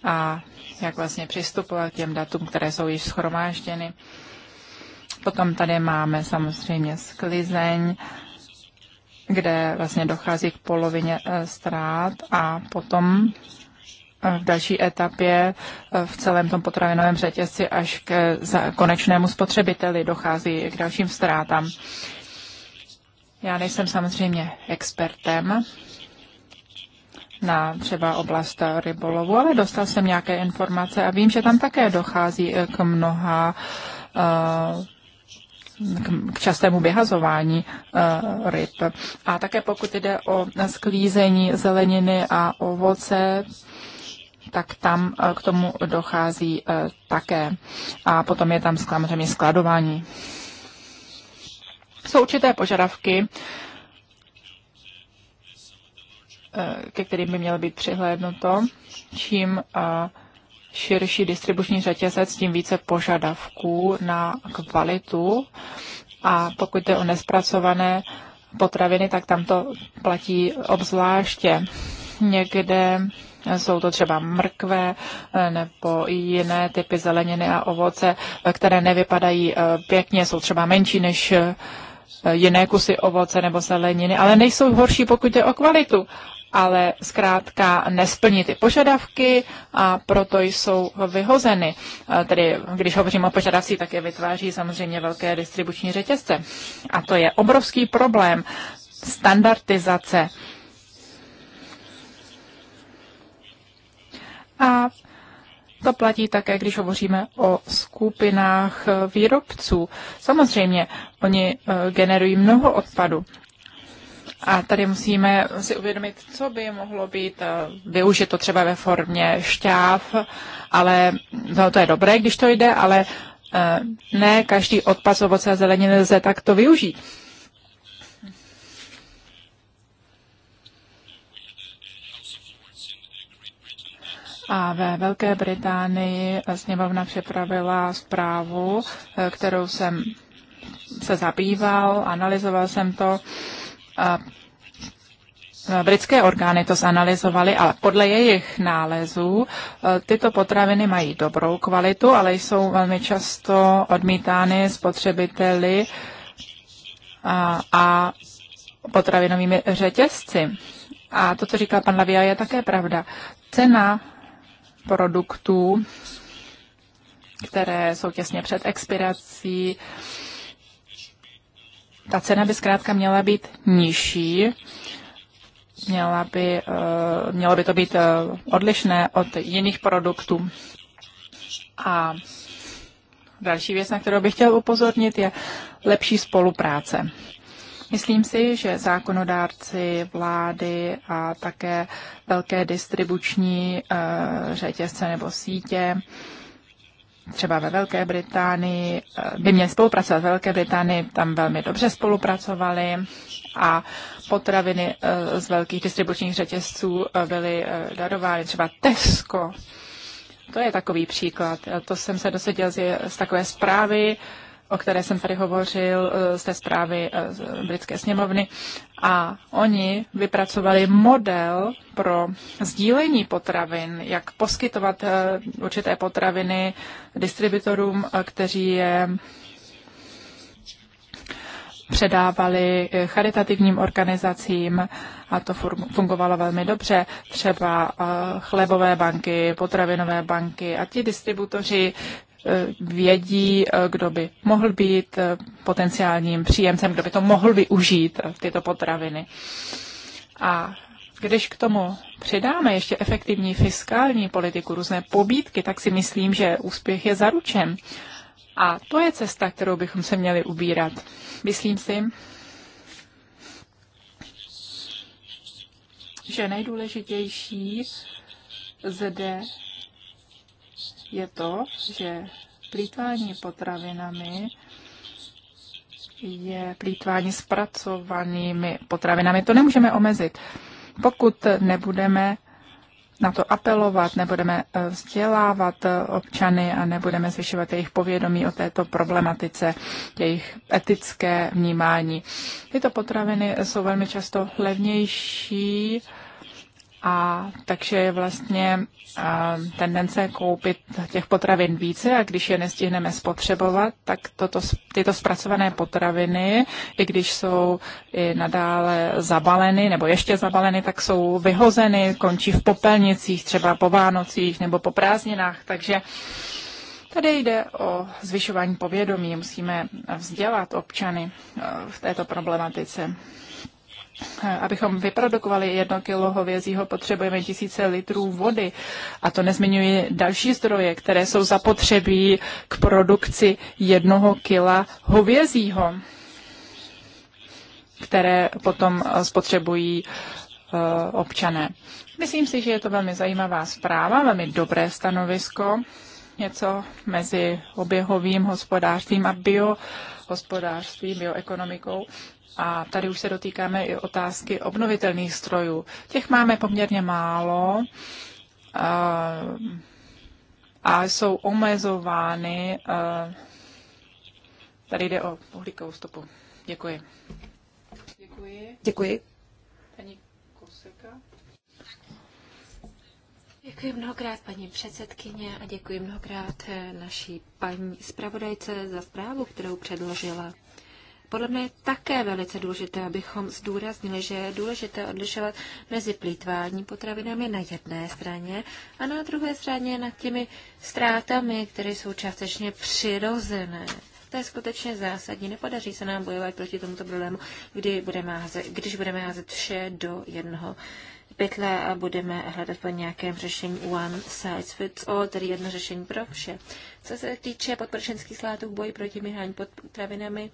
a jak vlastně přistupovat k těm datům, které jsou již schromážděny. Potom tady máme samozřejmě sklizeň, kde vlastně dochází k polovině eh, ztrát a potom eh, v další etapě v celém tom potravinovém řetězci až k konečnému spotřebiteli dochází k dalším ztrátám. Já nejsem samozřejmě expertem na třeba oblast rybolovu, ale dostal jsem nějaké informace a vím, že tam také dochází eh, k mnoha eh, k častému vyhazování eh, ryb. A také pokud jde o sklízení zeleniny a ovoce, tak tam k tomu dochází také. A potom je tam samozřejmě skladování. Jsou určité požadavky, eh, ke kterým by mělo být přihlédnuto. Čím eh, širší distribuční řetězec, tím více požadavků na kvalitu. A pokud jde o nespracované potraviny, tak tam to platí obzvláště. Někde jsou to třeba mrkve eh, nebo jiné typy zeleniny a ovoce, které nevypadají pěkně, jsou třeba menší než Eh, jiné kusy ovoce nebo zeleniny, ale nejsou horší, pokud je o kvalitu ale zkrátka nesplní ty požadavky a proto jsou vyhozeny. Eh, tedy, když hovořím o požadavcích, tak je vytváří samozřejmě velké distribuční řetězce. A to je obrovský problém standardizace to platí také, když hovoříme o skupinách eh, výrobců. Samozřejmě, oni eh, generují mnoho odpadu. A tady musíme si uvědomit, co by mohlo být eh, využito třeba ve formě šťáv, ale no, to je dobré, když to jde, ale ne každý odpad z ovoce a zeleniny lze takto využít. A ve Velké Británii sněmovna připravila zprávu, eh, kterou jsem se zabýval, analyzoval jsem to. Britské orgány to zanalizovaly, ale podle jejich nálezů eh, tyto potraviny mají dobrou kvalitu, ale jsou velmi často odmítány spotřebiteli a, a potravinovými řetězci. A to, co říkal pan Lavia, je také pravda. Cena produktů, které jsou těsně před expirací. Ta cena by zkrátka měla být nižší, měla by, eh, mělo by to být eh, odlišné od jiných produktů. A další věc, na kterou bych chtěl upozornit, je lepší spolupráce Myslím si, že zákonodárci, vlády a také velké distribuční eh, řetězce nebo sítě třeba ve Velké Británii, eh, by měli spolupracovat ve Velké Británii, tam velmi dobře spolupracovali a potraviny eh, z velkých distribučních řetězců byly darovány třeba Tesco. To je takový příklad. To jsem se doseděl z takové zprávy, o které jsem tady hovořil eh, z té zprávy eh, z britské sněmovny. A oni vypracovali model pro sdílení potravin, jak poskytovat eh, určité potraviny distributorům, kteří je předávali charitativním organizacím a to fungovalo velmi dobře, třeba chlebové banky, potravinové banky a ti distributoři Eh, vědí, eh, kdo by mohl být eh, potenciálním příjemcem, kdo by to mohl využít, tyto potraviny. A když k tomu přidáme ještě efektivní fiskální politiku, různé pobídky, tak si myslím, že úspěch je zaručen. A to je cesta, kterou bychom se měli ubírat. Myslím si, že nejdůležitější zde je to, že plítvání potravinami je plítvání zpracovanými potravinami. To nemůžeme omezit. Pokud nebudeme na to apelovat, nebudeme eh, vzdělávat eh, občany a nebudeme zvyšovat jejich povědomí o této problematice, jejich etické vnímání. Tyto potraviny jsou velmi často levnější a takže je vlastně a, tendence koupit těch potravin více a když je nestihneme spotřebovat, tak toto, tyto zpracované potraviny, i když jsou i nadále zabaleny nebo ještě zabaleny, tak jsou vyhozeny, končí v popelnicích, třeba po Vánocích nebo po prázdninách. Takže Tady jde o zvyšování povědomí. Musíme vzdělat občany v této problematice abychom vyprodukovali jedno kilo hovězího, potřebujeme tisíce litrů vody. A to nezmiňuji další zdroje, které jsou zapotřebí k produkci jednoho kila hovězího, které potom eh, spotřebují eh, občané. Myslím si, že je to velmi zajímavá zpráva, velmi dobré stanovisko, něco mezi oběhovým hospodářstvím a biohospodářstvím, bioekonomikou. A tady už se dotýkáme i otázky obnovitelných strojů. Těch máme poměrně málo eh, a jsou omezovány. Eh, tady jde o uhlíkovou stopu. Děkuji. Děkuji. Děkuji. Paní Koseka.
Děkuji mnohokrát paní předsedkyně a děkuji mnohokrát eh, naší paní zpravodajce za zprávu, kterou předložila. Podle mě je také velice důležité, abychom zdůraznili, že je důležité odlišovat mezi plýtváním potravinami na jedné straně a na druhé straně nad těmi ztrátami, které jsou částečně přirozené. To je skutečně zásadní. Nepodaří se nám bojovat proti tomuto problému, kdy budeme házet, když budeme házet vše do jednoho pytle a budeme hledat po nějakém řešení one size fits all, tedy jedno řešení pro vše. Co se týče podpršenských slátů v boji proti mihání travinami,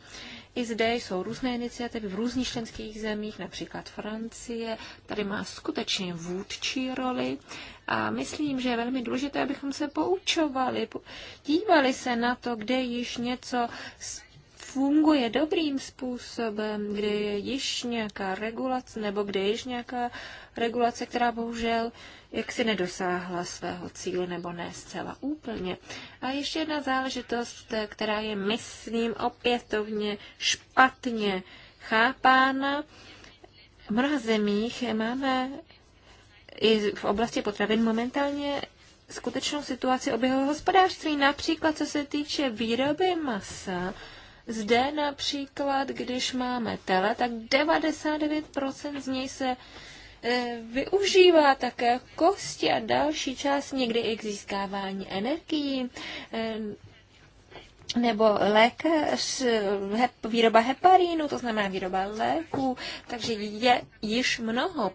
i zde jsou různé iniciativy v různých členských zemích, například Francie, tady má skutečně vůdčí roli a myslím, že je velmi důležité, abychom se poučovali, dívali se na to, kde již něco funguje dobrým způsobem, kde je již nějaká regulace, nebo kde je již nějaká regulace, která bohužel jaksi nedosáhla svého cíle, nebo ne zcela úplně. A ještě jedna záležitost, která je, myslím, opětovně špatně chápána. V mnoha zemích máme i v oblasti potravin momentálně skutečnou situaci oběhového hospodářství, například co se týče výroby masa zde například, když máme tele, tak 99% z něj se e, využívá také kosti a další část někdy i k získávání energií. E, nebo lékař, hep, výroba heparínu, to znamená výroba léku, takže je již mnoho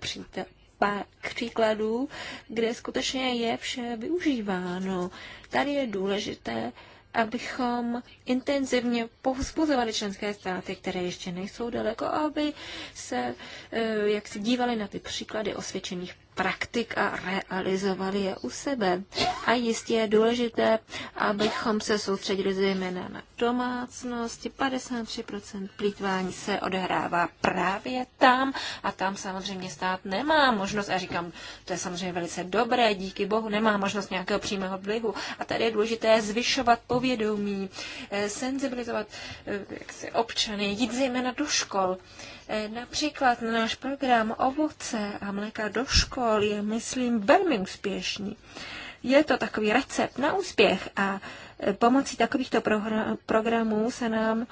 příkladů, kde skutečně je vše využíváno. Tady je důležité abychom intenzivně povzbuzovali členské státy, které ještě nejsou daleko, aby se eh, jak si dívali na ty příklady osvědčených praktik a realizovali je u sebe. A jistě je důležité, abychom se soustředili zejména na domácnosti. 53% plítvání se odehrává právě tam a tam samozřejmě stát nemá možnost, a říkám, to je samozřejmě velice dobré, díky bohu, nemá možnost nějakého přímého vlivu. A tady je důležité zvyšovat povědomí, eh, senzibilizovat eh, jak se občany, jít zejména do škol. Například náš program ovoce a mléka do škol je, myslím, velmi úspěšný. Je to takový recept na úspěch a e, pomocí takovýchto programů se nám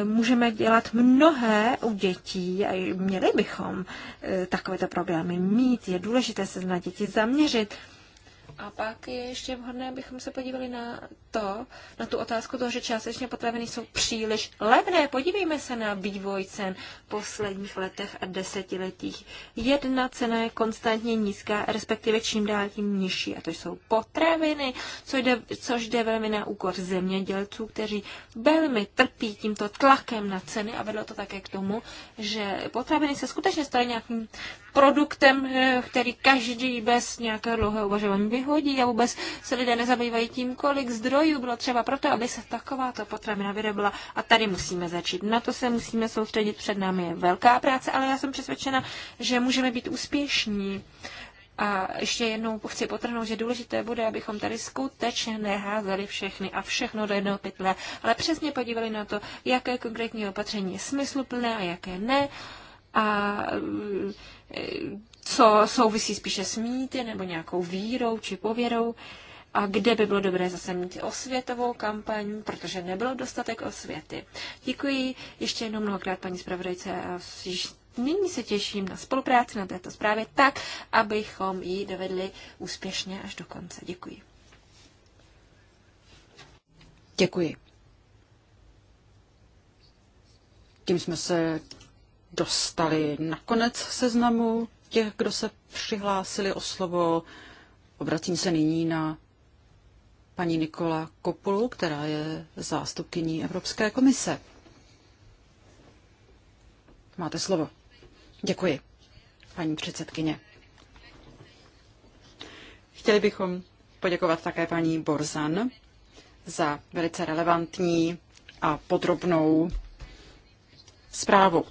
e, můžeme dělat mnohé u dětí a měli bychom e, takovéto programy mít. Je důležité se na děti zaměřit a pak je ještě vhodné, abychom se podívali na to, na tu otázku toho, že částečně potraviny jsou příliš levné. Podívejme se na vývoj cen v posledních letech a desetiletích. Jedna cena je konstantně nízká, respektive čím dál tím nižší. A to jsou potraviny, což jde, což jde velmi na úkor zemědělců, kteří velmi trpí tímto tlakem na ceny a vedlo to také k tomu, že potraviny se skutečně staly nějakým produktem, eh, který každý bez nějakého dlouhého uvažování vyhodí a vůbec se lidé nezabývají tím, kolik zdrojů bylo třeba proto, aby se takováto potravina vyrobila. A tady musíme začít. Na to se musíme soustředit. Před námi je velká práce, ale já jsem přesvědčena, že můžeme být úspěšní. A ještě jednou chci potrhnout, že důležité bude, abychom tady skutečně neházeli všechny a všechno do jednoho pytle, ale přesně podívali na to, jaké konkrétní opatření je smysluplné a jaké ne. A co souvisí spíše s mýty nebo nějakou vírou či pověrou a kde by bylo dobré zase mít osvětovou kampaň, protože nebylo dostatek osvěty. Děkuji ještě jednou mnohokrát paní zpravodajce a již nyní se těším na spolupráci na této zprávě tak, abychom ji dovedli úspěšně až do konce. Děkuji.
Děkuji. Tím jsme se dostali na konec seznamu těch, kdo se přihlásili o slovo. Obracím se nyní na paní Nikola Kopulu, která je zástupkyní Evropské komise. Máte slovo. Děkuji, paní předsedkyně. Chtěli bychom poděkovat také paní Borzan za velice relevantní a podrobnou zprávu.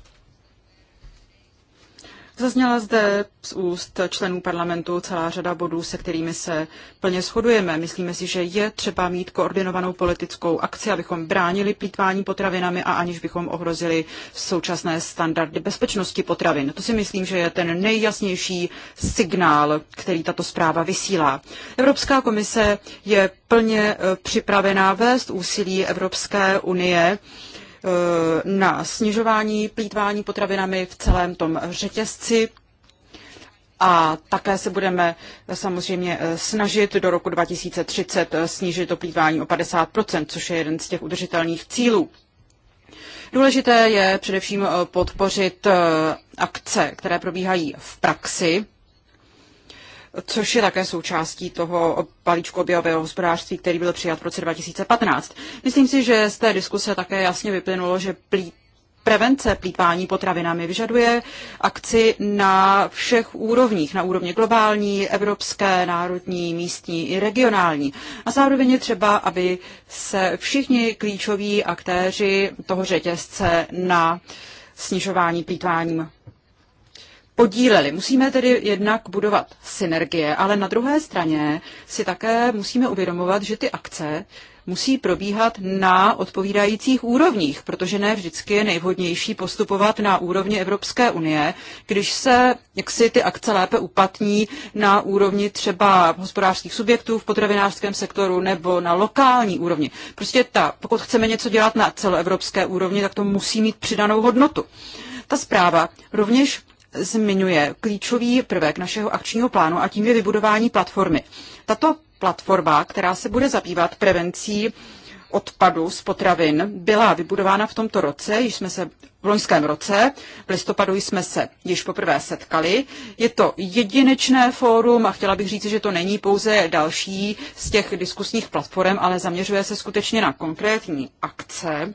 Zazněla zde z úst členů parlamentu celá řada bodů, se kterými se plně shodujeme. Myslíme si, že je třeba mít koordinovanou politickou akci, abychom bránili plítvání potravinami a aniž bychom ohrozili současné standardy bezpečnosti potravin. To si myslím, že je ten nejjasnější signál, který tato zpráva vysílá. Evropská komise je plně eh, připravená vést úsilí Evropské unie Eh, na snižování plítvání potravinami v celém tom řetězci. A také se budeme samozřejmě eh, snažit do roku 2030 eh, snížit to plývání o 50%, což je jeden z těch udržitelných cílů. Důležité je především podpořit akce, které probíhají v praxi což je také součástí toho balíčku objevového hospodářství, který byl přijat v roce 2015. Myslím si, že z té diskuse také jasně vyplynulo, že plí Prevence plítvání potravinami vyžaduje akci na všech úrovních, na úrovni globální, evropské, národní, místní i regionální. A zároveň je třeba, aby se všichni klíčoví aktéři toho řetězce na snižování plítváním podíleli. Musíme tedy jednak budovat synergie, ale na druhé straně si také musíme uvědomovat, že ty akce musí probíhat na odpovídajících úrovních, protože ne vždycky je nejvhodnější postupovat na úrovni Evropské unie, když se si ty akce lépe uplatní na úrovni třeba hospodářských subjektů v potravinářském sektoru nebo na lokální úrovni. Prostě ta, pokud chceme něco dělat na celoevropské úrovni, tak to musí mít přidanou hodnotu. Ta zpráva rovněž zmiňuje klíčový prvek našeho akčního plánu a tím je vybudování platformy. Tato platforma, která se bude zabývat prevencí odpadu z potravin, byla vybudována v tomto roce, již jsme se v loňském roce, v listopadu jsme se již poprvé setkali. Je to jedinečné fórum a chtěla bych říct, že to není pouze další z těch diskusních platform, ale zaměřuje se skutečně na konkrétní akce,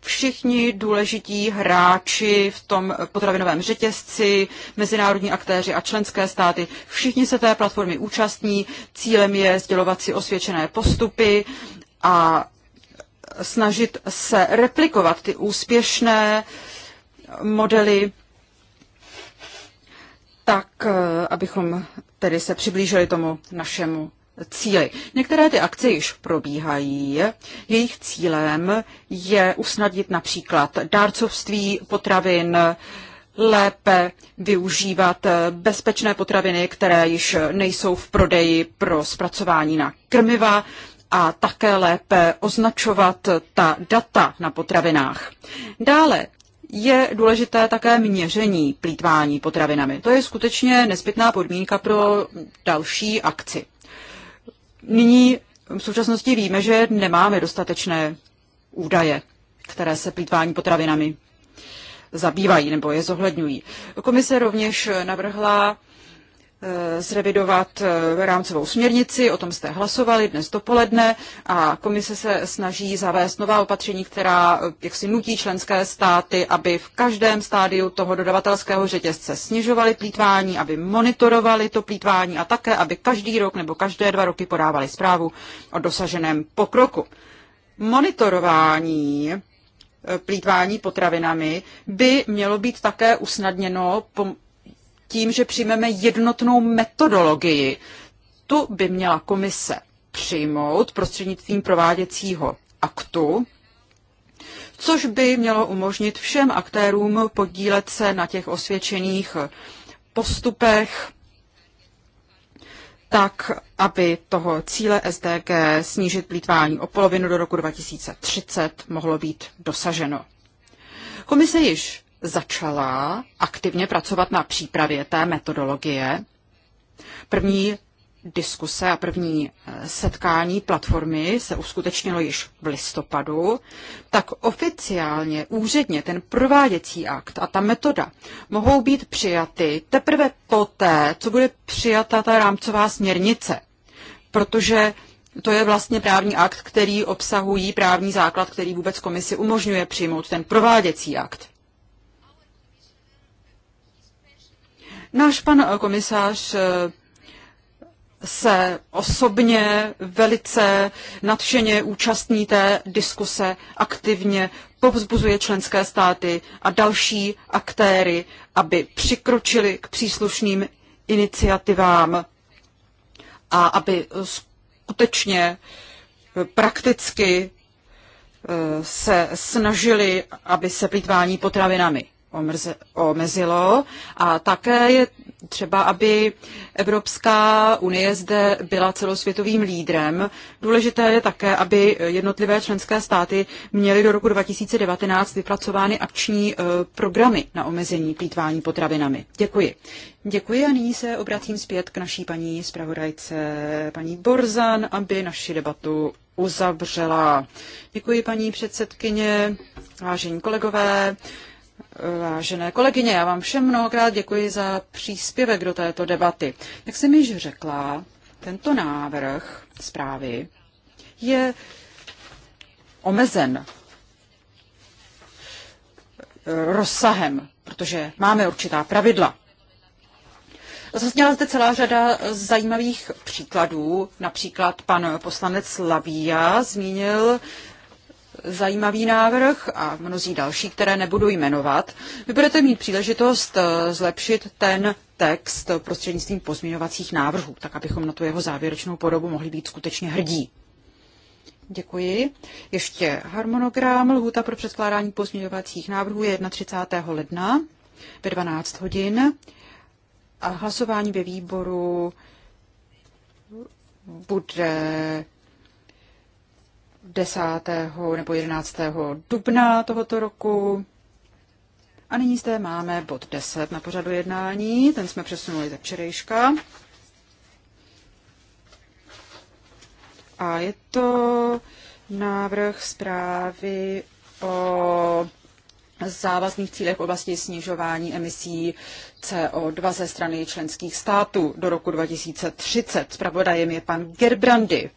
všichni důležití hráči v tom potravinovém řetězci, mezinárodní aktéři a členské státy, všichni se té platformy účastní. Cílem je sdělovat si osvědčené postupy a snažit se replikovat ty úspěšné modely tak, eh, abychom tedy se přiblížili tomu našemu cíly. Některé ty akce již probíhají. Jejich cílem je usnadnit například dárcovství potravin, lépe využívat bezpečné potraviny, které již nejsou v prodeji pro zpracování na krmiva a také lépe označovat ta data na potravinách. Dále je důležité také měření plítvání potravinami. To je skutečně nezbytná podmínka pro další akci nyní v současnosti víme, že nemáme dostatečné údaje, které se plýtvání potravinami zabývají nebo je zohledňují. Komise rovněž navrhla Eh, zrevidovat eh, rámcovou směrnici, o tom jste hlasovali dnes dopoledne a komise se snaží zavést nová opatření, která eh, jaksi nutí členské státy, aby v každém stádiu toho dodavatelského řetězce snižovali plítvání, aby monitorovali to plítvání a také, aby každý rok nebo každé dva roky podávali zprávu o dosaženém pokroku. Monitorování plítvání potravinami by mělo být také usnadněno tím, že přijmeme jednotnou metodologii. Tu by měla komise přijmout prostřednictvím prováděcího aktu, což by mělo umožnit všem aktérům podílet se na těch osvědčených postupech, tak, aby toho cíle SDG snížit plítvání o polovinu do roku 2030 mohlo být dosaženo. Komise již začala aktivně pracovat na přípravě té metodologie. První diskuse a první eh, setkání platformy se uskutečnilo již v listopadu, tak oficiálně, úředně ten prováděcí akt a ta metoda mohou být přijaty teprve poté, co bude přijata ta rámcová směrnice. Protože to je vlastně právní akt, který obsahují právní základ, který vůbec komisi umožňuje přijmout ten prováděcí akt. Náš pan eh, komisář eh, se osobně velice nadšeně účastní té diskuse, aktivně povzbuzuje členské státy a další aktéry, aby přikročili k příslušným iniciativám a aby skutečně eh, prakticky se snažili, aby se plýtvání potravinami omrze, omezilo. A také je třeba, aby Evropská unie zde byla celosvětovým lídrem. Důležité je také, aby jednotlivé členské státy měly do roku 2019 vypracovány akční e, programy na omezení plítvání potravinami. Děkuji. Děkuji a nyní se obracím zpět k naší paní zpravodajce, paní Borzan, aby naši debatu uzavřela. Děkuji paní předsedkyně, vážení kolegové. Vážené kolegyně, já vám všem mnohokrát děkuji za příspěvek do této debaty. Jak jsem již řekla, tento návrh zprávy je omezen rozsahem, protože máme určitá pravidla. Zazněla zde celá řada zajímavých příkladů. Například pan poslanec Lavíja zmínil zajímavý návrh a mnozí další, které nebudu jmenovat. Vy budete mít příležitost eh, zlepšit ten text prostřednictvím pozměňovacích návrhů, tak abychom na tu jeho závěrečnou podobu mohli být skutečně hrdí. Děkuji. Ještě harmonogram. Lhůta pro předkládání pozměňovacích návrhů je 31. ledna ve 12 hodin a hlasování ve výboru bude 10. nebo 11. dubna tohoto roku. A nyní zde máme bod 10 na pořadu jednání, ten jsme přesunuli ze včerejška. A je to návrh zprávy o závazných cílech v oblasti snižování emisí CO2 ze strany členských států do roku 2030. Spravodajem je pan Gerbrandy.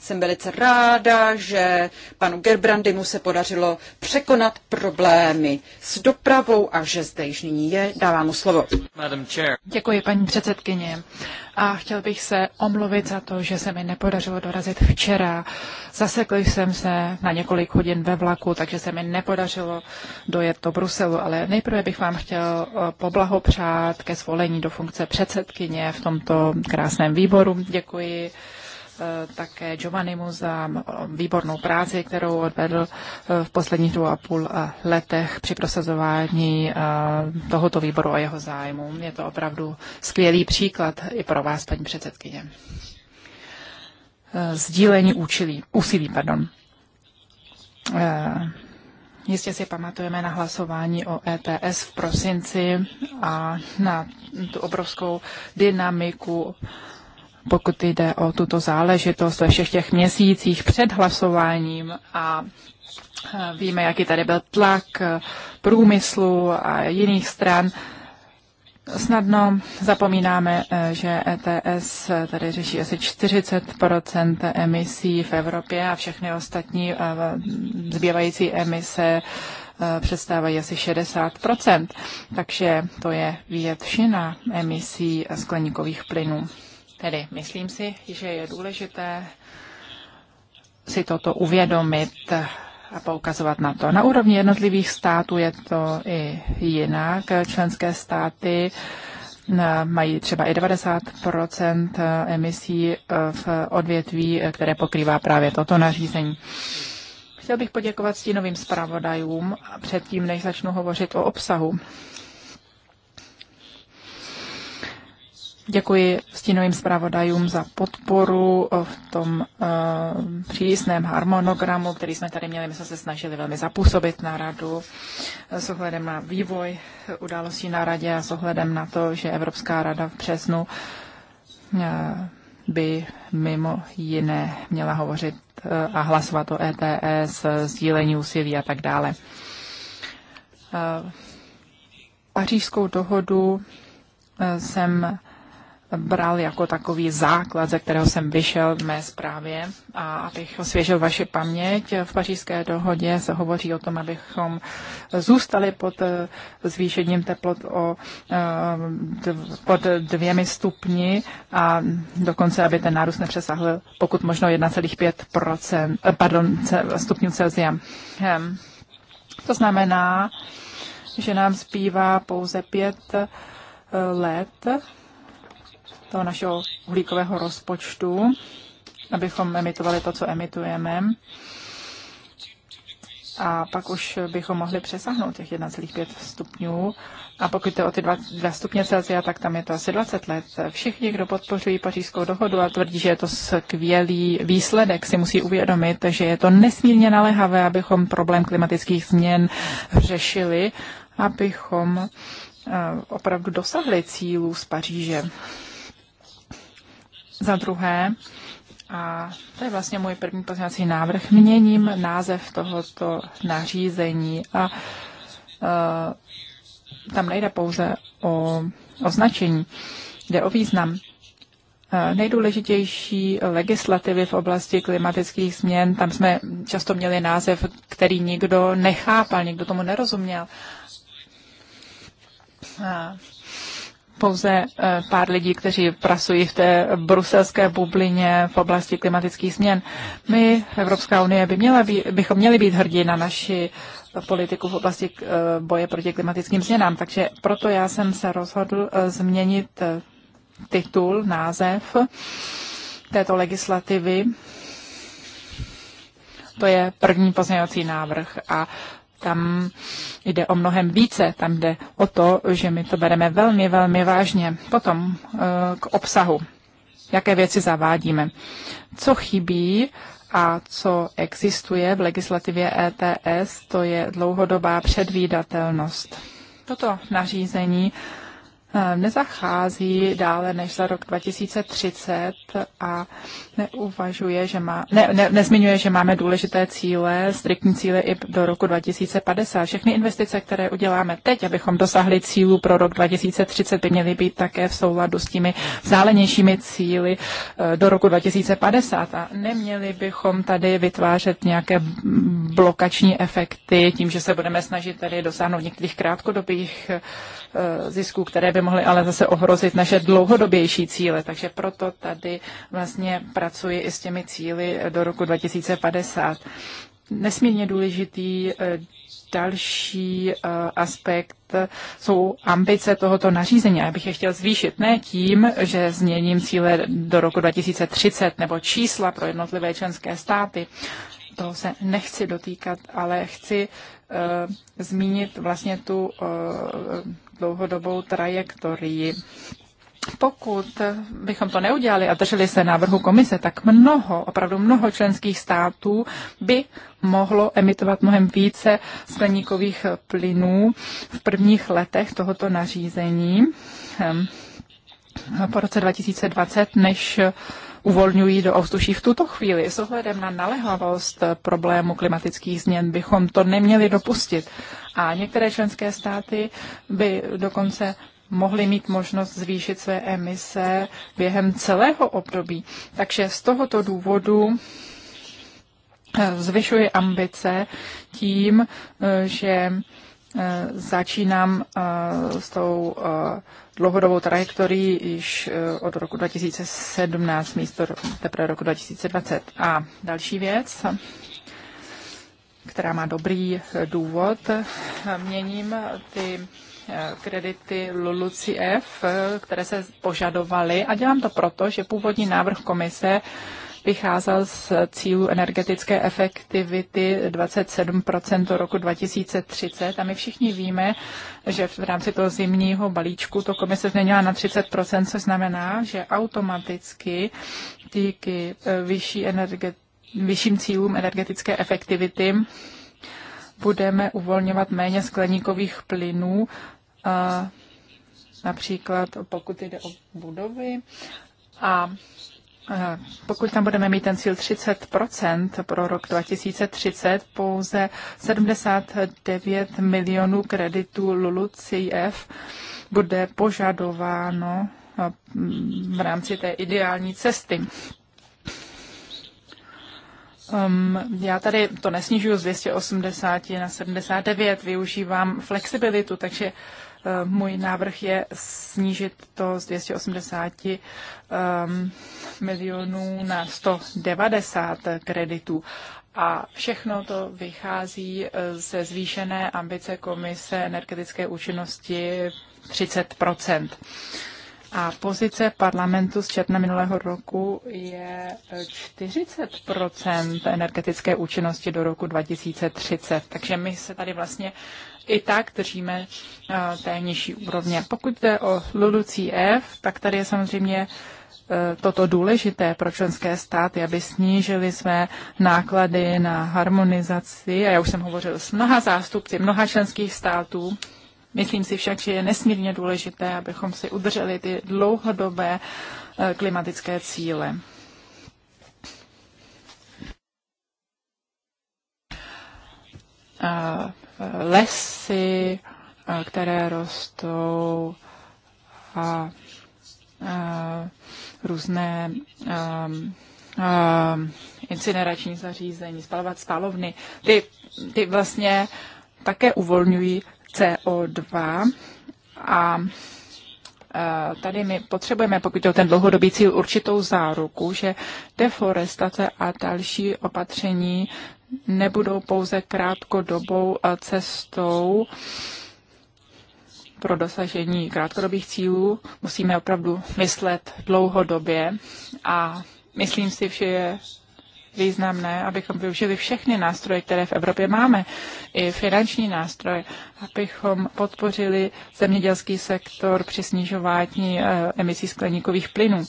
Jsem velice ráda, že panu Gerbrandymu se podařilo překonat problémy s dopravou a že zde již nyní je. Dávám mu slovo.
Děkuji, paní předsedkyně. A chtěl bych se omluvit za to, že se mi nepodařilo dorazit včera. Zasekl jsem se na několik hodin ve vlaku, takže se mi nepodařilo dojet do Bruselu, ale nejprve bych vám chtěl eh, poblahopřát ke zvolení do funkce předsedkyně v tomto krásném výboru. Děkuji Eh, také Giovannimu za eh, výbornou práci, kterou odvedl eh, v posledních dvou a půl letech při prosazování tohoto výboru a jeho zájmu. Je to opravdu skvělý příklad i pro vás, paní předsedkyně. Sdílení účilí, úsilí. Pardon. Jistě si pamatujeme na hlasování o ETS v prosinci a na tu obrovskou dynamiku pokud jde o tuto záležitost ve všech těch měsících před hlasováním a e, víme, jaký tady byl tlak e, průmyslu a jiných stran, Snadno zapomínáme, e, že ETS tady řeší asi 40 emisí v Evropě a všechny ostatní zbývající emise představují asi 60 Takže to je většina emisí skleníkových plynů. Tedy myslím si, že je důležité si toto uvědomit a poukazovat na to. Na úrovni jednotlivých států je to i jinak. Členské státy eh, mají třeba i 90 eh, emisí eh, v odvětví, které pokrývá právě toto nařízení. Chtěl bych poděkovat stínovým zpravodajům předtím, než začnu hovořit o obsahu. Děkuji stínovým zpravodajům za podporu v tom uh, přísném harmonogramu, který jsme tady měli. My jsme se snažili velmi zapůsobit na radu eh, s ohledem na vývoj událostí na radě a s ohledem na to, že Evropská rada v březnu uh, by mimo jiné měla hovořit uh, a hlasovat o ETS, sdílení úsilí a tak dále. Uh, pařížskou dohodu jsem bral jako takový základ, ze kterého jsem vyšel v mé zprávě a abych osvěžil vaši paměť. V pařížské dohodě se hovoří o tom, abychom zůstali pod eh, zvýšením teplot o, eh, pod dvěmi stupni a dokonce, aby ten nárůst nepřesahl pokud možno 1,5 eh, pardon, stupňů Celsia. Ehm, to znamená, že nám zpívá pouze pět let toho našeho uhlíkového rozpočtu, abychom emitovali to, co emitujeme. A pak už bychom mohli přesáhnout těch 1,5 stupňů. A pokud to o ty 2, 2 stupně Celsia, tak tam je to asi 20 let. Všichni, kdo podpořují pařížskou dohodu a tvrdí, že je to skvělý výsledek, si musí uvědomit, že je to nesmírně naléhavé, abychom problém klimatických změn řešili, abychom eh, opravdu dosahli cílů z Paříže. Za druhé, a to je vlastně můj první pozměňovací návrh, měním název tohoto nařízení a e, tam nejde pouze o označení, jde o význam eh, nejdůležitější legislativy v oblasti klimatických změn. Tam jsme často měli název, který nikdo nechápal, nikdo tomu nerozuměl pouze eh, pár lidí, kteří pracují v té bruselské bublině v oblasti klimatických změn. My, Evropská unie, by měla být, bychom měli být hrdí na naši politiku v oblasti eh, boje proti klimatickým změnám. Takže proto já jsem se rozhodl eh, změnit titul, název této legislativy. To je první pozměňovací návrh a tam jde o mnohem více, tam jde o to, že my to bereme velmi, velmi vážně. Potom eh, k obsahu, jaké věci zavádíme, co chybí a co existuje v legislativě ETS, to je dlouhodobá předvídatelnost. Toto nařízení uh, Eh, nezachází dále než za rok 2030 a neuvažuje, že má, ne, ne, nezmiňuje, že máme důležité cíle, striktní cíle i do roku 2050. Všechny investice, které uděláme teď, abychom dosáhli cílů pro rok 2030, by měly být také v souladu s těmi vzdálenějšími cíly eh, do roku 2050 a neměli bychom tady vytvářet nějaké blokační efekty tím, že se budeme snažit tady dosáhnout některých krátkodobých Eh, zisků, které by mohly ale zase ohrozit naše dlouhodobější cíle. Takže proto tady vlastně pracuji i s těmi cíly do roku 2050. Nesmírně důležitý eh, další eh, aspekt jsou ambice tohoto nařízení. Já bych je chtěl zvýšit ne tím, že změním cíle do roku 2030 nebo čísla pro jednotlivé členské státy. To se nechci dotýkat, ale chci uh, zmínit vlastně tu uh, dlouhodobou trajektorii. Pokud bychom to neudělali a drželi se návrhu komise, tak mnoho, opravdu mnoho členských států by mohlo emitovat mnohem více skleníkových plynů v prvních letech tohoto nařízení ehm, po roce 2020, než uvolňují do ovzduší v tuto chvíli. S ohledem na nalehavost problému klimatických změn bychom to neměli dopustit. A některé členské státy by dokonce mohli mít možnost zvýšit své emise během celého období. Takže z tohoto důvodu eh, zvyšuji ambice tím, eh, že Eh, začínám eh, s tou eh, dlouhodobou trajektorií již od roku 2017 místo teprve roku 2020. A další věc, která má dobrý důvod, měním ty kredity F, které se požadovaly a dělám to proto, že původní návrh komise vycházel z cílu energetické efektivity 27 do roku 2030 a my všichni víme, že v rámci toho zimního balíčku to komise změnila na 30 což znamená, že automaticky díky eh, vyšší energe- vyšším cílům energetické efektivity budeme uvolňovat méně skleníkových plynů, například pokud jde o budovy. A Eh, pokud tam budeme mít ten cíl 30 pro rok 2030, pouze 79 milionů kreditů LULUCF bude požadováno eh, v rámci té ideální cesty. Um, já tady to nesnižuju z 280 na 79, využívám flexibilitu, takže uh, můj návrh je snížit to z 280 um, milionů na 190 kreditů. A všechno to vychází eh, ze zvýšené ambice Komise energetické účinnosti 30 a pozice parlamentu z června minulého roku je 40 eh, energetické účinnosti do roku 2030. Takže my se tady vlastně i tak držíme eh, té nižší úrovně. Pokud jde o LULUCF, tak tady je samozřejmě Eh, toto důležité pro členské státy, aby snížili své náklady na harmonizaci. A já už jsem hovořil s mnoha zástupci mnoha členských států. Myslím si však, že je nesmírně důležité, abychom si udrželi ty dlouhodobé eh, klimatické cíle. Eh, lesy, které rostou a, a různé um, um, incinerační zařízení, spalovat spalovny, ty, ty vlastně také uvolňují CO2 a uh, tady my potřebujeme, pokud je ten dlouhodobý cíl, určitou záruku, že deforestace a další opatření nebudou pouze krátkodobou uh, cestou, pro dosažení krátkodobých cílů musíme opravdu myslet dlouhodobě a myslím si, že je významné, abychom využili všechny nástroje, které v Evropě máme, i finanční nástroje, abychom podpořili zemědělský sektor při snižování eh, emisí skleníkových plynů.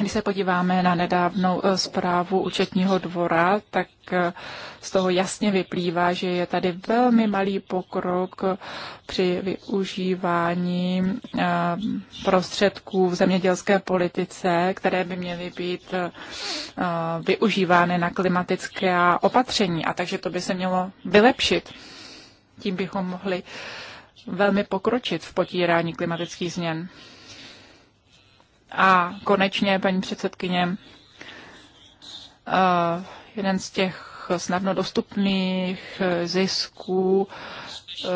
Když se podíváme na nedávnou eh, zprávu účetního dvora, tak eh, z toho jasně vyplývá, že je tady velmi malý pokrok při využívání eh, prostředků v zemědělské politice, které by měly být využívány na klimatické opatření. A takže to by se mělo vylepšit. Tím bychom mohli velmi pokročit v potírání klimatických změn. A konečně, paní předsedkyně, eh, jeden z těch snadno dostupných zisků eh,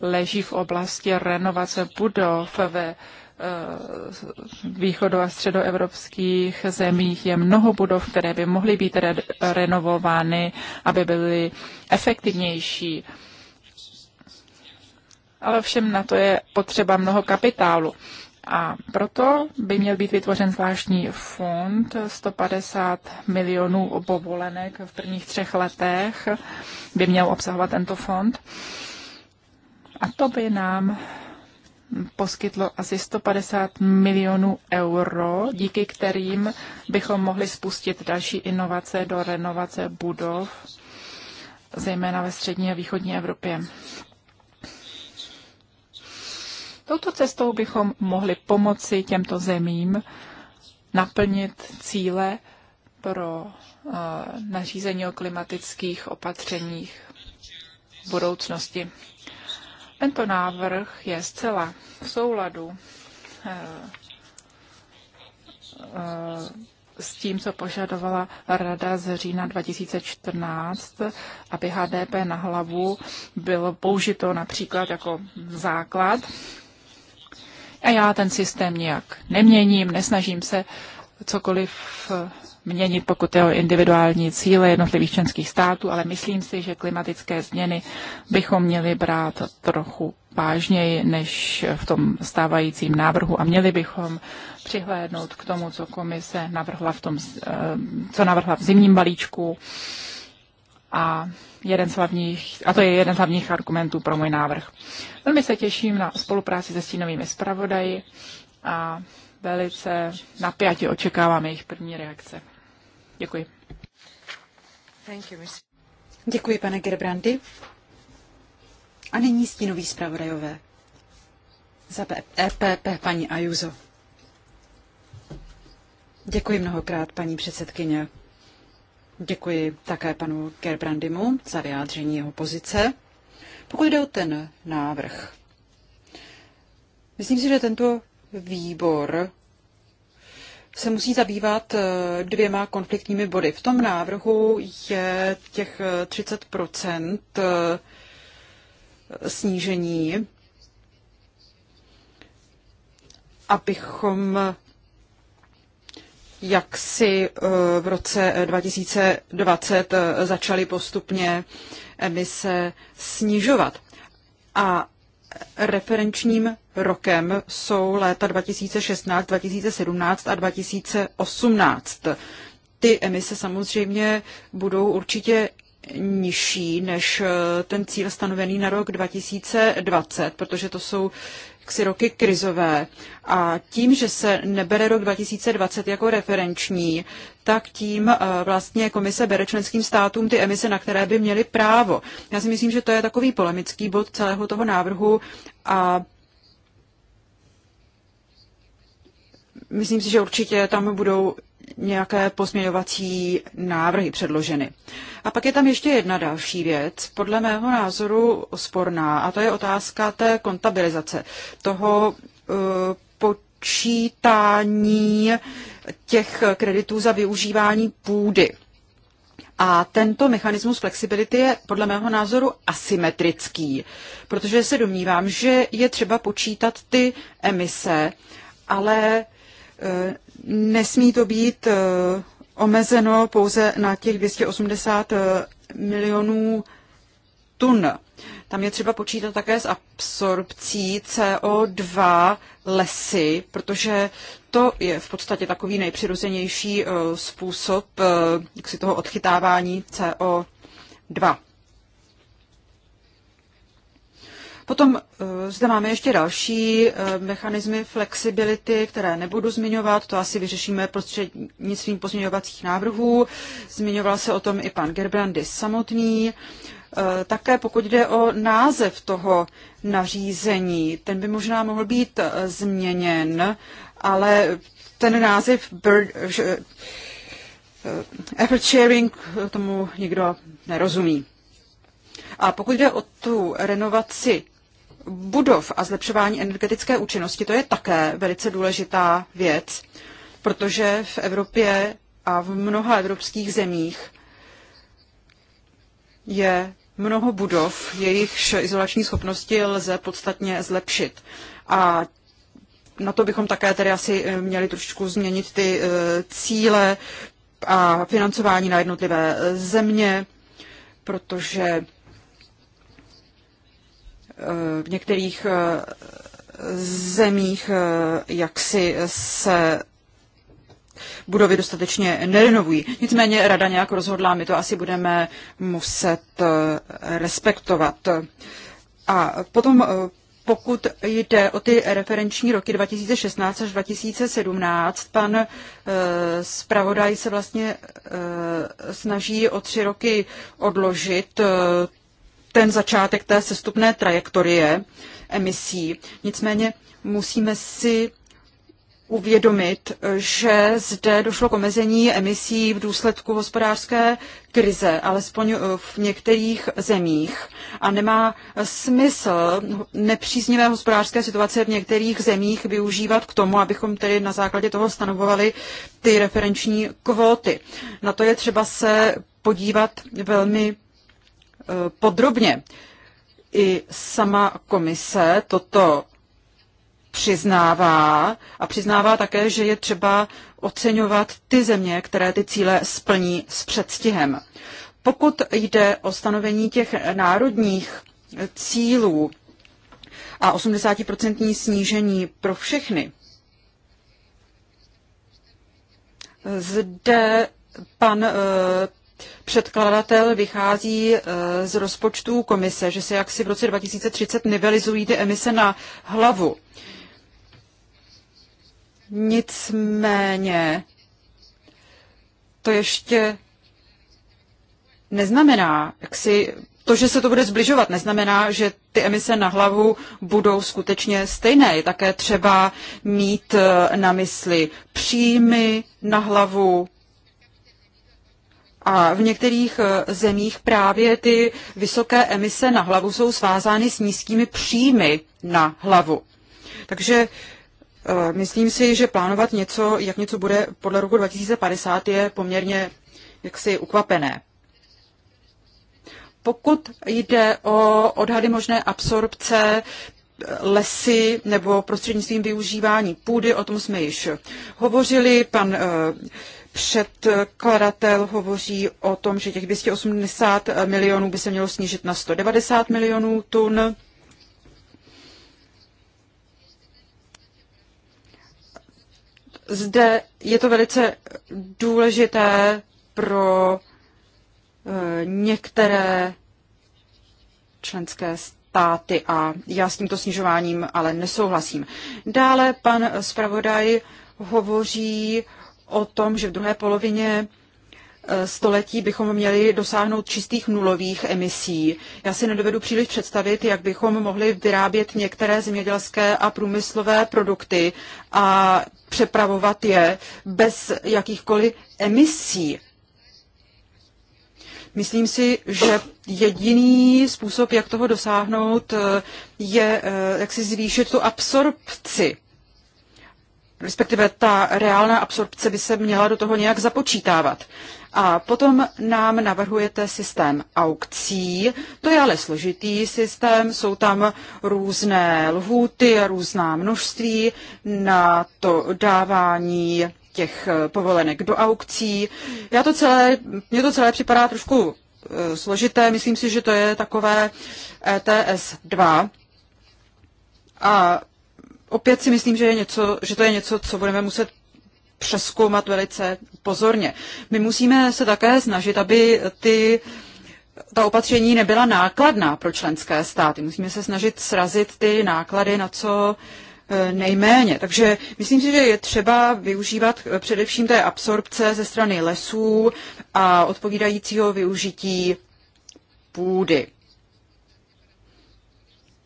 leží v oblasti renovace budov ve eh, východu a středoevropských zemích je mnoho budov, které by mohly být re- renovovány, aby byly efektivnější. Ale všem na to je potřeba mnoho kapitálu. A proto by měl být vytvořen zvláštní fond 150 milionů obovolenek v prvních třech letech, by měl obsahovat tento fond. A to by nám poskytlo asi 150 milionů euro, díky kterým bychom mohli spustit další inovace do renovace budov, zejména ve střední a východní Evropě. Touto cestou bychom mohli pomoci těmto zemím naplnit cíle pro eh, nařízení o klimatických opatřeních v budoucnosti. Tento návrh je zcela v souladu eh, eh, s tím, co požadovala Rada z října 2014, aby HDP na hlavu bylo použito například jako základ a já ten systém nějak neměním, nesnažím se cokoliv eh, měnit, pokud je o individuální cíle jednotlivých členských států, ale myslím si, že klimatické změny bychom měli brát trochu vážněji než v tom stávajícím návrhu a měli bychom přihlédnout k tomu, co komise navrhla v tom, eh, co navrhla v zimním balíčku a jeden z hlavních, a to je jeden z hlavních argumentů pro můj návrh. Velmi se těším na spolupráci se stínovými zpravodaji a velice napjatě očekávám jejich první reakce. Děkuji. Thank you, miss. Děkuji, pane Gerbrandy.
A nyní stínový zpravodajové. Za EPP e paní Ajuzo. Děkuji mnohokrát, paní předsedkyně. Děkuji také panu Gerbrandimu za vyjádření jeho pozice. Pokud jde o ten návrh, myslím si, že tento výbor se musí zabývat eh, dvěma konfliktními body. V tom návrhu je těch 30 eh, eh, snížení, abychom jak si eh, v roce 2020 eh, eh, začaly postupně emise snižovat. A referenčním rokem jsou léta 2016, 2017 a 2018. Ty emise samozřejmě budou určitě nižší než ten cíl stanovený na rok 2020, protože to jsou jaksi roky krizové a tím, že se nebere rok 2020 jako referenční, tak tím eh, vlastně komise bere členským státům ty emise, na které by měly právo. Já si myslím, že to je takový polemický bod celého toho návrhu a myslím si, že určitě tam budou nějaké pozměňovací návrhy předloženy. A pak je tam ještě jedna další věc, podle mého názoru sporná, a to je otázka té kontabilizace, toho eh, počítání těch kreditů za využívání půdy. A tento mechanismus flexibility je podle mého názoru asymetrický, protože se domnívám, že je třeba počítat ty emise, ale uh, Nesmí to být eh, omezeno pouze na těch 280 eh, milionů tun. Tam je třeba počítat také s absorpcí CO2 lesy, protože to je v podstatě takový nejpřirozenější eh, způsob jak si toho odchytávání CO2. Potom eh, zde máme ještě další eh, mechanismy flexibility, které nebudu zmiňovat, to asi vyřešíme prostřednictvím pozměňovacích návrhů. Zmiňoval se o tom i pan Gerbrandy samotný. Eh, také pokud jde o název toho nařízení, ten by možná mohl být změněn, ale ten název bird, effort sharing tomu nikdo nerozumí. A pokud jde o tu renovaci budov a zlepšování energetické účinnosti, to je také velice důležitá věc, protože v Evropě a v mnoha evropských zemích je mnoho budov, jejichž izolační schopnosti lze podstatně zlepšit. A na to bychom také tedy asi eh, měli trošičku změnit ty eh, cíle a financování na jednotlivé eh, země, protože v některých eh, zemích eh, jaksi se budovy dostatečně nerenovují. Nicméně rada nějak rozhodla, my to asi budeme muset eh, respektovat. A potom pokud jde o ty referenční roky 2016 až 2017, pan zpravodaj se vlastně snaží o tři roky odložit ten začátek té sestupné trajektorie emisí. Nicméně musíme si uvědomit, že zde došlo k omezení emisí v důsledku hospodářské krize, alespoň eh, v některých zemích. A nemá smysl nepříznivé hospodářské situace v některých zemích využívat k tomu, abychom tedy na základě toho stanovovali ty referenční kvóty. Na to je třeba se podívat velmi Eh, podrobně. I sama komise toto přiznává a přiznává také, že je třeba oceňovat ty země, které ty cíle splní s předstihem. Pokud jde o stanovení těch národních cílů a 80% snížení pro všechny, zde pan eh, předkladatel vychází e, z rozpočtů komise, že se jaksi v roce 2030 nivelizují ty emise na hlavu. Nicméně to ještě neznamená, jak si to, že se to bude zbližovat, neznamená, že ty emise na hlavu budou skutečně stejné. Je také třeba mít e, na mysli příjmy na hlavu, a v některých eh, zemích právě ty vysoké emise na hlavu jsou svázány s nízkými příjmy na hlavu. Takže eh, myslím si, že plánovat něco, jak něco bude podle roku 2050, je poměrně jaksi ukvapené. Pokud jde o odhady možné absorpce eh, lesy nebo prostřednictvím využívání půdy, o tom jsme již hovořili. Pan Předkladatel hovoří o tom, že těch 280 milionů by se mělo snížit na 190 milionů tun. Zde je to velice důležité pro eh, některé členské státy a já s tímto snižováním ale nesouhlasím. Dále pan zpravodaj hovoří o tom, že v druhé polovině eh, století bychom měli dosáhnout čistých nulových emisí. Já si nedovedu příliš představit, jak bychom mohli vyrábět některé zemědělské a průmyslové produkty a přepravovat je bez jakýchkoliv emisí. Myslím si, že jediný způsob, jak toho dosáhnout, eh, je eh, jak si zvýšit tu absorpci respektive ta reálná absorpce by se měla do toho nějak započítávat. A potom nám navrhujete systém aukcí. To je ale složitý systém, jsou tam různé lhůty, různá množství na to dávání těch povolenek do aukcí. Já to celé, mně to celé připadá trošku e, složité, myslím si, že to je takové ETS 2. A opět si myslím, že, je něco, že to je něco, co budeme muset přeskoumat velice pozorně. My musíme se také snažit, aby ty ta opatření nebyla nákladná pro členské státy. Musíme se snažit srazit ty náklady na co e, nejméně. Takže myslím si, že je třeba využívat e, především té absorpce ze strany lesů a odpovídajícího využití půdy.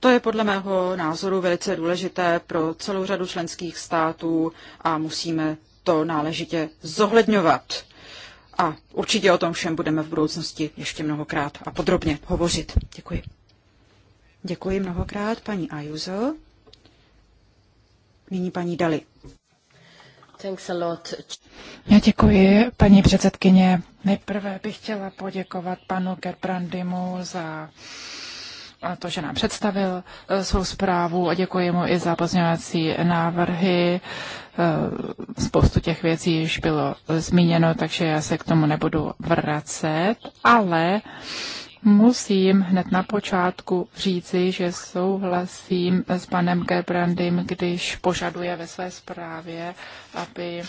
To je podle mého názoru velice důležité pro celou řadu členských států a musíme to náležitě zohledňovat. A určitě o tom všem budeme v budoucnosti ještě mnohokrát a podrobně hovořit. Děkuji. Děkuji mnohokrát paní Ajuzo. Nyní paní Dali.
Já děkuji, paní předsedkyně. Nejprve bych chtěla poděkovat panu Gerprandimu za to, že nám představil eh, svou zprávu a děkuji mu i za pozměňovací návrhy. Eh, spoustu těch věcí již bylo eh, zmíněno, takže já se k tomu nebudu vracet, ale musím hned na počátku říci, že souhlasím s panem Gerbrandym, když požaduje ve své zprávě, aby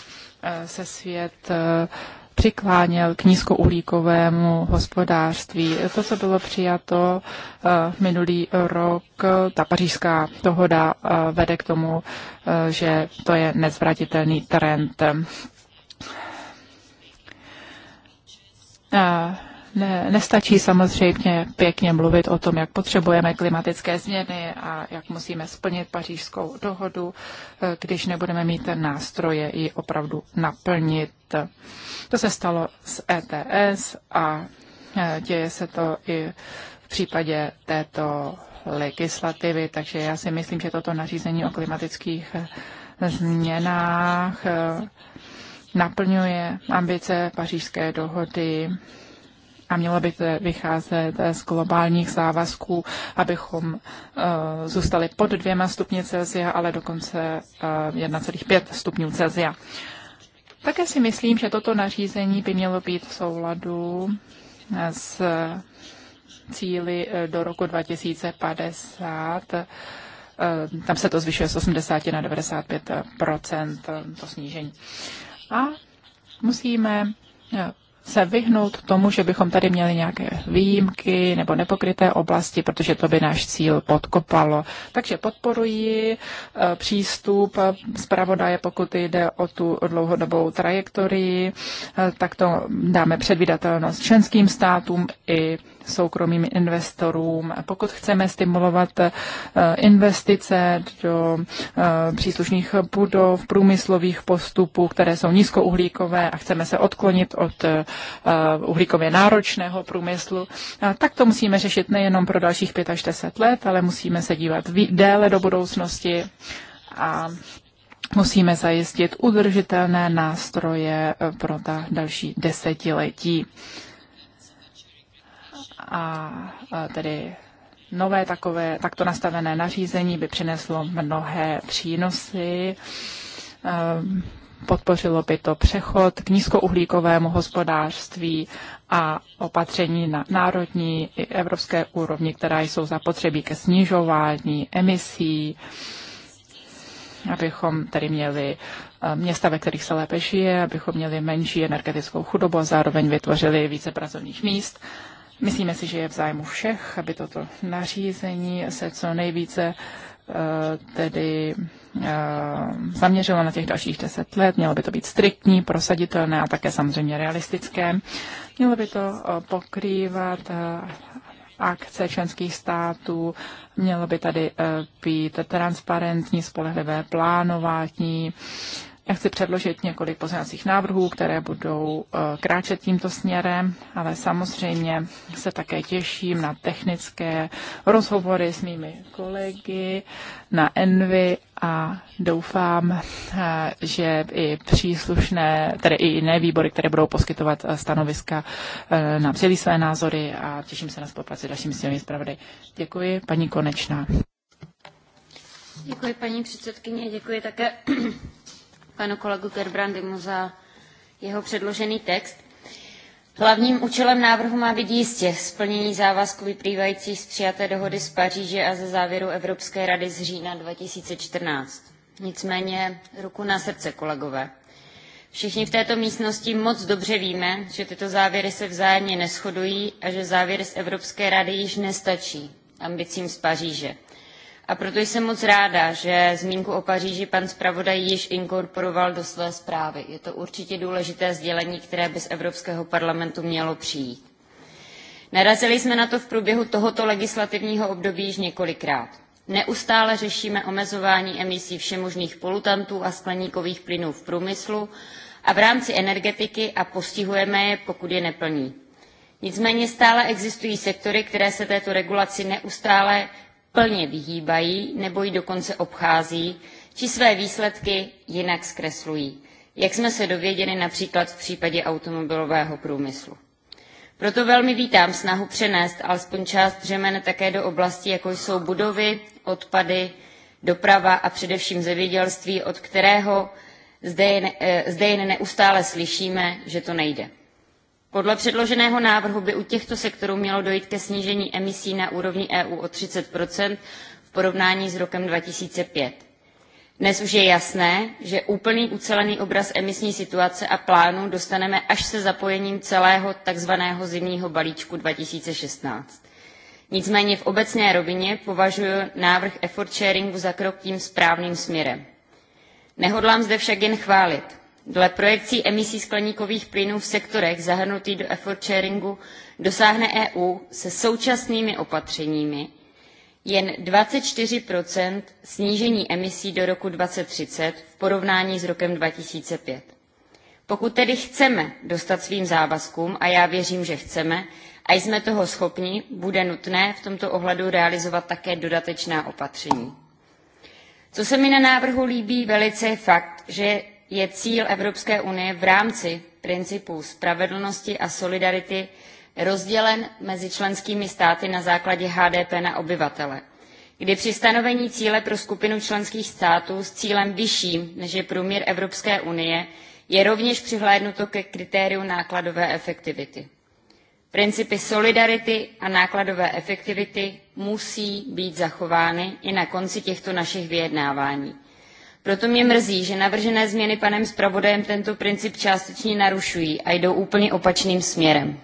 se svět přikláněl k nízkouhlíkovému hospodářství. To, co bylo přijato eh, minulý rok, eh, ta pařížská dohoda eh, vede k tomu, že to je nezvratitelný trend. Ne, nestačí samozřejmě pěkně mluvit o tom, jak potřebujeme klimatické změny a jak musíme splnit pařížskou dohodu, eh, když nebudeme mít nástroje ji opravdu naplnit. To se stalo s ETS a eh, děje se to i v případě této legislativy, takže já si myslím, že toto nařízení o klimatických eh, změnách naplňuje ambice pařížské dohody a mělo by to vycházet z globálních závazků, abychom eh, zůstali pod dvěma stupně Celsia, ale dokonce 1,5 eh, stupňů Celsia. Také si myslím, že toto nařízení by mělo být v souladu eh, s cíly do roku 2050. Tam se to zvyšuje z 80 na 95 to snížení. A musíme se vyhnout tomu, že bychom tady měli nějaké výjimky nebo nepokryté oblasti, protože to by náš cíl podkopalo. Takže podporuji eh, přístup zpravodaje, pokud jde o tu dlouhodobou trajektorii, eh, tak to dáme předvídatelnost členským státům i soukromým investorům. Pokud chceme stimulovat eh, investice do eh, příslušných budov, průmyslových postupů, které jsou nízkouhlíkové a chceme se odklonit od eh, uhlíkově náročného průmyslu, tak to musíme řešit nejenom pro dalších 45 let, ale musíme se dívat déle do budoucnosti a musíme zajistit udržitelné nástroje pro ta další desetiletí a tedy nové takové, takto nastavené nařízení by přineslo mnohé přínosy. Ehm, podpořilo by to přechod k nízkouhlíkovému hospodářství a opatření na národní i evropské úrovni, která jsou zapotřebí ke snižování emisí, abychom tady měli ehm, města, ve kterých se lépe žije, abychom měli menší energetickou chudobu a zároveň vytvořili více pracovních míst. Myslíme si, že je v zájmu všech, aby toto nařízení se co nejvíce eh, tedy eh, zaměřilo na těch dalších deset let. Mělo by to být striktní, prosaditelné a také samozřejmě realistické. Mělo by to eh, pokrývat akce členských států, mělo by tady být transparentní, spolehlivé plánování, já chci předložit několik pozměňovacích návrhů, které budou eh, kráčet tímto směrem, ale samozřejmě se také těším na technické rozhovory s mými kolegy, na Envy a doufám, eh, že i příslušné, tedy i jiné výbory, které budou poskytovat eh, stanoviska, na přijeli své názory a těším se na spolupráci s dalšími silnými zpravody. Děkuji, paní Konečná.
Děkuji, paní předsedkyně, děkuji také panu kolegu Gerbrandymu za jeho předložený text. Hlavním účelem návrhu má být jistě splnění závazku vyplývajících z přijaté dohody z Paříže a ze závěru Evropské rady z října 2014. Nicméně ruku na srdce, kolegové. Všichni v této místnosti moc dobře víme, že tyto závěry se vzájemně neschodují a že závěry z Evropské rady již nestačí ambicím z Paříže. A proto jsem moc ráda, že zmínku o Paříži pan zpravodaj již inkorporoval do své zprávy. Je to určitě důležité sdělení, které by z Evropského parlamentu mělo přijít. Narazili jsme na to v průběhu tohoto legislativního období již několikrát. Neustále řešíme omezování emisí všemožných polutantů a skleníkových plynů v průmyslu a v rámci energetiky a postihujeme je, pokud je neplní. Nicméně stále existují sektory, které se této regulaci neustále plně vyhýbají nebo ji dokonce obchází, či své výsledky jinak zkreslují, jak jsme se dověděli například v případě automobilového průmyslu. Proto velmi vítám snahu přenést alespoň část břemene také do oblasti, jako jsou budovy, odpady, doprava a především zemědělství, od kterého zde jen, eh, zde jen neustále slyšíme, že to nejde. Podle předloženého návrhu by u těchto sektorů mělo dojít ke snížení emisí na úrovni EU o 30 v porovnání s rokem 2005. Dnes už je jasné, že úplný ucelený obraz emisní situace a plánu dostaneme až se zapojením celého tzv. zimního balíčku 2016. Nicméně v obecné rovině považuji návrh effort sharingu za krok tím správným směrem. Nehodlám zde však jen chválit. Dle projekcí emisí skleníkových plynů v sektorech zahrnutých do effort sharingu dosáhne EU se současnými opatřeními jen 24 snížení emisí do roku 2030 v porovnání s rokem 2005. Pokud tedy chceme dostat svým závazkům, a já věřím, že chceme, a jsme toho schopni, bude nutné v tomto ohledu realizovat také dodatečná opatření. Co se mi na návrhu líbí velice je fakt, že je cíl Evropské unie v rámci principů spravedlnosti a solidarity rozdělen mezi členskými státy na základě HDP na obyvatele, kdy při stanovení cíle pro skupinu členských států s cílem vyšším, než je průměr Evropské unie, je rovněž přihlédnuto ke kritériu nákladové efektivity. Principy solidarity a nákladové efektivity musí být zachovány i na konci těchto našich vyjednávání. Proto mě mrzí, že navržené změny panem zpravodajem tento princip částečně narušují a jdou úplně opačným směrem.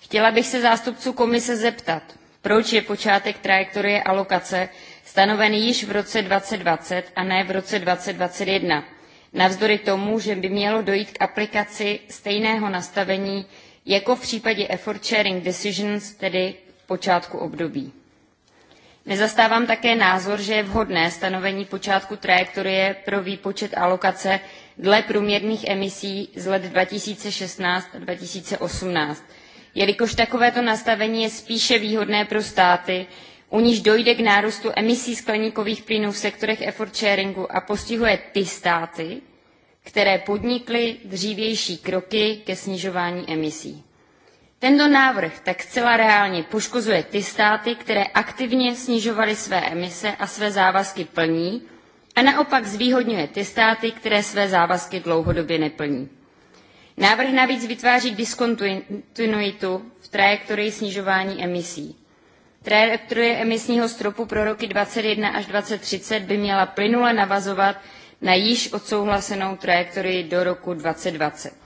Chtěla bych se zástupců komise zeptat, proč je počátek trajektorie alokace stanovený již v roce 2020 a ne v roce 2021, navzdory tomu, že by mělo dojít k aplikaci stejného nastavení jako v případě effort sharing decisions, tedy v počátku období. Nezastávám také názor, že je vhodné stanovení počátku trajektorie pro výpočet alokace dle průměrných emisí z let 2016 a 2018, jelikož takovéto nastavení je spíše výhodné pro státy, u níž dojde k nárůstu emisí skleníkových plynů v sektorech effort sharingu a postihuje ty státy, které podnikly dřívější kroky ke snižování emisí. Tento návrh tak zcela reálně poškozuje ty státy, které aktivně snižovaly své emise a své závazky plní a naopak zvýhodňuje ty státy, které své závazky dlouhodobě neplní. Návrh navíc vytváří diskontinuitu v trajektorii snižování emisí. Trajektorie emisního stropu pro roky 2021 až 2030 by měla plynule navazovat na již odsouhlasenou trajektorii do roku 2020.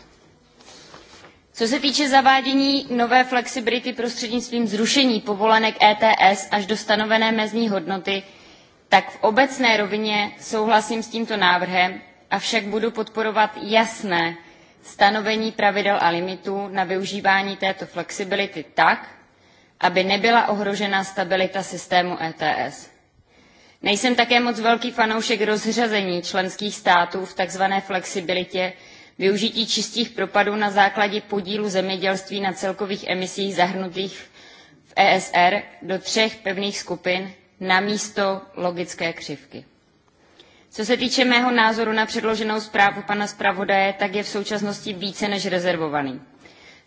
Co se týče zavádění nové flexibility prostřednictvím zrušení povolenek ETS až do stanovené mezní hodnoty, tak v obecné rovině souhlasím s tímto návrhem, avšak budu podporovat jasné stanovení pravidel a limitů na využívání této flexibility tak, aby nebyla ohrožena stabilita systému ETS. Nejsem také moc velký fanoušek rozřazení členských států v takzvané flexibilitě využití čistých propadů na základě podílu zemědělství na celkových emisích zahrnutých v ESR do třech pevných skupin na místo logické křivky. Co se týče mého názoru na předloženou zprávu pana zpravodaje, tak je v současnosti více než rezervovaný.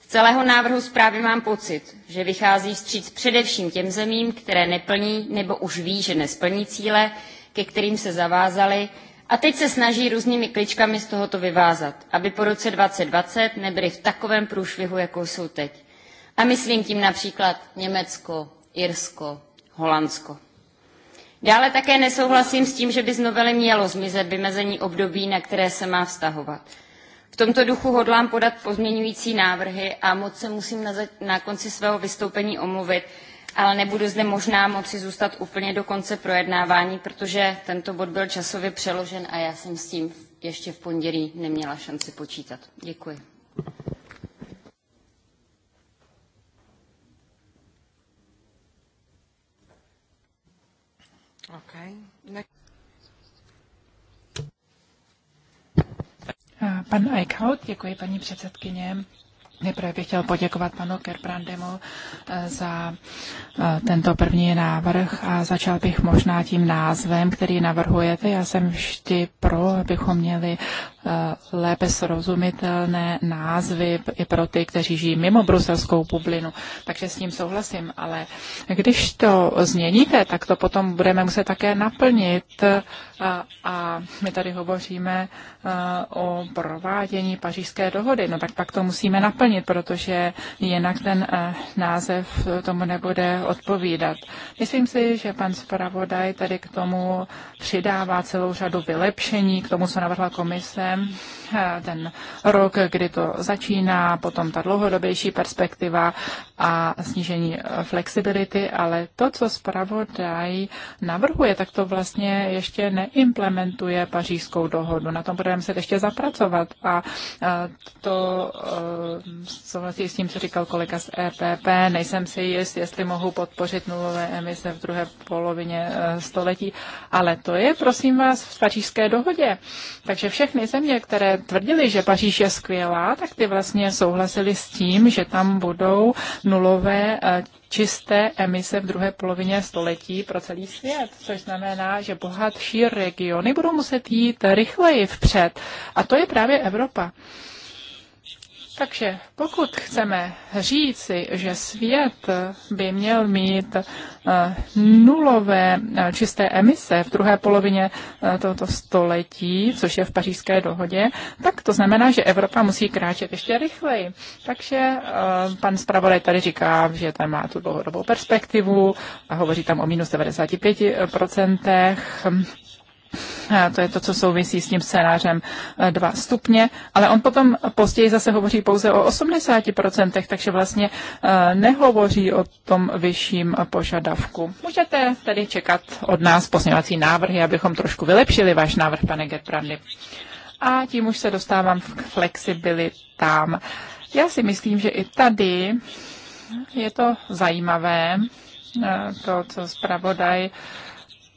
Z celého návrhu zprávy mám pocit, že vychází vstříc především těm zemím, které neplní nebo už ví, že nesplní cíle, ke kterým se zavázaly a teď se snaží různými kličkami z tohoto vyvázat, aby po roce 2020 nebyli v takovém průšvihu, jako jsou teď. A myslím tím například Německo, Irsko, Holandsko. Dále také nesouhlasím s tím, že by z novely mělo zmizet vymezení období, na které se má vztahovat. V tomto duchu hodlám podat pozměňující návrhy a moc se musím na, na konci svého vystoupení omluvit, ale nebudu zde možná moci zůstat úplně do konce projednávání, protože tento bod byl časově přeložen a já jsem s tím ještě v pondělí neměla šanci počítat. Děkuji.
Okay.
Eh, pan Eichhout, děkuji paní předsedkyně. Nejprve bych chtěl poděkovat panu Kerbrandemu eh, za eh, tento první návrh a začal bych možná tím názvem, který navrhujete. Já jsem vždy pro, abychom měli Eh, lépe srozumitelné názvy i pro ty, kteří žijí mimo bruselskou publinu. Takže s ním souhlasím, ale když to změníte, tak to potom budeme muset také naplnit a, eh, a my tady hovoříme eh, o provádění pařížské dohody. No tak pak to musíme naplnit, protože jinak ten název tomu nebude odpovídat. Myslím si, že pan zpravodaj tady k tomu přidává celou řadu vylepšení, k tomu, co navrhla komise Eh, ten rok, kdy to začíná, potom ta dlouhodobější perspektiva a snížení eh, flexibility, ale to, co zpravodaj navrhuje, tak to vlastně ještě neimplementuje pařížskou dohodu. Na tom budeme se ještě zapracovat a eh, to souhlasí s tím, co říkal kolega z EPP. Nejsem si jist, jestli mohu podpořit nulové emise v druhé polovině století, ale to je, prosím vás, v pařížské dohodě. Takže všechny země země, které tvrdili, že Paříž je skvělá, tak ty vlastně souhlasili s tím, že tam budou nulové eh, čisté emise v druhé polovině století pro celý svět, což znamená, že bohatší regiony budou muset jít rychleji vpřed. A to je právě Evropa. Takže pokud chceme říci, že svět by měl mít eh, nulové eh, čisté emise v druhé polovině eh, tohoto století, což je v pařížské dohodě, tak to znamená, že Evropa musí kráčet ještě rychleji. Takže pan zpravodaj tady říká, že tam má tu dlouhodobou perspektivu a hovoří tam o minus 95% to je to, co souvisí s tím scénářem eh, dva stupně, ale on potom později zase hovoří pouze o 80%, takže vlastně eh, nehovoří o tom vyšším požadavku. Můžete tedy čekat od nás posměvací návrhy, abychom trošku vylepšili váš návrh, pane Gertrandy. A tím už se dostávám k flexibilitám. Já si myslím, že i tady je to zajímavé, eh, to, co zpravodaj uh,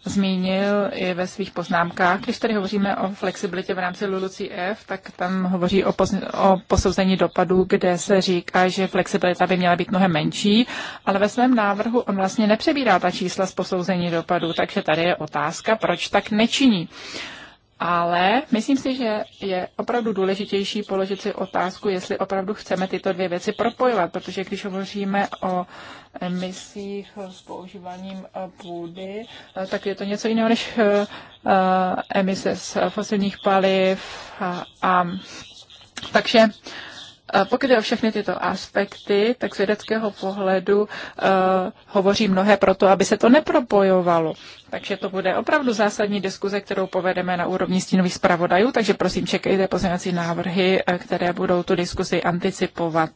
zmínil i ve svých poznámkách. Když tady hovoříme o flexibilitě v rámci LULUCF, tak tam hovoří o, poz, o posouzení dopadu, kde se říká, že flexibilita by měla být mnohem menší, ale ve svém návrhu on vlastně nepřebírá ta čísla z posouzení dopadu, takže tady je otázka, proč tak nečiní. Uh, ale myslím si, že je opravdu důležitější položit si otázku, jestli opravdu chceme tyto dvě věci propojovat, protože když hovoříme o emisích s používáním eh, půdy, eh, tak je to něco jiného než eh, emise z fosilních paliv a, a takže pokud je o všechny tyto aspekty, tak z vědeckého pohledu uh, hovoří mnohé proto, aby se to nepropojovalo. Takže to bude opravdu zásadní diskuze, kterou povedeme na úrovni stínových zpravodajů, takže prosím čekejte pozměňovací návrhy, eh, které budou tu diskuzi anticipovat.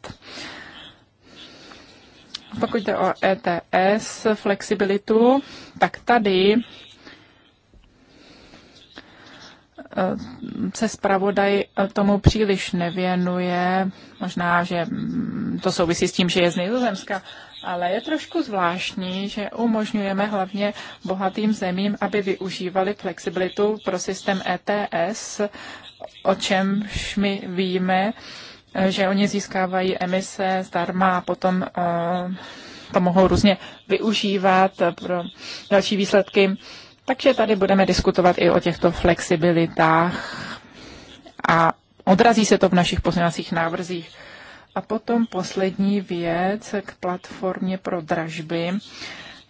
Pokud jde o ETS, flexibilitu, tak tady Eh, se zpravodaj eh, tomu příliš nevěnuje. Možná, že mm, to souvisí s tím, že je z Nizozemska, ale je trošku zvláštní, že umožňujeme hlavně bohatým zemím, aby využívali flexibilitu pro systém ETS, o čemž my víme, eh, že oni získávají emise zdarma a potom to mohou různě využívat pro další výsledky. Takže tady budeme diskutovat i o těchto flexibilitách a odrazí se to v našich pozměňovacích návrzích. A potom poslední věc k platformě pro dražby.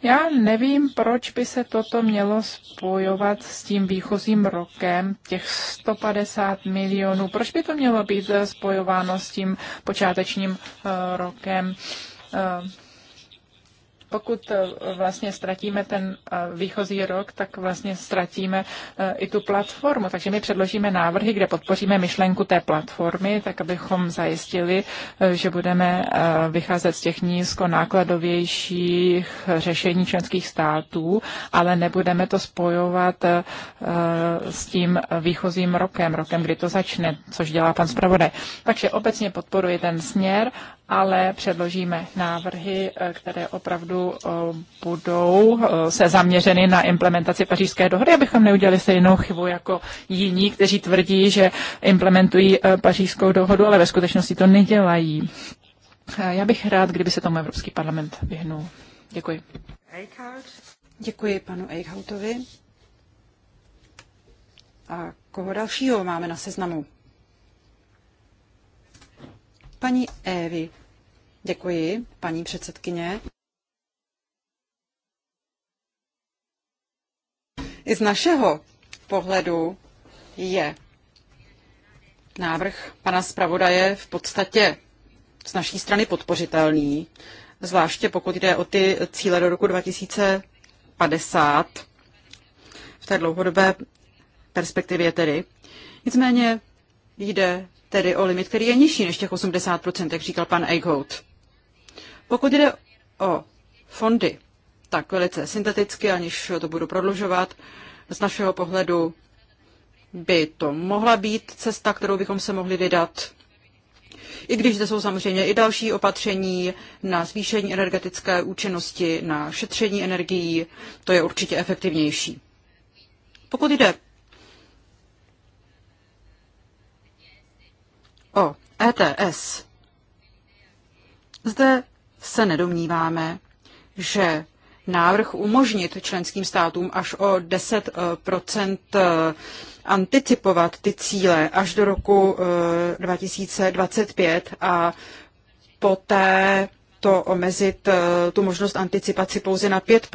Já nevím, proč by se toto mělo spojovat s tím výchozím rokem, těch 150 milionů. Proč by to mělo být spojováno s tím počátečním uh, rokem? Uh, pokud eh, vlastně ztratíme ten eh, výchozí rok, tak vlastně ztratíme eh, i tu platformu. Takže my předložíme návrhy, kde podpoříme myšlenku té platformy, tak abychom zajistili, že budeme vycházet z těch nákladovějších řešení členských států, ale nebudeme to spojovat s tím výchozím rokem, rokem, kdy to začne, což dělá pan zpravodaj. Takže obecně podporuji ten směr ale předložíme návrhy, eh, které opravdu eh, budou eh, se zaměřeny na implementaci pařížské dohody, abychom neudělali jinou chybu jako jiní, kteří tvrdí, že implementují pařížskou dohodu, ale ve skutečnosti to nedělají. Já bych rád, kdyby se tomu Evropský parlament vyhnul. Děkuji.
Děkuji panu Eichhoutovi. A koho dalšího máme na seznamu? Paní Évi. Děkuji, paní předsedkyně. I z našeho pohledu je návrh pana zpravodaje v podstatě z naší strany podpořitelný, zvláště pokud jde o ty cíle do roku 2050, v té dlouhodobé perspektivě tedy. Nicméně jde tedy o limit, který je nižší než těch 80%, jak říkal pan Eichhout. Pokud jde o fondy, tak velice synteticky, aniž to budu prodlužovat, z našeho pohledu by to mohla být cesta, kterou bychom se mohli vydat. I když zde jsou samozřejmě i další opatření na zvýšení energetické účinnosti, na šetření energií, to je určitě efektivnější. Pokud jde o ETS, zde se nedomníváme, že návrh umožnit členským státům až o 10 e, e, anticipovat ty cíle až do roku 2025 e, a poté to omezit tu možnost anticipaci pouze na 5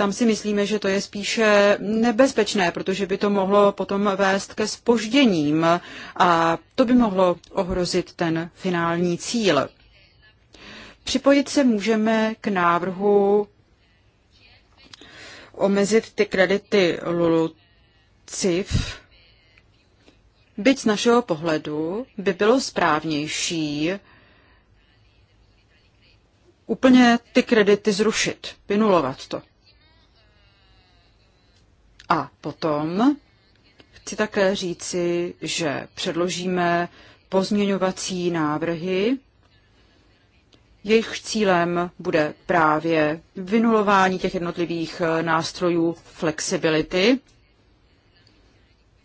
tam si myslíme, že to je spíše nebezpečné, protože by to mohlo potom vést ke spožděním a to by mohlo ohrozit ten finální cíl. Připojit se můžeme k návrhu omezit ty kredity LULUCIF, byť z našeho pohledu by bylo správnější úplně ty kredity zrušit, vynulovat to. A potom chci také říci, že předložíme pozměňovací návrhy. Jejich cílem bude právě vynulování těch jednotlivých eh, nástrojů flexibility,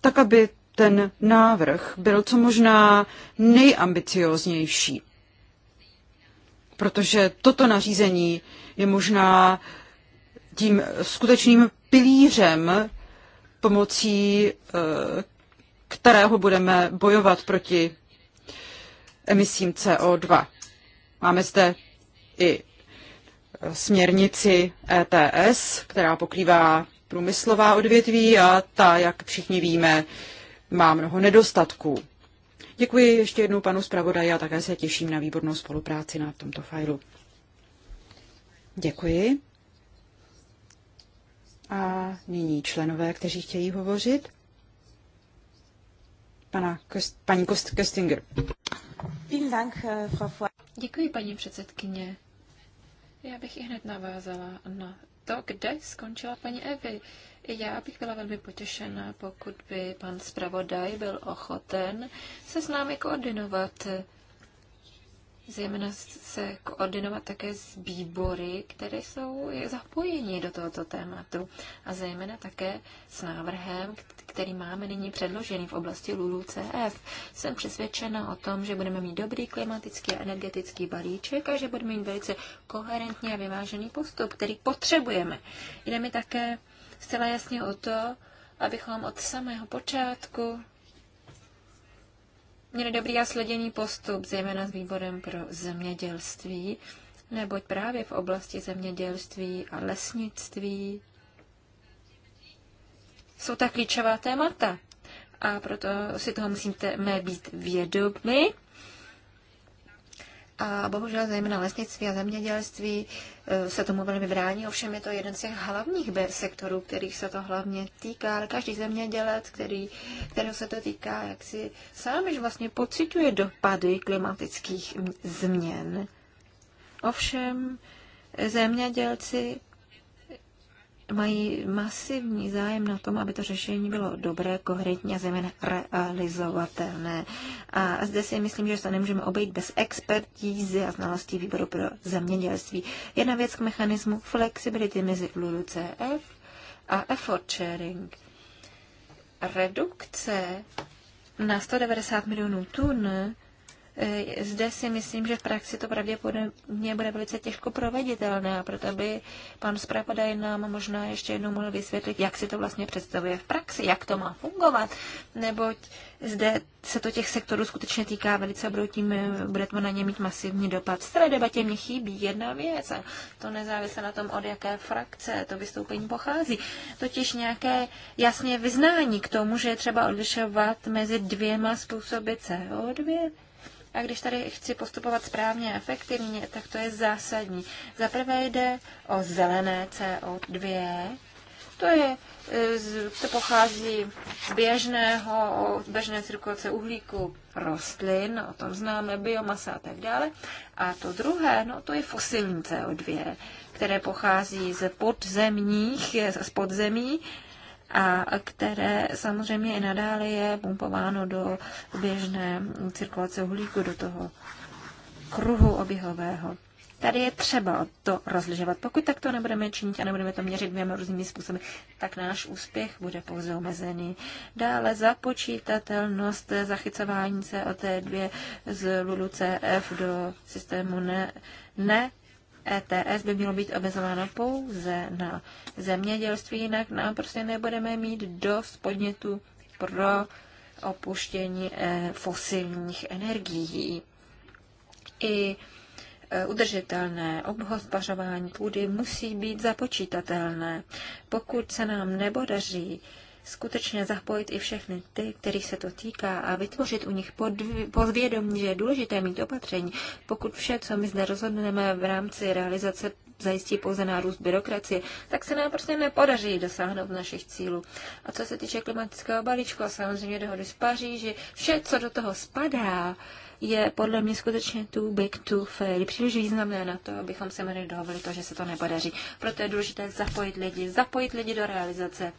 tak aby ten návrh byl co možná nejambicioznější. Protože toto nařízení je možná tím skutečným pilířem pomocí eh, kterého budeme bojovat proti emisím CO2. Máme zde i eh, směrnici ETS, která pokrývá průmyslová odvětví a ta, jak všichni víme, má mnoho nedostatků. Děkuji ještě jednou panu zpravodaji a také se těším na výbornou spolupráci na tomto fajlu. Děkuji. A nyní členové, kteří chtějí hovořit. Pana, Köst, paní Kost, Köstinger.
Äh, Děkuji, paní předsedkyně. Já bych i hned navázala na to, kde skončila paní Evy. Já bych byla velmi potěšena, pokud by pan zpravodaj byl ochoten se s námi koordinovat zejména se koordinovat také s výbory, které jsou zapojeni do tohoto tématu a zejména také s návrhem, který máme nyní předložený v oblasti LULU-CF. Jsem přesvědčena o tom, že budeme mít dobrý klimatický a energetický balíček a že budeme mít velice koherentní a vyvážený postup, který potřebujeme. Jde mi také zcela jasně o to, abychom od samého počátku měli dobrý a sledění postup, zejména s výborem pro zemědělství, neboť právě v oblasti zemědělství a lesnictví jsou ta klíčová témata. A proto si toho musíme být vědomi a bohužel zejména lesnictví a zemědělství eh, se tomu velmi brání, ovšem je to jeden z těch hlavních sektorů, kterých se to hlavně týká, ale každý zemědělec, který, kterého se to týká, jak si sám již vlastně pociťuje dopady klimatických změn. Ovšem zemědělci mají masivní zájem na tom, aby to řešení bylo dobré, koherentní a zejména realizovatelné. A zde si myslím, že se nemůžeme obejít bez expertízy a znalostí výboru pro zemědělství. Jedna věc k mechanismu flexibility mezi LULUCF a effort sharing. Redukce na 190 milionů tun Eh, zde si myslím, že v praxi to pravděpodobně bude velice těžko proveditelné, a proto by pan zpravodaj nám možná ještě jednou mohl vysvětlit, jak si to vlastně představuje v praxi, jak to má fungovat, neboť zde se to těch sektorů skutečně týká velice, budou tím, eh, bude to na ně mít masivní dopad. V staré debatě mě chybí jedna věc, a to nezávisle na tom, od jaké frakce to vystoupení pochází, totiž nějaké jasně vyznání k tomu, že je třeba odlišovat mezi dvěma způsoby CO2 a když tady chci postupovat správně a efektivně, tak to je zásadní. Za prvé jde o zelené CO2. To je e, to pochází z běžného, z běžné cirkulace uhlíku rostlin, o tom známe, biomasa a tak dále. A to druhé, no to je fosilní CO2, které pochází z podzemních, z podzemí a které samozřejmě i nadále je pumpováno do běžné cirkulace uhlíku, do toho kruhu oběhového. Tady je třeba to rozlišovat. Pokud tak to nebudeme činit a nebudeme to měřit dvěma různými způsoby, tak náš úspěch bude pouze omezený. Dále započítatelnost zachycování CO2 z CF do systému ne, ne ETS by mělo být omezováno pouze na zemědělství, jinak nám prostě nebudeme mít dost podnětu pro opuštění eh, fosilních energií. I eh, udržitelné obhospodařování půdy musí být započítatelné. Pokud se nám nepodaří skutečně zapojit i všechny ty, kterých se to týká a vytvořit u nich podvědomí, že je důležité mít opatření, pokud vše, co my zde rozhodneme v rámci realizace zajistí pouze nárůst byrokracie, tak se nám prostě nepodaří dosáhnout našich cílů. A co se týče klimatického balíčku a samozřejmě dohody z Paříži, vše, co do toho spadá, je podle mě skutečně too big to fail, příliš významné na to, abychom se mohli dohodli to, že se to nepodaří. Proto je důležité zapojit lidi, zapojit lidi do realizace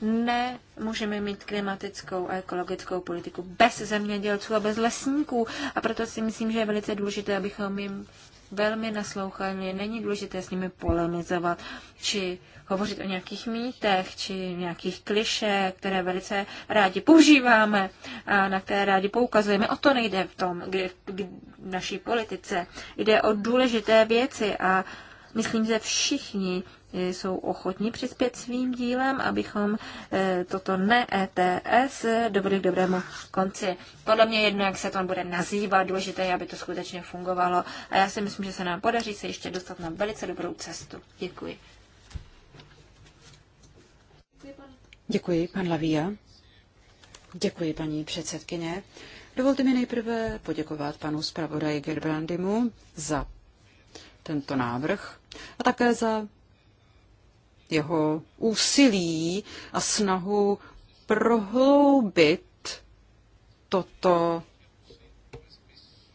nemůžeme mít klimatickou a ekologickou politiku bez zemědělců a bez lesníků. A proto si myslím, že je velice důležité, abychom jim velmi naslouchali. Není důležité s nimi polemizovat, či hovořit o nějakých mýtech, či nějakých kliše, které velice rádi používáme a na které rádi poukazujeme. O to nejde v tom, kdy, kdy naší politice. Jde o důležité věci a myslím, že všichni jsou ochotní přispět svým dílem, abychom eh, toto ne-ETS dovedli k dobrému konci. Podle mě jedno, jak se to bude nazývat, důležité je, aby to skutečně fungovalo. A já si myslím, že se nám podaří se ještě dostat na velice dobrou cestu. Děkuji.
Děkuji, pan Lavia. Děkuji, paní předsedkyně. Dovolte mi nejprve poděkovat panu zpravodaji Gerbrandimu za tento návrh a také za jeho úsilí a snahu prohloubit toto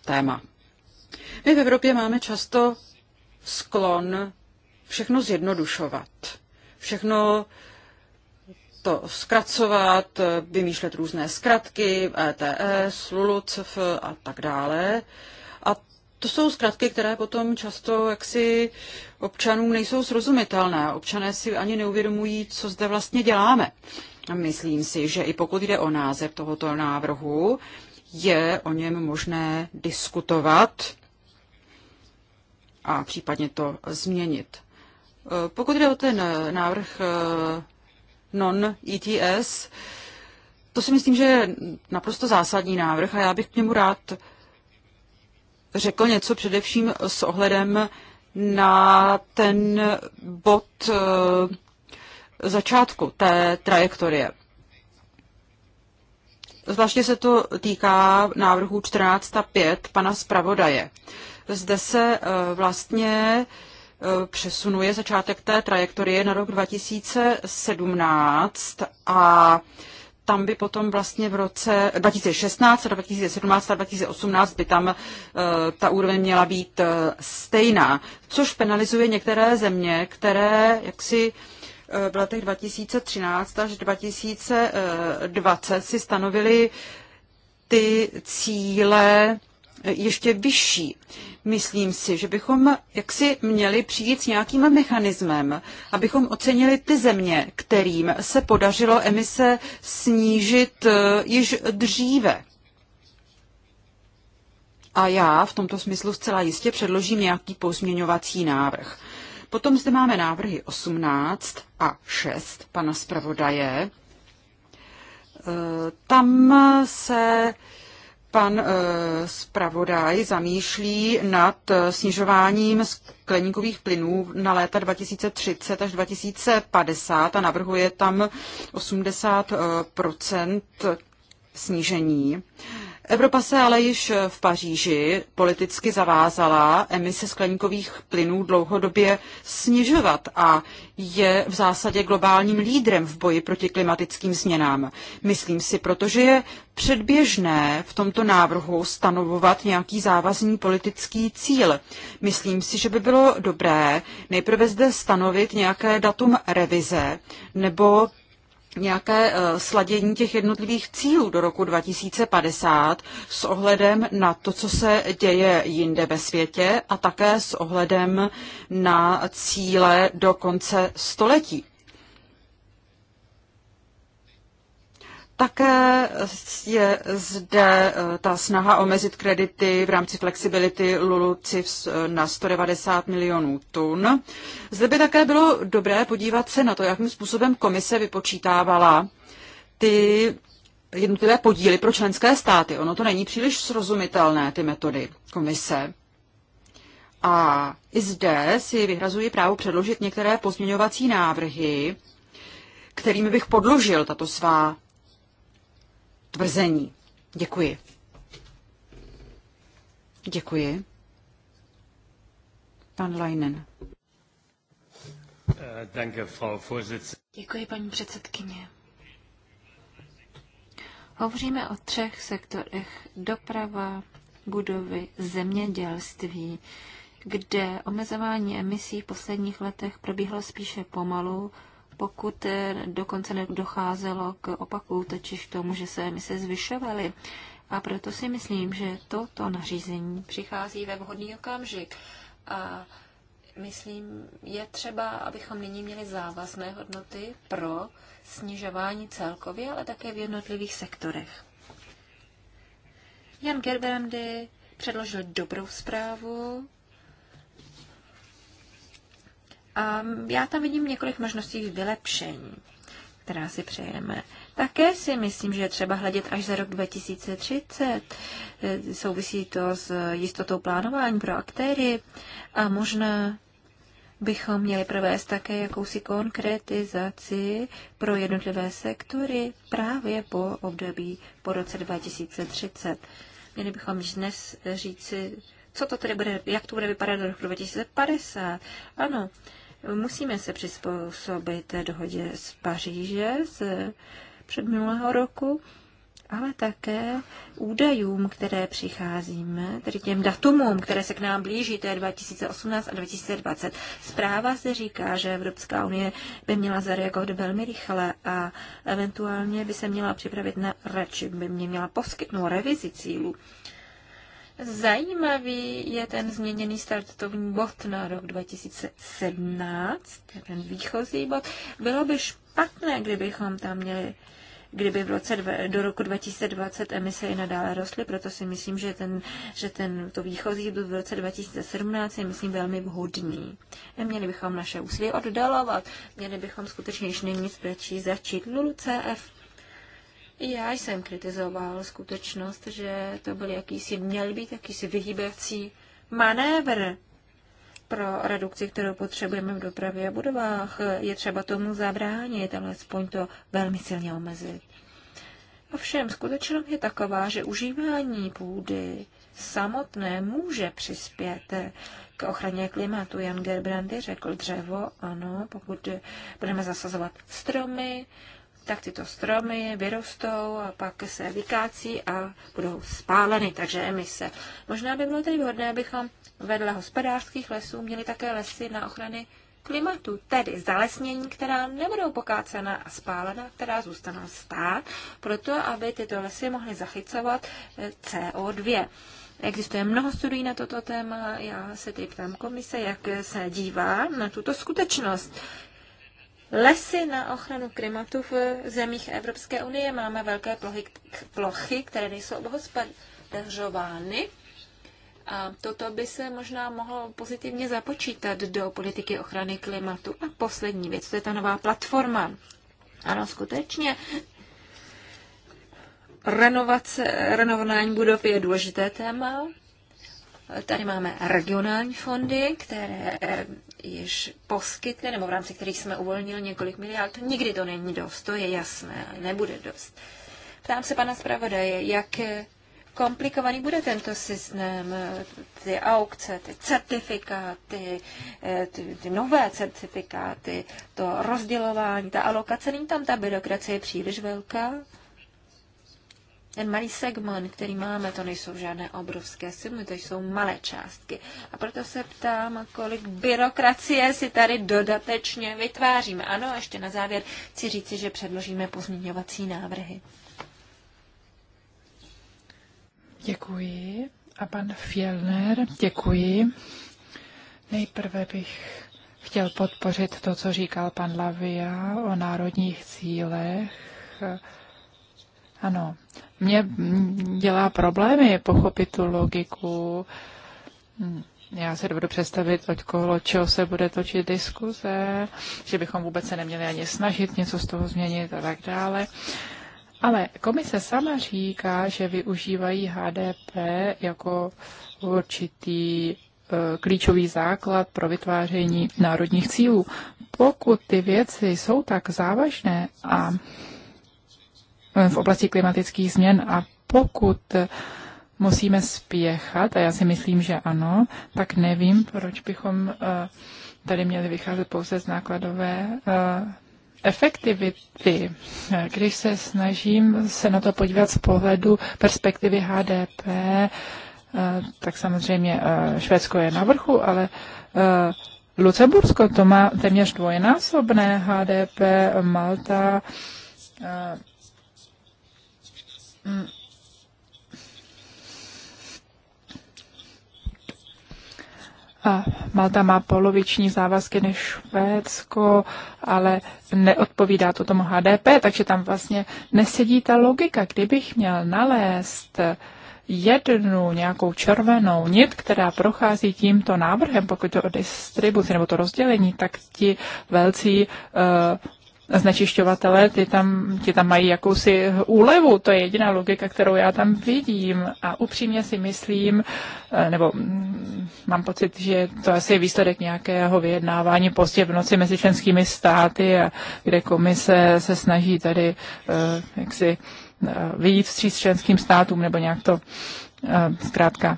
téma. My v Evropě máme často sklon všechno zjednodušovat, všechno to zkracovat, vymýšlet různé zkratky, ETS, LULUCF a tak dále. To jsou zkratky, které potom často jaksi občanům nejsou srozumitelné. Občané si ani neuvědomují, co zde vlastně děláme. A myslím si, že i pokud jde o název tohoto návrhu, je o něm možné diskutovat a případně to změnit. Pokud jde o ten eh, návrh eh, non-ETS, to si myslím, že je naprosto zásadní návrh a já bych k němu rád řekl něco především s ohledem na ten bod eh, začátku té trajektorie. Zvláště se to týká návrhu 145, pana zpravodaje. Zde se eh, vlastně eh, přesunuje začátek té trajektorie na rok 2017 a tam by potom vlastně v roce 2016, 2017 a 2018 by tam eh, ta úroveň měla být eh, stejná, což penalizuje některé země, které jaksi eh, v letech 2013 až 2020 si stanovili ty cíle ještě vyšší. Myslím si, že bychom jaksi měli přijít s nějakým mechanismem, abychom ocenili ty země, kterým se podařilo emise snížit eh, již dříve. A já v tomto smyslu zcela jistě předložím nějaký pozměňovací návrh. Potom zde máme návrhy 18 a 6 pana zpravodaje. Eh, tam se pan eh, zpravodaj zamýšlí nad eh, snižováním skleníkových plynů na léta 2030 až 2050 a navrhuje tam 80 eh, snížení. Evropa se ale již v Paříži politicky zavázala emise skleníkových plynů dlouhodobě snižovat a je v zásadě globálním lídrem v boji proti klimatickým změnám. Myslím si, protože je předběžné v tomto návrhu stanovovat nějaký závazný politický cíl. Myslím si, že by bylo dobré nejprve zde stanovit nějaké datum revize nebo nějaké eh, sladění těch jednotlivých cílů do roku 2050 s ohledem na to, co se děje jinde ve světě a také s ohledem na cíle do konce století. Také je zde eh, ta snaha omezit kredity v rámci flexibility LULUCIF eh, na 190 milionů tun. Zde by také bylo dobré podívat se na to, jakým způsobem komise vypočítávala ty jednotlivé podíly pro členské státy. Ono to není příliš srozumitelné, ty metody komise. A i zde si vyhrazuji právo předložit některé pozměňovací návrhy, kterými bych podložil tato svá tvrzení. Děkuji. Děkuji.
Pan Leinen. Děkuji, paní předsedkyně. Hovoříme o třech sektorech doprava, budovy, zemědělství, kde omezování emisí v posledních letech probíhalo spíše pomalu pokud eh, dokonce nedocházelo k opaku, totiž k tomu, že se emise zvyšovaly. A proto si myslím, že toto nařízení přichází ve vhodný okamžik. A myslím, je třeba, abychom nyní měli závazné hodnoty pro snižování celkově, ale také v jednotlivých sektorech. Jan Gerbrandy předložil dobrou zprávu, Ehm, já tam vidím několik možností vylepšení, která si přejeme. Také si myslím, že je třeba hledět až za rok 2030. Eh, souvisí to s jistotou plánování pro aktéry a možná bychom měli provést také jakousi konkretizaci pro jednotlivé sektory právě po období po roce 2030. Měli bychom již dnes říci, co to tedy bude, jak to bude vypadat do roku 2050. Ano, Musíme se přizpůsobit dohodě z Paříže z předminulého roku, ale také údajům, které přicházíme, tedy těm datumům, které se k nám blíží, to je 2018 a 2020. Zpráva se říká, že Evropská unie by měla zareagovat velmi rychle a eventuálně by se měla připravit na reči, by mě měla poskytnout revizi cílů. Zajímavý je ten změněný startovní bod na rok 2017, ten výchozí bod. Bylo by špatné, kdybychom tam měli kdyby v roce do roku 2020 emise i nadále rostly, proto si myslím, že, ten, že ten, to výchozí bod v roce 2017 je, myslím, velmi vhodný. Neměli bychom naše úsilí oddalovat, měli bychom skutečně již nyní stačí začít LULCF i já jsem kritizoval skutečnost, že to byl jakýsi, měl být jakýsi vyhýbací manévr pro redukci, kterou potřebujeme v dopravě a budovách. Je třeba tomu zabránit, alespoň to velmi silně omezit. Ovšem, skutečnost je taková, že užívání půdy samotné může přispět k ochraně klimatu. Jan Gerbrandy řekl dřevo, ano, pokud budeme zasazovat stromy, tak tyto stromy vyrostou a pak se vykácí a budou spáleny, takže emise. Možná by bylo tedy vhodné, abychom vedle hospodářských lesů měli také lesy na ochrany klimatu, tedy zalesnění, která nebudou pokácena a spálena, která zůstanou stát, proto aby tyto lesy mohly zachycovat eh, CO2. Existuje mnoho studií na toto téma, já se tedy ptám komise, jak se dívá na tuto skutečnost lesy na ochranu klimatu v zemích Evropské unie. Máme velké plochy, plochy které nejsou obhospodařovány. A toto by se možná mohlo pozitivně započítat do politiky ochrany klimatu. A poslední věc, to je ta nová platforma. Ano, skutečně. Renovace, renovování budov je důležité téma. Tady máme regionální fondy, které již poskytli, nebo v rámci kterých jsme uvolnili několik miliard. Nikdy to není dost, to je jasné, nebude dost. Ptám se pana zpravodaje, jak komplikovaný bude tento systém, ty aukce, ty certifikáty, eh, ty, ty nové certifikáty, to rozdělování, ta alokace, není tam ta byrokracie příliš velká? Ten malý segment, který máme, to nejsou žádné obrovské sumy, to jsou malé částky. A proto se ptám, kolik byrokracie si tady dodatečně vytváříme. Ano, a ještě na závěr chci říci, že předložíme pozměňovací návrhy.
Děkuji. A pan Fielner, děkuji. Nejprve bych chtěl podpořit to, co říkal pan Lavia o národních cílech ano, mě dělá problémy pochopit tu logiku. Já se dovedu představit, od koho čeho se bude točit diskuze, že bychom vůbec se neměli ani snažit něco z toho změnit a tak dále. Ale komise sama říká, že využívají HDP jako určitý eh, klíčový základ pro vytváření národních cílů. Pokud ty věci jsou tak závažné a Eh, v oblasti klimatických změn a pokud musíme spěchat, a já si myslím, že ano, tak nevím, proč bychom eh, tady měli vycházet pouze z nákladové eh, efektivity. Když se snažím se na to podívat z pohledu perspektivy HDP, tak samozřejmě Švédsko je na vrchu, ale Lucembursko to má téměř dvojnásobné HDP, Malta a Malta má poloviční závazky než Švédsko, ale neodpovídá to tomu HDP, takže tam vlastně nesedí ta logika. Kdybych měl nalézt jednu nějakou červenou nit, která prochází tímto návrhem, pokud to o distribuci nebo to rozdělení, tak ti velcí uh, znečišťovatele, ty tam, ti tam mají jakousi úlevu. To je jediná logika, kterou já tam vidím. A upřímně si myslím, eh, nebo mm, mám pocit, že to asi je výsledek nějakého vyjednávání pozdě v noci mezi členskými státy, a kde komise se snaží tady eh, jaksi eh, vyjít vstříc členským státům, nebo nějak to zkrátka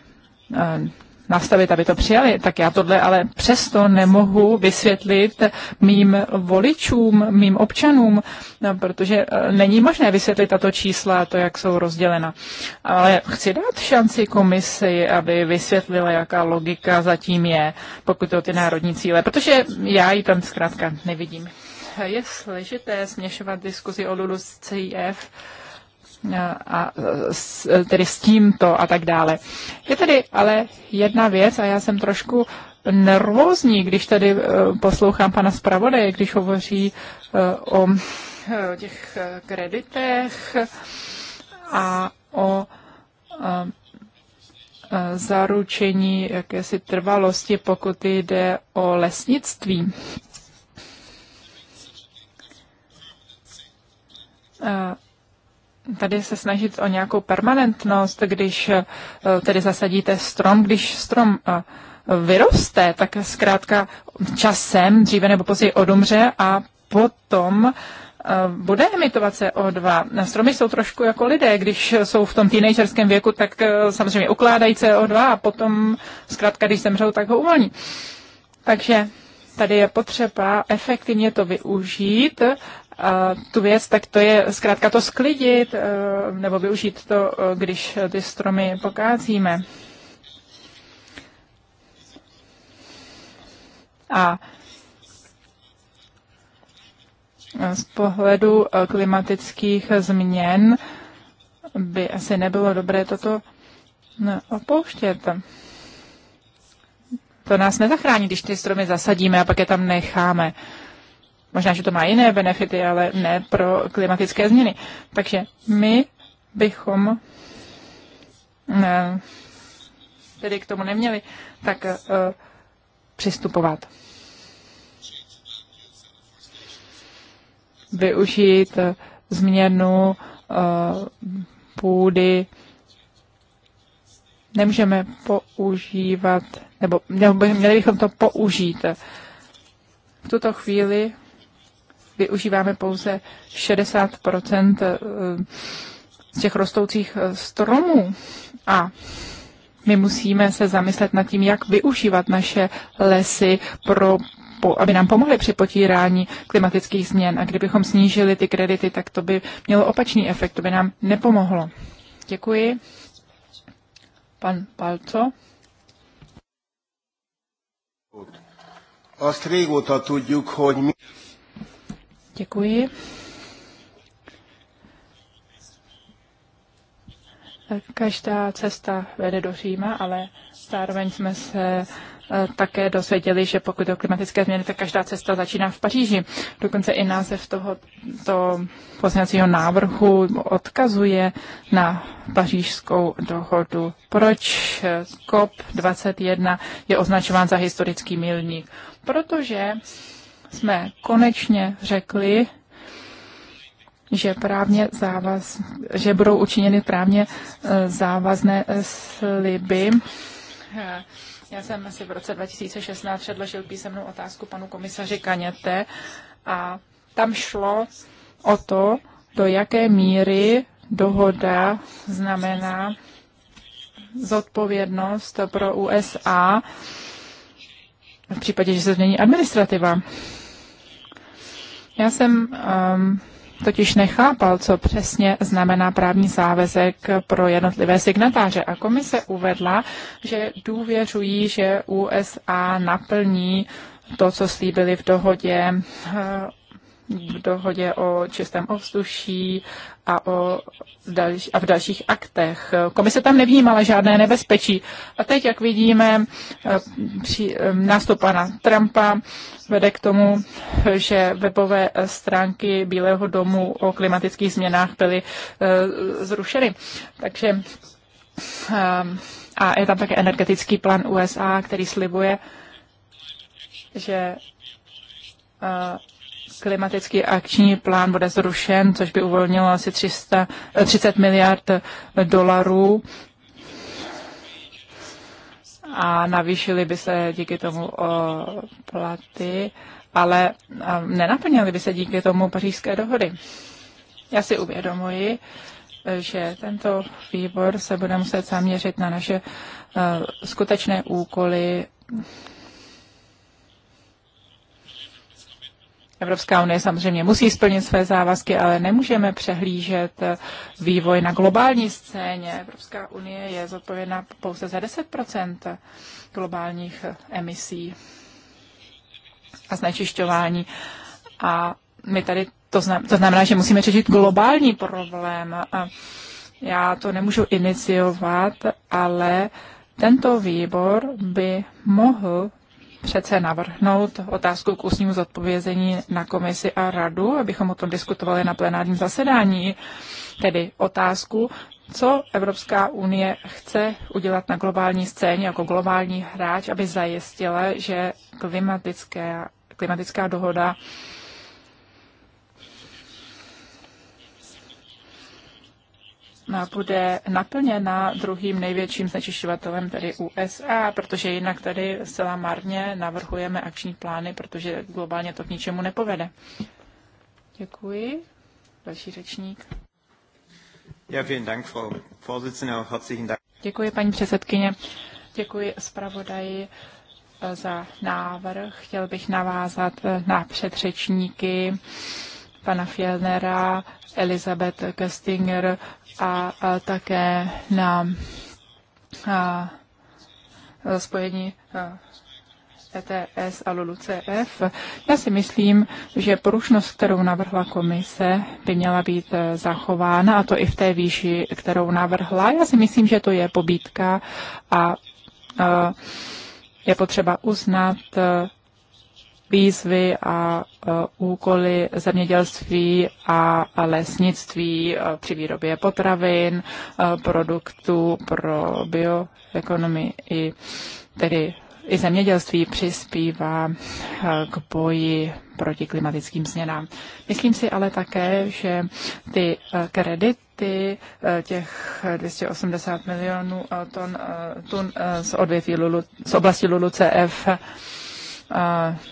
nastavit, aby to přijali, tak já tohle ale přesto nemohu vysvětlit mým voličům, mým občanům, no, protože eh, není možné vysvětlit tato čísla, to, jak jsou rozdělena. Ale chci dát šanci komisi, aby vysvětlila, jaká logika zatím je, pokud to ty národní cíle, protože já ji tam zkrátka nevidím. Je složité směšovat diskuzi o LULUS CIF a s, tedy s tímto a tak dále. Je tady ale jedna věc a já jsem trošku nervózní, když tady e, poslouchám pana zpravodaje, když hovoří e, o e, těch kreditech a o zaručení jakési trvalosti, pokud jde o lesnictví. A tady se snažit o nějakou permanentnost, když eh, tedy zasadíte strom, když strom eh, vyroste, tak zkrátka časem, dříve nebo později odumře a potom eh, bude emitovat CO2. Stromy jsou trošku jako lidé, když jsou v tom teenagerském věku, tak samozřejmě ukládají CO2 a potom zkrátka, když zemřou, tak ho uvolní. Takže tady je potřeba efektivně to využít tu věc, tak to je zkrátka to sklidit eh, nebo využít to, eh, když eh, ty stromy pokázíme. A z pohledu klimatických změn by asi nebylo dobré toto opouštět. To nás nezachrání, když ty stromy zasadíme a pak je tam necháme. Uh, Možná, že to má jiné benefity, ale ne pro klimatické změny. Takže my bychom ne, eh, tedy k tomu neměli tak uh, přistupovat. Využít eh, změnu uh, půdy. Nemůžeme používat, nebo měli bychom to použít. V tuto chvíli využíváme pouze 60 eh, z těch rostoucích eh, stromů. A my musíme se zamyslet nad tím, jak využívat naše lesy pro aby nám pomohly při potírání klimatických změn. A kdybychom snížili ty kredity, tak to by mělo opačný efekt, to by nám nepomohlo. Děkuji. Pan Palco.
Azt régóta tudjuk, hogy mi...
Děkuji. Každá cesta vede do Říma, ale zároveň jsme se eh, také dozvěděli, že pokud o klimatické změny, tak každá cesta začíná v Paříži. Dokonce i název tohoto pozměňovacího návrhu odkazuje na pařížskou dohodu. Proč eh, COP21 je označován za historický milník? Protože jsme konečně řekli, že, právně závaz, že budou učiněny právně e, závazné e, sliby. Já jsem asi v roce 2016 předložil písemnou otázku panu komisaři Kaněte a tam šlo o to, do jaké míry dohoda znamená zodpovědnost pro USA v případě, že se změní administrativa. Já jsem um, totiž nechápal, co přesně znamená právní závazek pro jednotlivé signatáře. A komise uvedla, že důvěřují, že USA naplní to, co slíbili v dohodě uh, v dohodě o čistém ovzduší a, o dalš- a v dalších aktech. Komise tam nevnímala žádné nebezpečí. A teď, jak vidíme, eh, při, eh, nástup pana Trumpa vede k tomu, že webové stránky Bílého domu o klimatických změnách byly eh, zrušeny. Takže a je tam také energetický plán USA, který slibuje, že klimatický akční plán bude zrušen, což by uvolnilo asi 300, 30 eh, miliard eh, dolarů a navýšili by se díky tomu eh, platy, ale nenaplnily by se díky tomu pařížské dohody. Já si uvědomuji, že tento výbor se bude muset zaměřit na naše skutečné úkoly Evropská unie samozřejmě musí splnit své závazky, ale nemůžeme přehlížet vývoj na globální scéně. Evropská unie je zodpovědná pouze za 10 globálních emisí a znečišťování. A my tady to, znam, to znamená, že musíme řešit globální problém. A já to nemůžu iniciovat, ale tento výbor by mohl přece navrhnout otázku k ústnímu zodpovězení na komisi a radu, abychom o tom diskutovali na plenárním zasedání, tedy otázku, co Evropská unie chce udělat na globální scéně jako globální hráč, aby zajistila, že klimatická, klimatická dohoda bude naplněna druhým největším znečišťovatelem, tedy USA, protože jinak tady zcela marně navrhujeme akční plány, protože globálně to k ničemu nepovede. Děkuji. Další řečník. Ja, Dank, Děkuji, paní předsedkyně. Děkuji zpravodaji eh, za návrh. Chtěl bych navázat eh, na předřečníky pana Fjellnera, Elizabeth Köstinger a, a také na a, spojení a, ETS a LULUCF. Já si myslím, že porušnost, kterou navrhla komise, by měla být e, zachována, a to i v té výši, kterou navrhla. Já si myslím, že to je pobítka a, a e, je potřeba uznat, e, výzvy a e, úkoly zemědělství a lesnictví e, při výrobě potravin, e, produktů pro bioekonomii i tedy i zemědělství přispívá k boji proti klimatickým změnám. Myslím si ale také, že ty kredity těch 280 milionů tun z odvětví Lulu, z oblasti LULU CF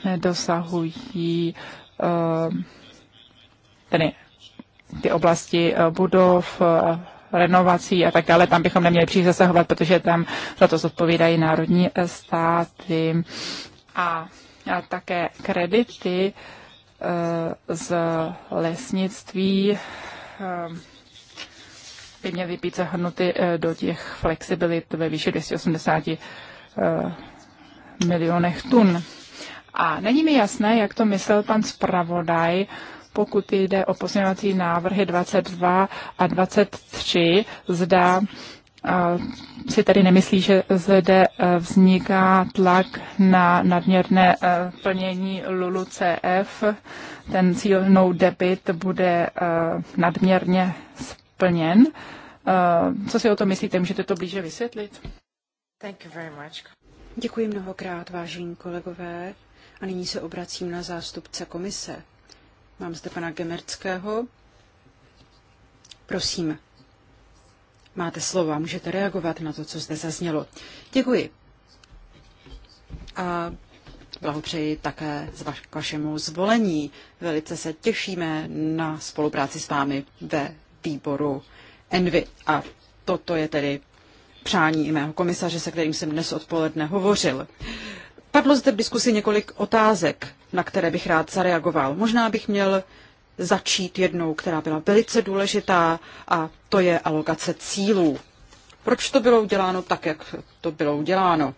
nedosahují ehm, tedy ty oblasti eh, budov, eh, renovací a tak dále, tam bychom neměli příliš zasahovat, protože tam za to zodpovídají národní eh, státy a, a také kredity z lesnictví ehm, by měly být zahrnuty do těch flexibilit ve výši 280 milionech tun. A není mi jasné, jak to myslel pan zpravodaj, pokud jde o pozměňovací návrhy 22 a 23, zda si tedy nemyslí, že zde e, vzniká tlak na nadměrné e, plnění LULU CF. Ten cíl no debit bude e, nadměrně splněn. Co si o to myslíte? Můžete to blíže
vysvětlit? Thank you very much. Děkuji mnohokrát, vážení kolegové. A nyní se obracím na zástupce komise. Mám zde pana Gemerckého. Prosím, máte slova, můžete reagovat na to, co zde zaznělo. Děkuji. A blahopřeji také k vašemu zvolení. Velice se těšíme na spolupráci s vámi ve výboru Envy. A toto je tedy přání i mého komisaře, se kterým jsem dnes odpoledne hovořil. Uh, Padlo zde v diskusi několik otázek, na které bych rád zareagoval. Možná bych měl začít jednou, která byla velice důležitá, a to je alokace cílů. Proč to bylo uděláno tak, jak to bylo uděláno?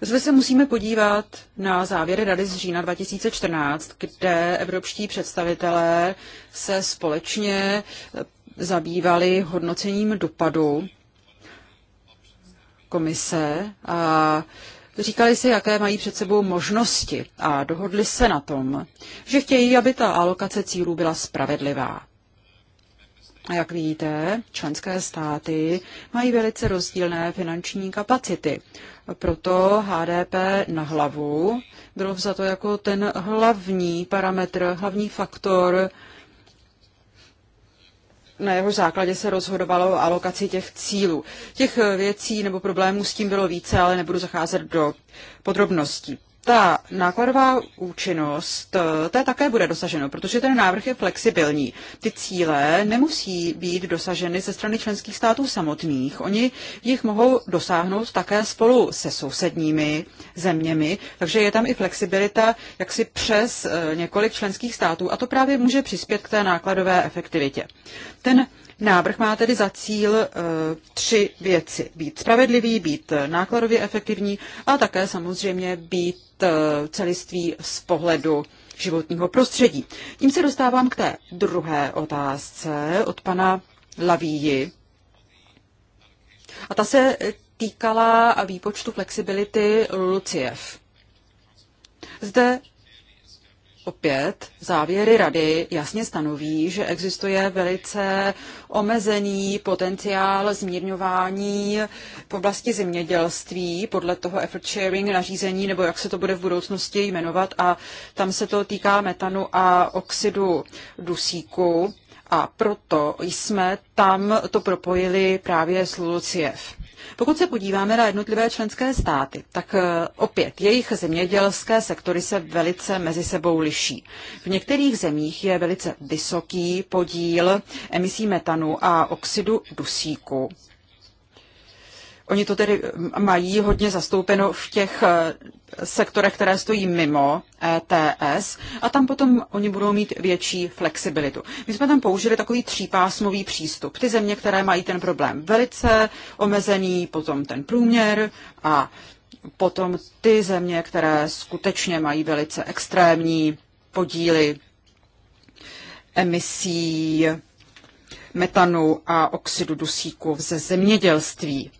Zde se musíme podívat na závěry Rady z října 2014, kde evropští představitelé se společně zabývali hodnocením dopadu komise a říkali si, jaké mají před sebou možnosti a dohodli se na tom, že chtějí, aby ta alokace cílů byla spravedlivá. A jak vidíte, členské státy mají velice rozdílné finanční kapacity. Proto HDP na hlavu bylo vzato jako ten hlavní parametr, hlavní faktor, na jeho základě se rozhodovalo o alokaci těch cílů. Těch eh, věcí nebo problémů s tím bylo více, ale nebudu zacházet do podrobností ta nákladová účinnost, je eh, také bude dosaženo, protože ten návrh je flexibilní. Ty cíle nemusí být dosaženy ze strany členských států samotných. Oni jich mohou dosáhnout také spolu se sousedními zeměmi, takže je tam i flexibilita jaksi přes eh, několik členských států a to právě může přispět k té nákladové efektivitě. Ten Návrh má tedy za cíl e, tři věci. Být spravedlivý, být nákladově efektivní a také samozřejmě být e, celiství z pohledu životního prostředí. Tím se dostávám k té druhé otázce od pana Lavíji. A ta se týkala výpočtu flexibility Luciev. Zde Opět závěry rady jasně stanoví, že existuje velice omezený potenciál zmírňování v oblasti zemědělství podle toho effort sharing nařízení, nebo jak se to bude v budoucnosti jmenovat. A tam se to týká metanu a oxidu dusíku. A proto jsme tam to propojili právě s LULCF. Pokud se podíváme na jednotlivé členské státy, tak eh, opět jejich zemědělské sektory se velice mezi sebou liší. V některých zemích je velice vysoký podíl emisí metanu a oxidu dusíku. Oni to tedy eh, mají hodně zastoupeno v těch eh, sektorech, které stojí mimo ETS eh, a tam potom oni budou mít větší flexibilitu. My jsme tam použili takový třípásmový přístup. Ty země, které mají ten problém velice omezený, potom ten průměr a potom ty země, které skutečně mají velice extrémní podíly emisí metanu a oxidu dusíku ze zemědělství.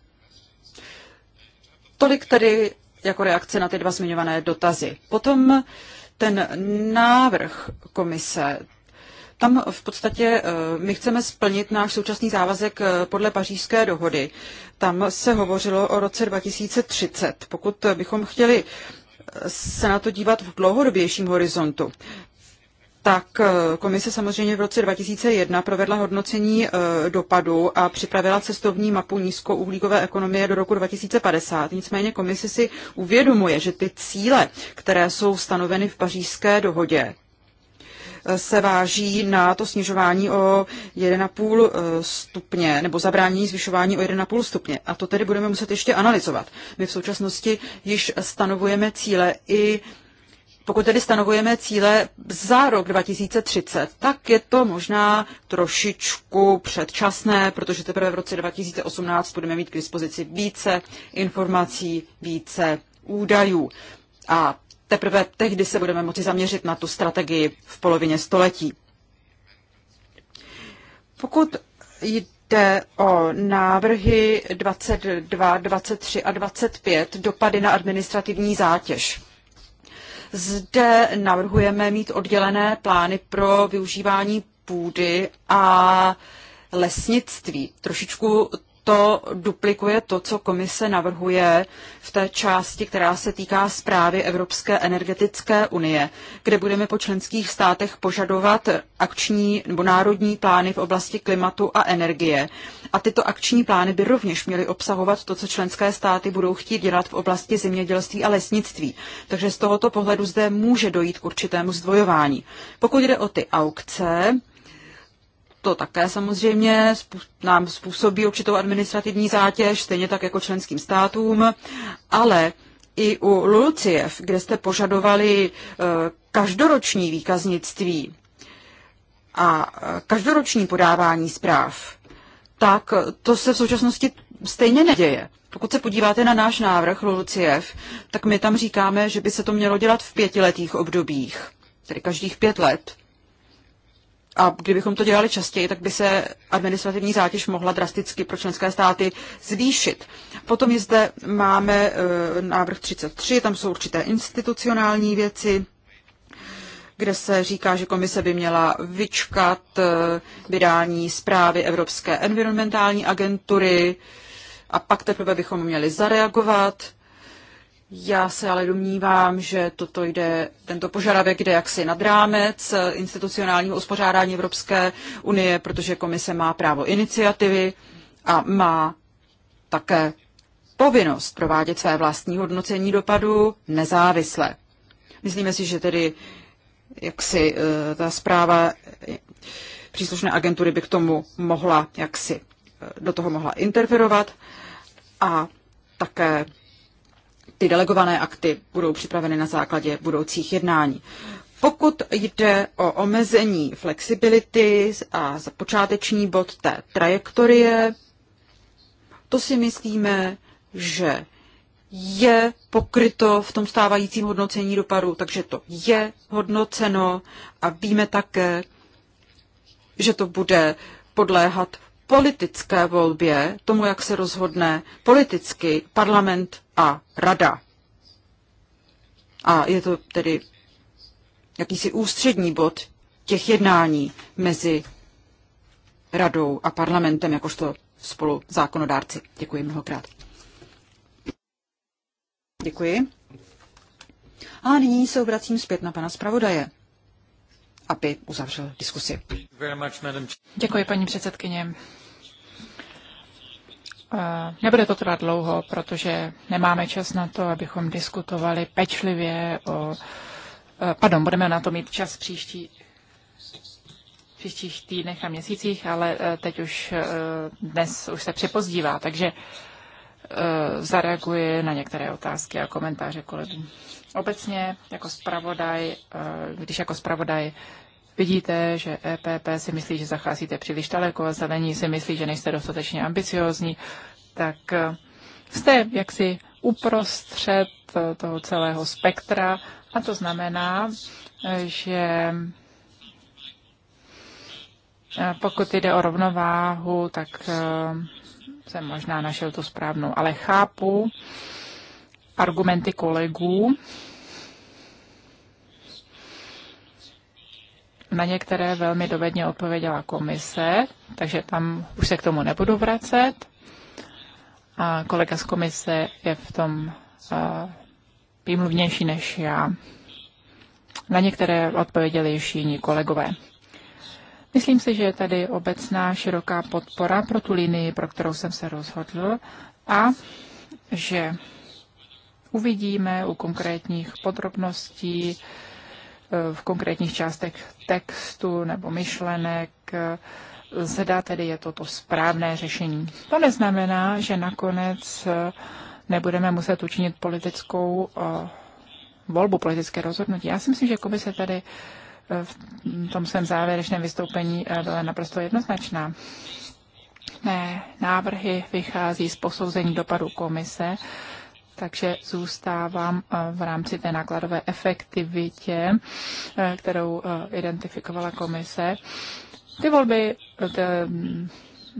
Tolik tedy jako reakce na ty dva zmiňované dotazy. Potom ten návrh komise, tam v podstatě eh, my chceme splnit náš současný závazek eh, podle pařížské dohody. Tam se hovořilo o roce 2030. Pokud bychom chtěli eh, se na to dívat v dlouhodobějším horizontu, tak eh, komise samozřejmě v roce 2001 provedla hodnocení eh, dopadu a připravila cestovní mapu nízkouhlíkové ekonomie do roku 2050. Nicméně komise si uvědomuje, že ty cíle, které jsou stanoveny v pařížské dohodě, eh, se váží na to snižování o 1,5 stupně nebo zabrání zvyšování o 1,5 stupně. A to tedy budeme muset ještě analyzovat. My v současnosti již stanovujeme cíle i pokud tedy stanovujeme cíle za rok 2030, tak je to možná trošičku předčasné, protože teprve v roce 2018 budeme mít k dispozici více informací, více údajů. A teprve tehdy se budeme moci zaměřit na tu strategii v polovině století. Pokud jde o návrhy 22, 23 a 25, dopady na administrativní zátěž. Zde navrhujeme mít oddělené plány pro využívání půdy a lesnictví. Trošičku to duplikuje to, co komise navrhuje v té části, která se týká zprávy Evropské energetické unie, kde budeme po členských státech požadovat akční nebo národní plány v oblasti klimatu a energie. A tyto akční plány by rovněž měly obsahovat to, co členské státy budou chtít dělat v oblasti zemědělství a lesnictví. Takže z tohoto pohledu zde může dojít k určitému zdvojování. Pokud jde o ty aukce, to také samozřejmě nám způsobí určitou administrativní zátěž, stejně tak jako členským státům, ale i u Lulciev, kde jste požadovali eh, každoroční výkaznictví a eh, každoroční podávání zpráv, tak to se v současnosti stejně neděje. Pokud se podíváte na náš návrh Luciev, tak my tam říkáme, že by se to mělo dělat v pětiletých obdobích, tedy každých pět let a kdybychom to dělali častěji, tak by se administrativní zátěž mohla drasticky pro členské státy zvýšit. Potom je zde máme eh, návrh 33, tam jsou určité institucionální věci, kde se říká, že komise by měla vyčkat eh, vydání zprávy Evropské environmentální agentury a pak teprve bychom měli zareagovat. Já se ale domnívám, že toto jde, tento požadavek jde jaksi nad rámec institucionálního uspořádání Evropské unie, protože komise má právo iniciativy a má také povinnost provádět své vlastní hodnocení dopadu nezávisle. Myslíme si, že tedy jaksi eh, ta zpráva příslušné agentury by k tomu mohla jaksi eh, do toho mohla interferovat a také ty delegované akty budou připraveny na základě budoucích jednání. Pokud jde o omezení flexibility a za počáteční bod té trajektorie, to si myslíme, že je pokryto v tom stávajícím hodnocení dopadu, takže to je hodnoceno a víme také, že to bude podléhat politické volbě, tomu, jak se rozhodne politicky parlament a rada. A je to tedy jakýsi ústřední bod těch jednání mezi radou a parlamentem, jakožto spolu zákonodárci. Děkuji mnohokrát. Děkuji. A nyní se obracím zpět na pana zpravodaje, aby uzavřel diskusi.
Děkuji, paní předsedkyně. Nebude to trvat dlouho, protože nemáme čas na to, abychom diskutovali pečlivě o... E, pardon, budeme na to mít čas příští, příštích týdnech a měsících, ale e, teď už e, dnes už se přepozdívá. takže zareaguji na některé otázky a komentáře kolegů. Obecně jako zpravodaj, když jako zpravodaj Vidíte, že EPP si myslí, že zacházíte příliš daleko, zelení si myslí, že nejste dostatečně ambiciozní, tak eh, jste jaksi uprostřed eh, toho celého spektra a to znamená, eh, že pokud jde o rovnováhu, tak jsem možná našel tu správnou, ale chápu argumenty kolegů, na některé velmi dovedně odpověděla komise, takže tam už se k tomu nebudu vracet. A kolega z komise je v tom uh, výmluvnější než já. Na některé odpověděli již jiní kolegové. Myslím si, že je tady obecná široká podpora pro tu linii, pro kterou jsem se rozhodl a že uvidíme u konkrétních podrobností, v konkrétních částech textu nebo myšlenek. Zda tedy je to to správné řešení. To neznamená, že nakonec eh, nebudeme muset učinit politickou eh, volbu, politické rozhodnutí. Já si myslím, že komise tady eh, v tom svém závěrečném vystoupení byla naprosto jednoznačná. Ne, návrhy vychází z posouzení dopadu komise takže zůstávám eh, v rámci té nákladové efektivitě, eh, kterou eh, identifikovala komise. Ty volby, mm,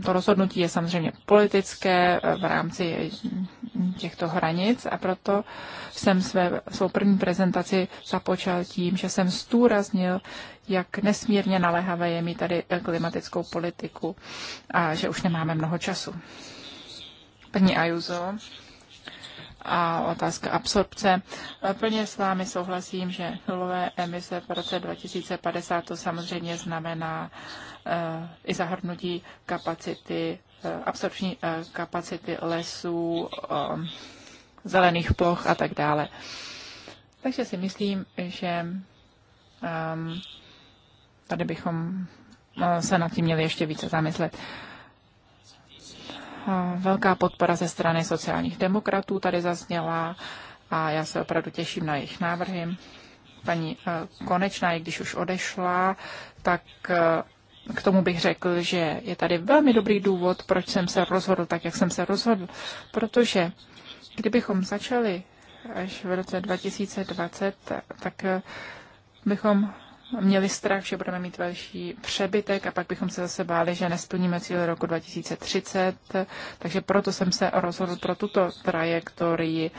to rozhodnutí je samozřejmě politické v rámci mm, těchto hranic a proto jsem své, svou první prezentaci započal tím, že jsem stůraznil, jak nesmírně naléhavé je mít tady klimatickou politiku a že už nemáme mnoho času. Pani Ajuzo a otázka absorpce. Plně s vámi souhlasím, že nulové emise v roce 2050 to samozřejmě znamená eh, i zahrnutí kapacity, eh, absorpční eh, kapacity lesů, zelených ploch a tak dále. Takže si myslím, že ehm, tady bychom se nad tím měli ještě více zamyslet. Velká podpora ze strany sociálních demokratů tady zazněla a já se opravdu těším na jejich návrhy. Paní eh, Konečná, i když už odešla, tak eh, k tomu bych řekl, že je tady velmi dobrý důvod, proč jsem se rozhodl tak, jak jsem se rozhodl. Protože kdybychom začali až v roce 2020, tak eh, bychom měli strach, že budeme mít velší přebytek a pak bychom se zase báli, že nesplníme cíle roku 2030, takže proto jsem se rozhodl pro tuto trajektorii.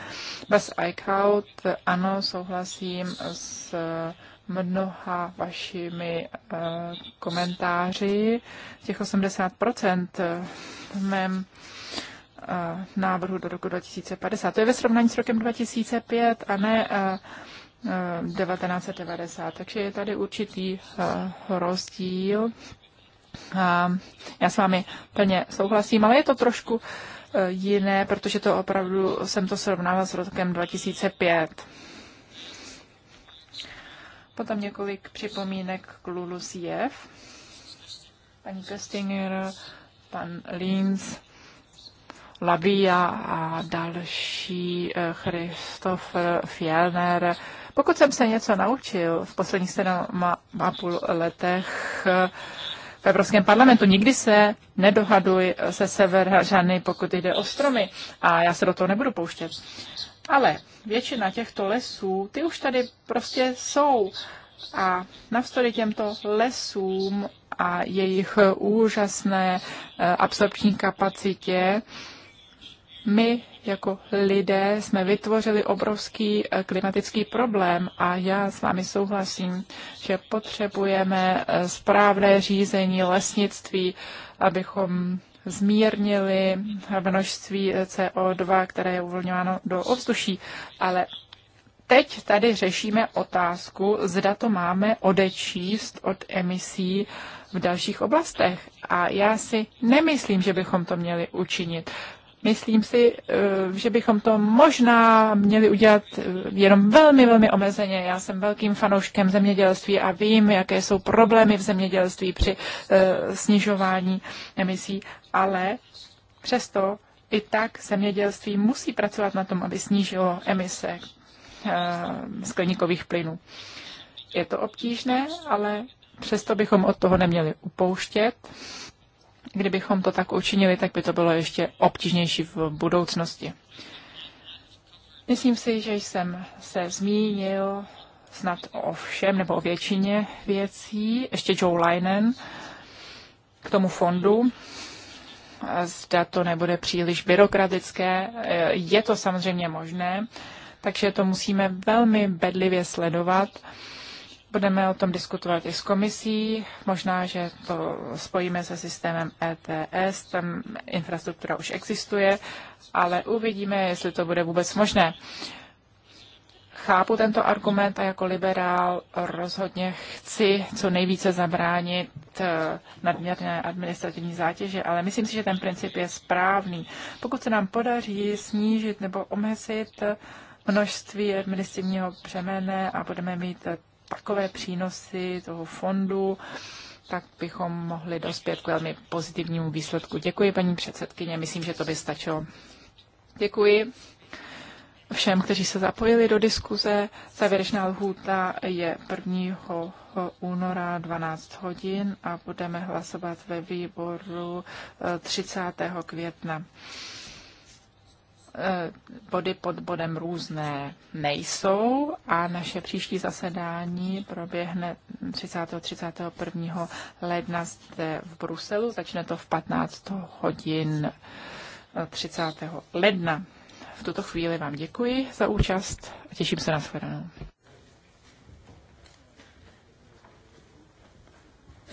Bez iCloud, ano, souhlasím s mnoha vašimi eh, komentáři. Těch 80% eh, v mém eh, návrhu do roku 2050. To je ve srovnání s rokem 2005 a ne 1990. Takže je tady určitý eh, rozdíl. Já s vámi plně souhlasím, ale je to trošku eh, jiné, protože to opravdu jsem to srovnala s rokem 2005. Potom několik připomínek k LULUCF. Paní Köstinger, pan Linz, Labia a další eh, Christopher Fjellner pokud jsem se něco naučil v posledních 7 a půl letech, eh, v Evropském parlamentu. Nikdy se nedohaduj se severhařany, pokud jde o stromy. A já se do toho nebudu pouštět. Ale většina těchto lesů, ty už tady prostě jsou. A navzdory těmto lesům a jejich úžasné eh, absorpční kapacitě, my jako lidé jsme vytvořili obrovský eh, klimatický problém a já s vámi souhlasím, že potřebujeme eh, správné řízení lesnictví, abychom zmírnili množství eh, CO2, které je uvolňováno do ovzduší. Ale teď tady řešíme otázku, zda to máme odečíst od emisí v dalších oblastech. A já si nemyslím, že bychom to měli učinit. Myslím si, eh, že bychom to možná měli udělat eh, jenom velmi, velmi omezeně. Já jsem velkým fanouškem zemědělství a vím, jaké jsou problémy v zemědělství při eh, snižování emisí, ale přesto i tak zemědělství musí pracovat na tom, aby snížilo emise skleníkových plynů. Je to obtížné, ale přesto bychom od toho neměli upouštět Kdybychom to tak učinili, tak by to bylo ještě obtížnější v budoucnosti. Myslím si, že jsem se zmínil snad o všem nebo o většině věcí. Ještě Joe Linen k tomu fondu. Zda to nebude příliš byrokratické. Je to samozřejmě možné, takže to musíme velmi bedlivě sledovat Budeme o tom diskutovat i s komisí, možná, že to spojíme se systémem ETS, tam infrastruktura už existuje, ale uvidíme, jestli to bude vůbec možné. Chápu tento argument a jako liberál rozhodně chci co nejvíce zabránit eh, nadměrné administrativní zátěže, ale myslím si, že ten princip je správný. Pokud se nám podaří snížit nebo omezit množství administrativního břemene a budeme mít takové přínosy toho fondu, tak bychom mohli dospět k velmi pozitivnímu výsledku. Děkuji, paní předsedkyně, myslím, že to by stačilo. Děkuji všem, kteří se zapojili do diskuze. Závěrečná lhůta je 1. února 12 hodin a budeme hlasovat ve výboru 30. Eh, května. Eh, body pod bodem různé nejsou a naše příští zasedání proběhne 30. 31. ledna zde v Bruselu. Začne to v 15 hodin 30. Eh, ledna. V tuto chvíli vám děkuji za účast a těším se na shledanou.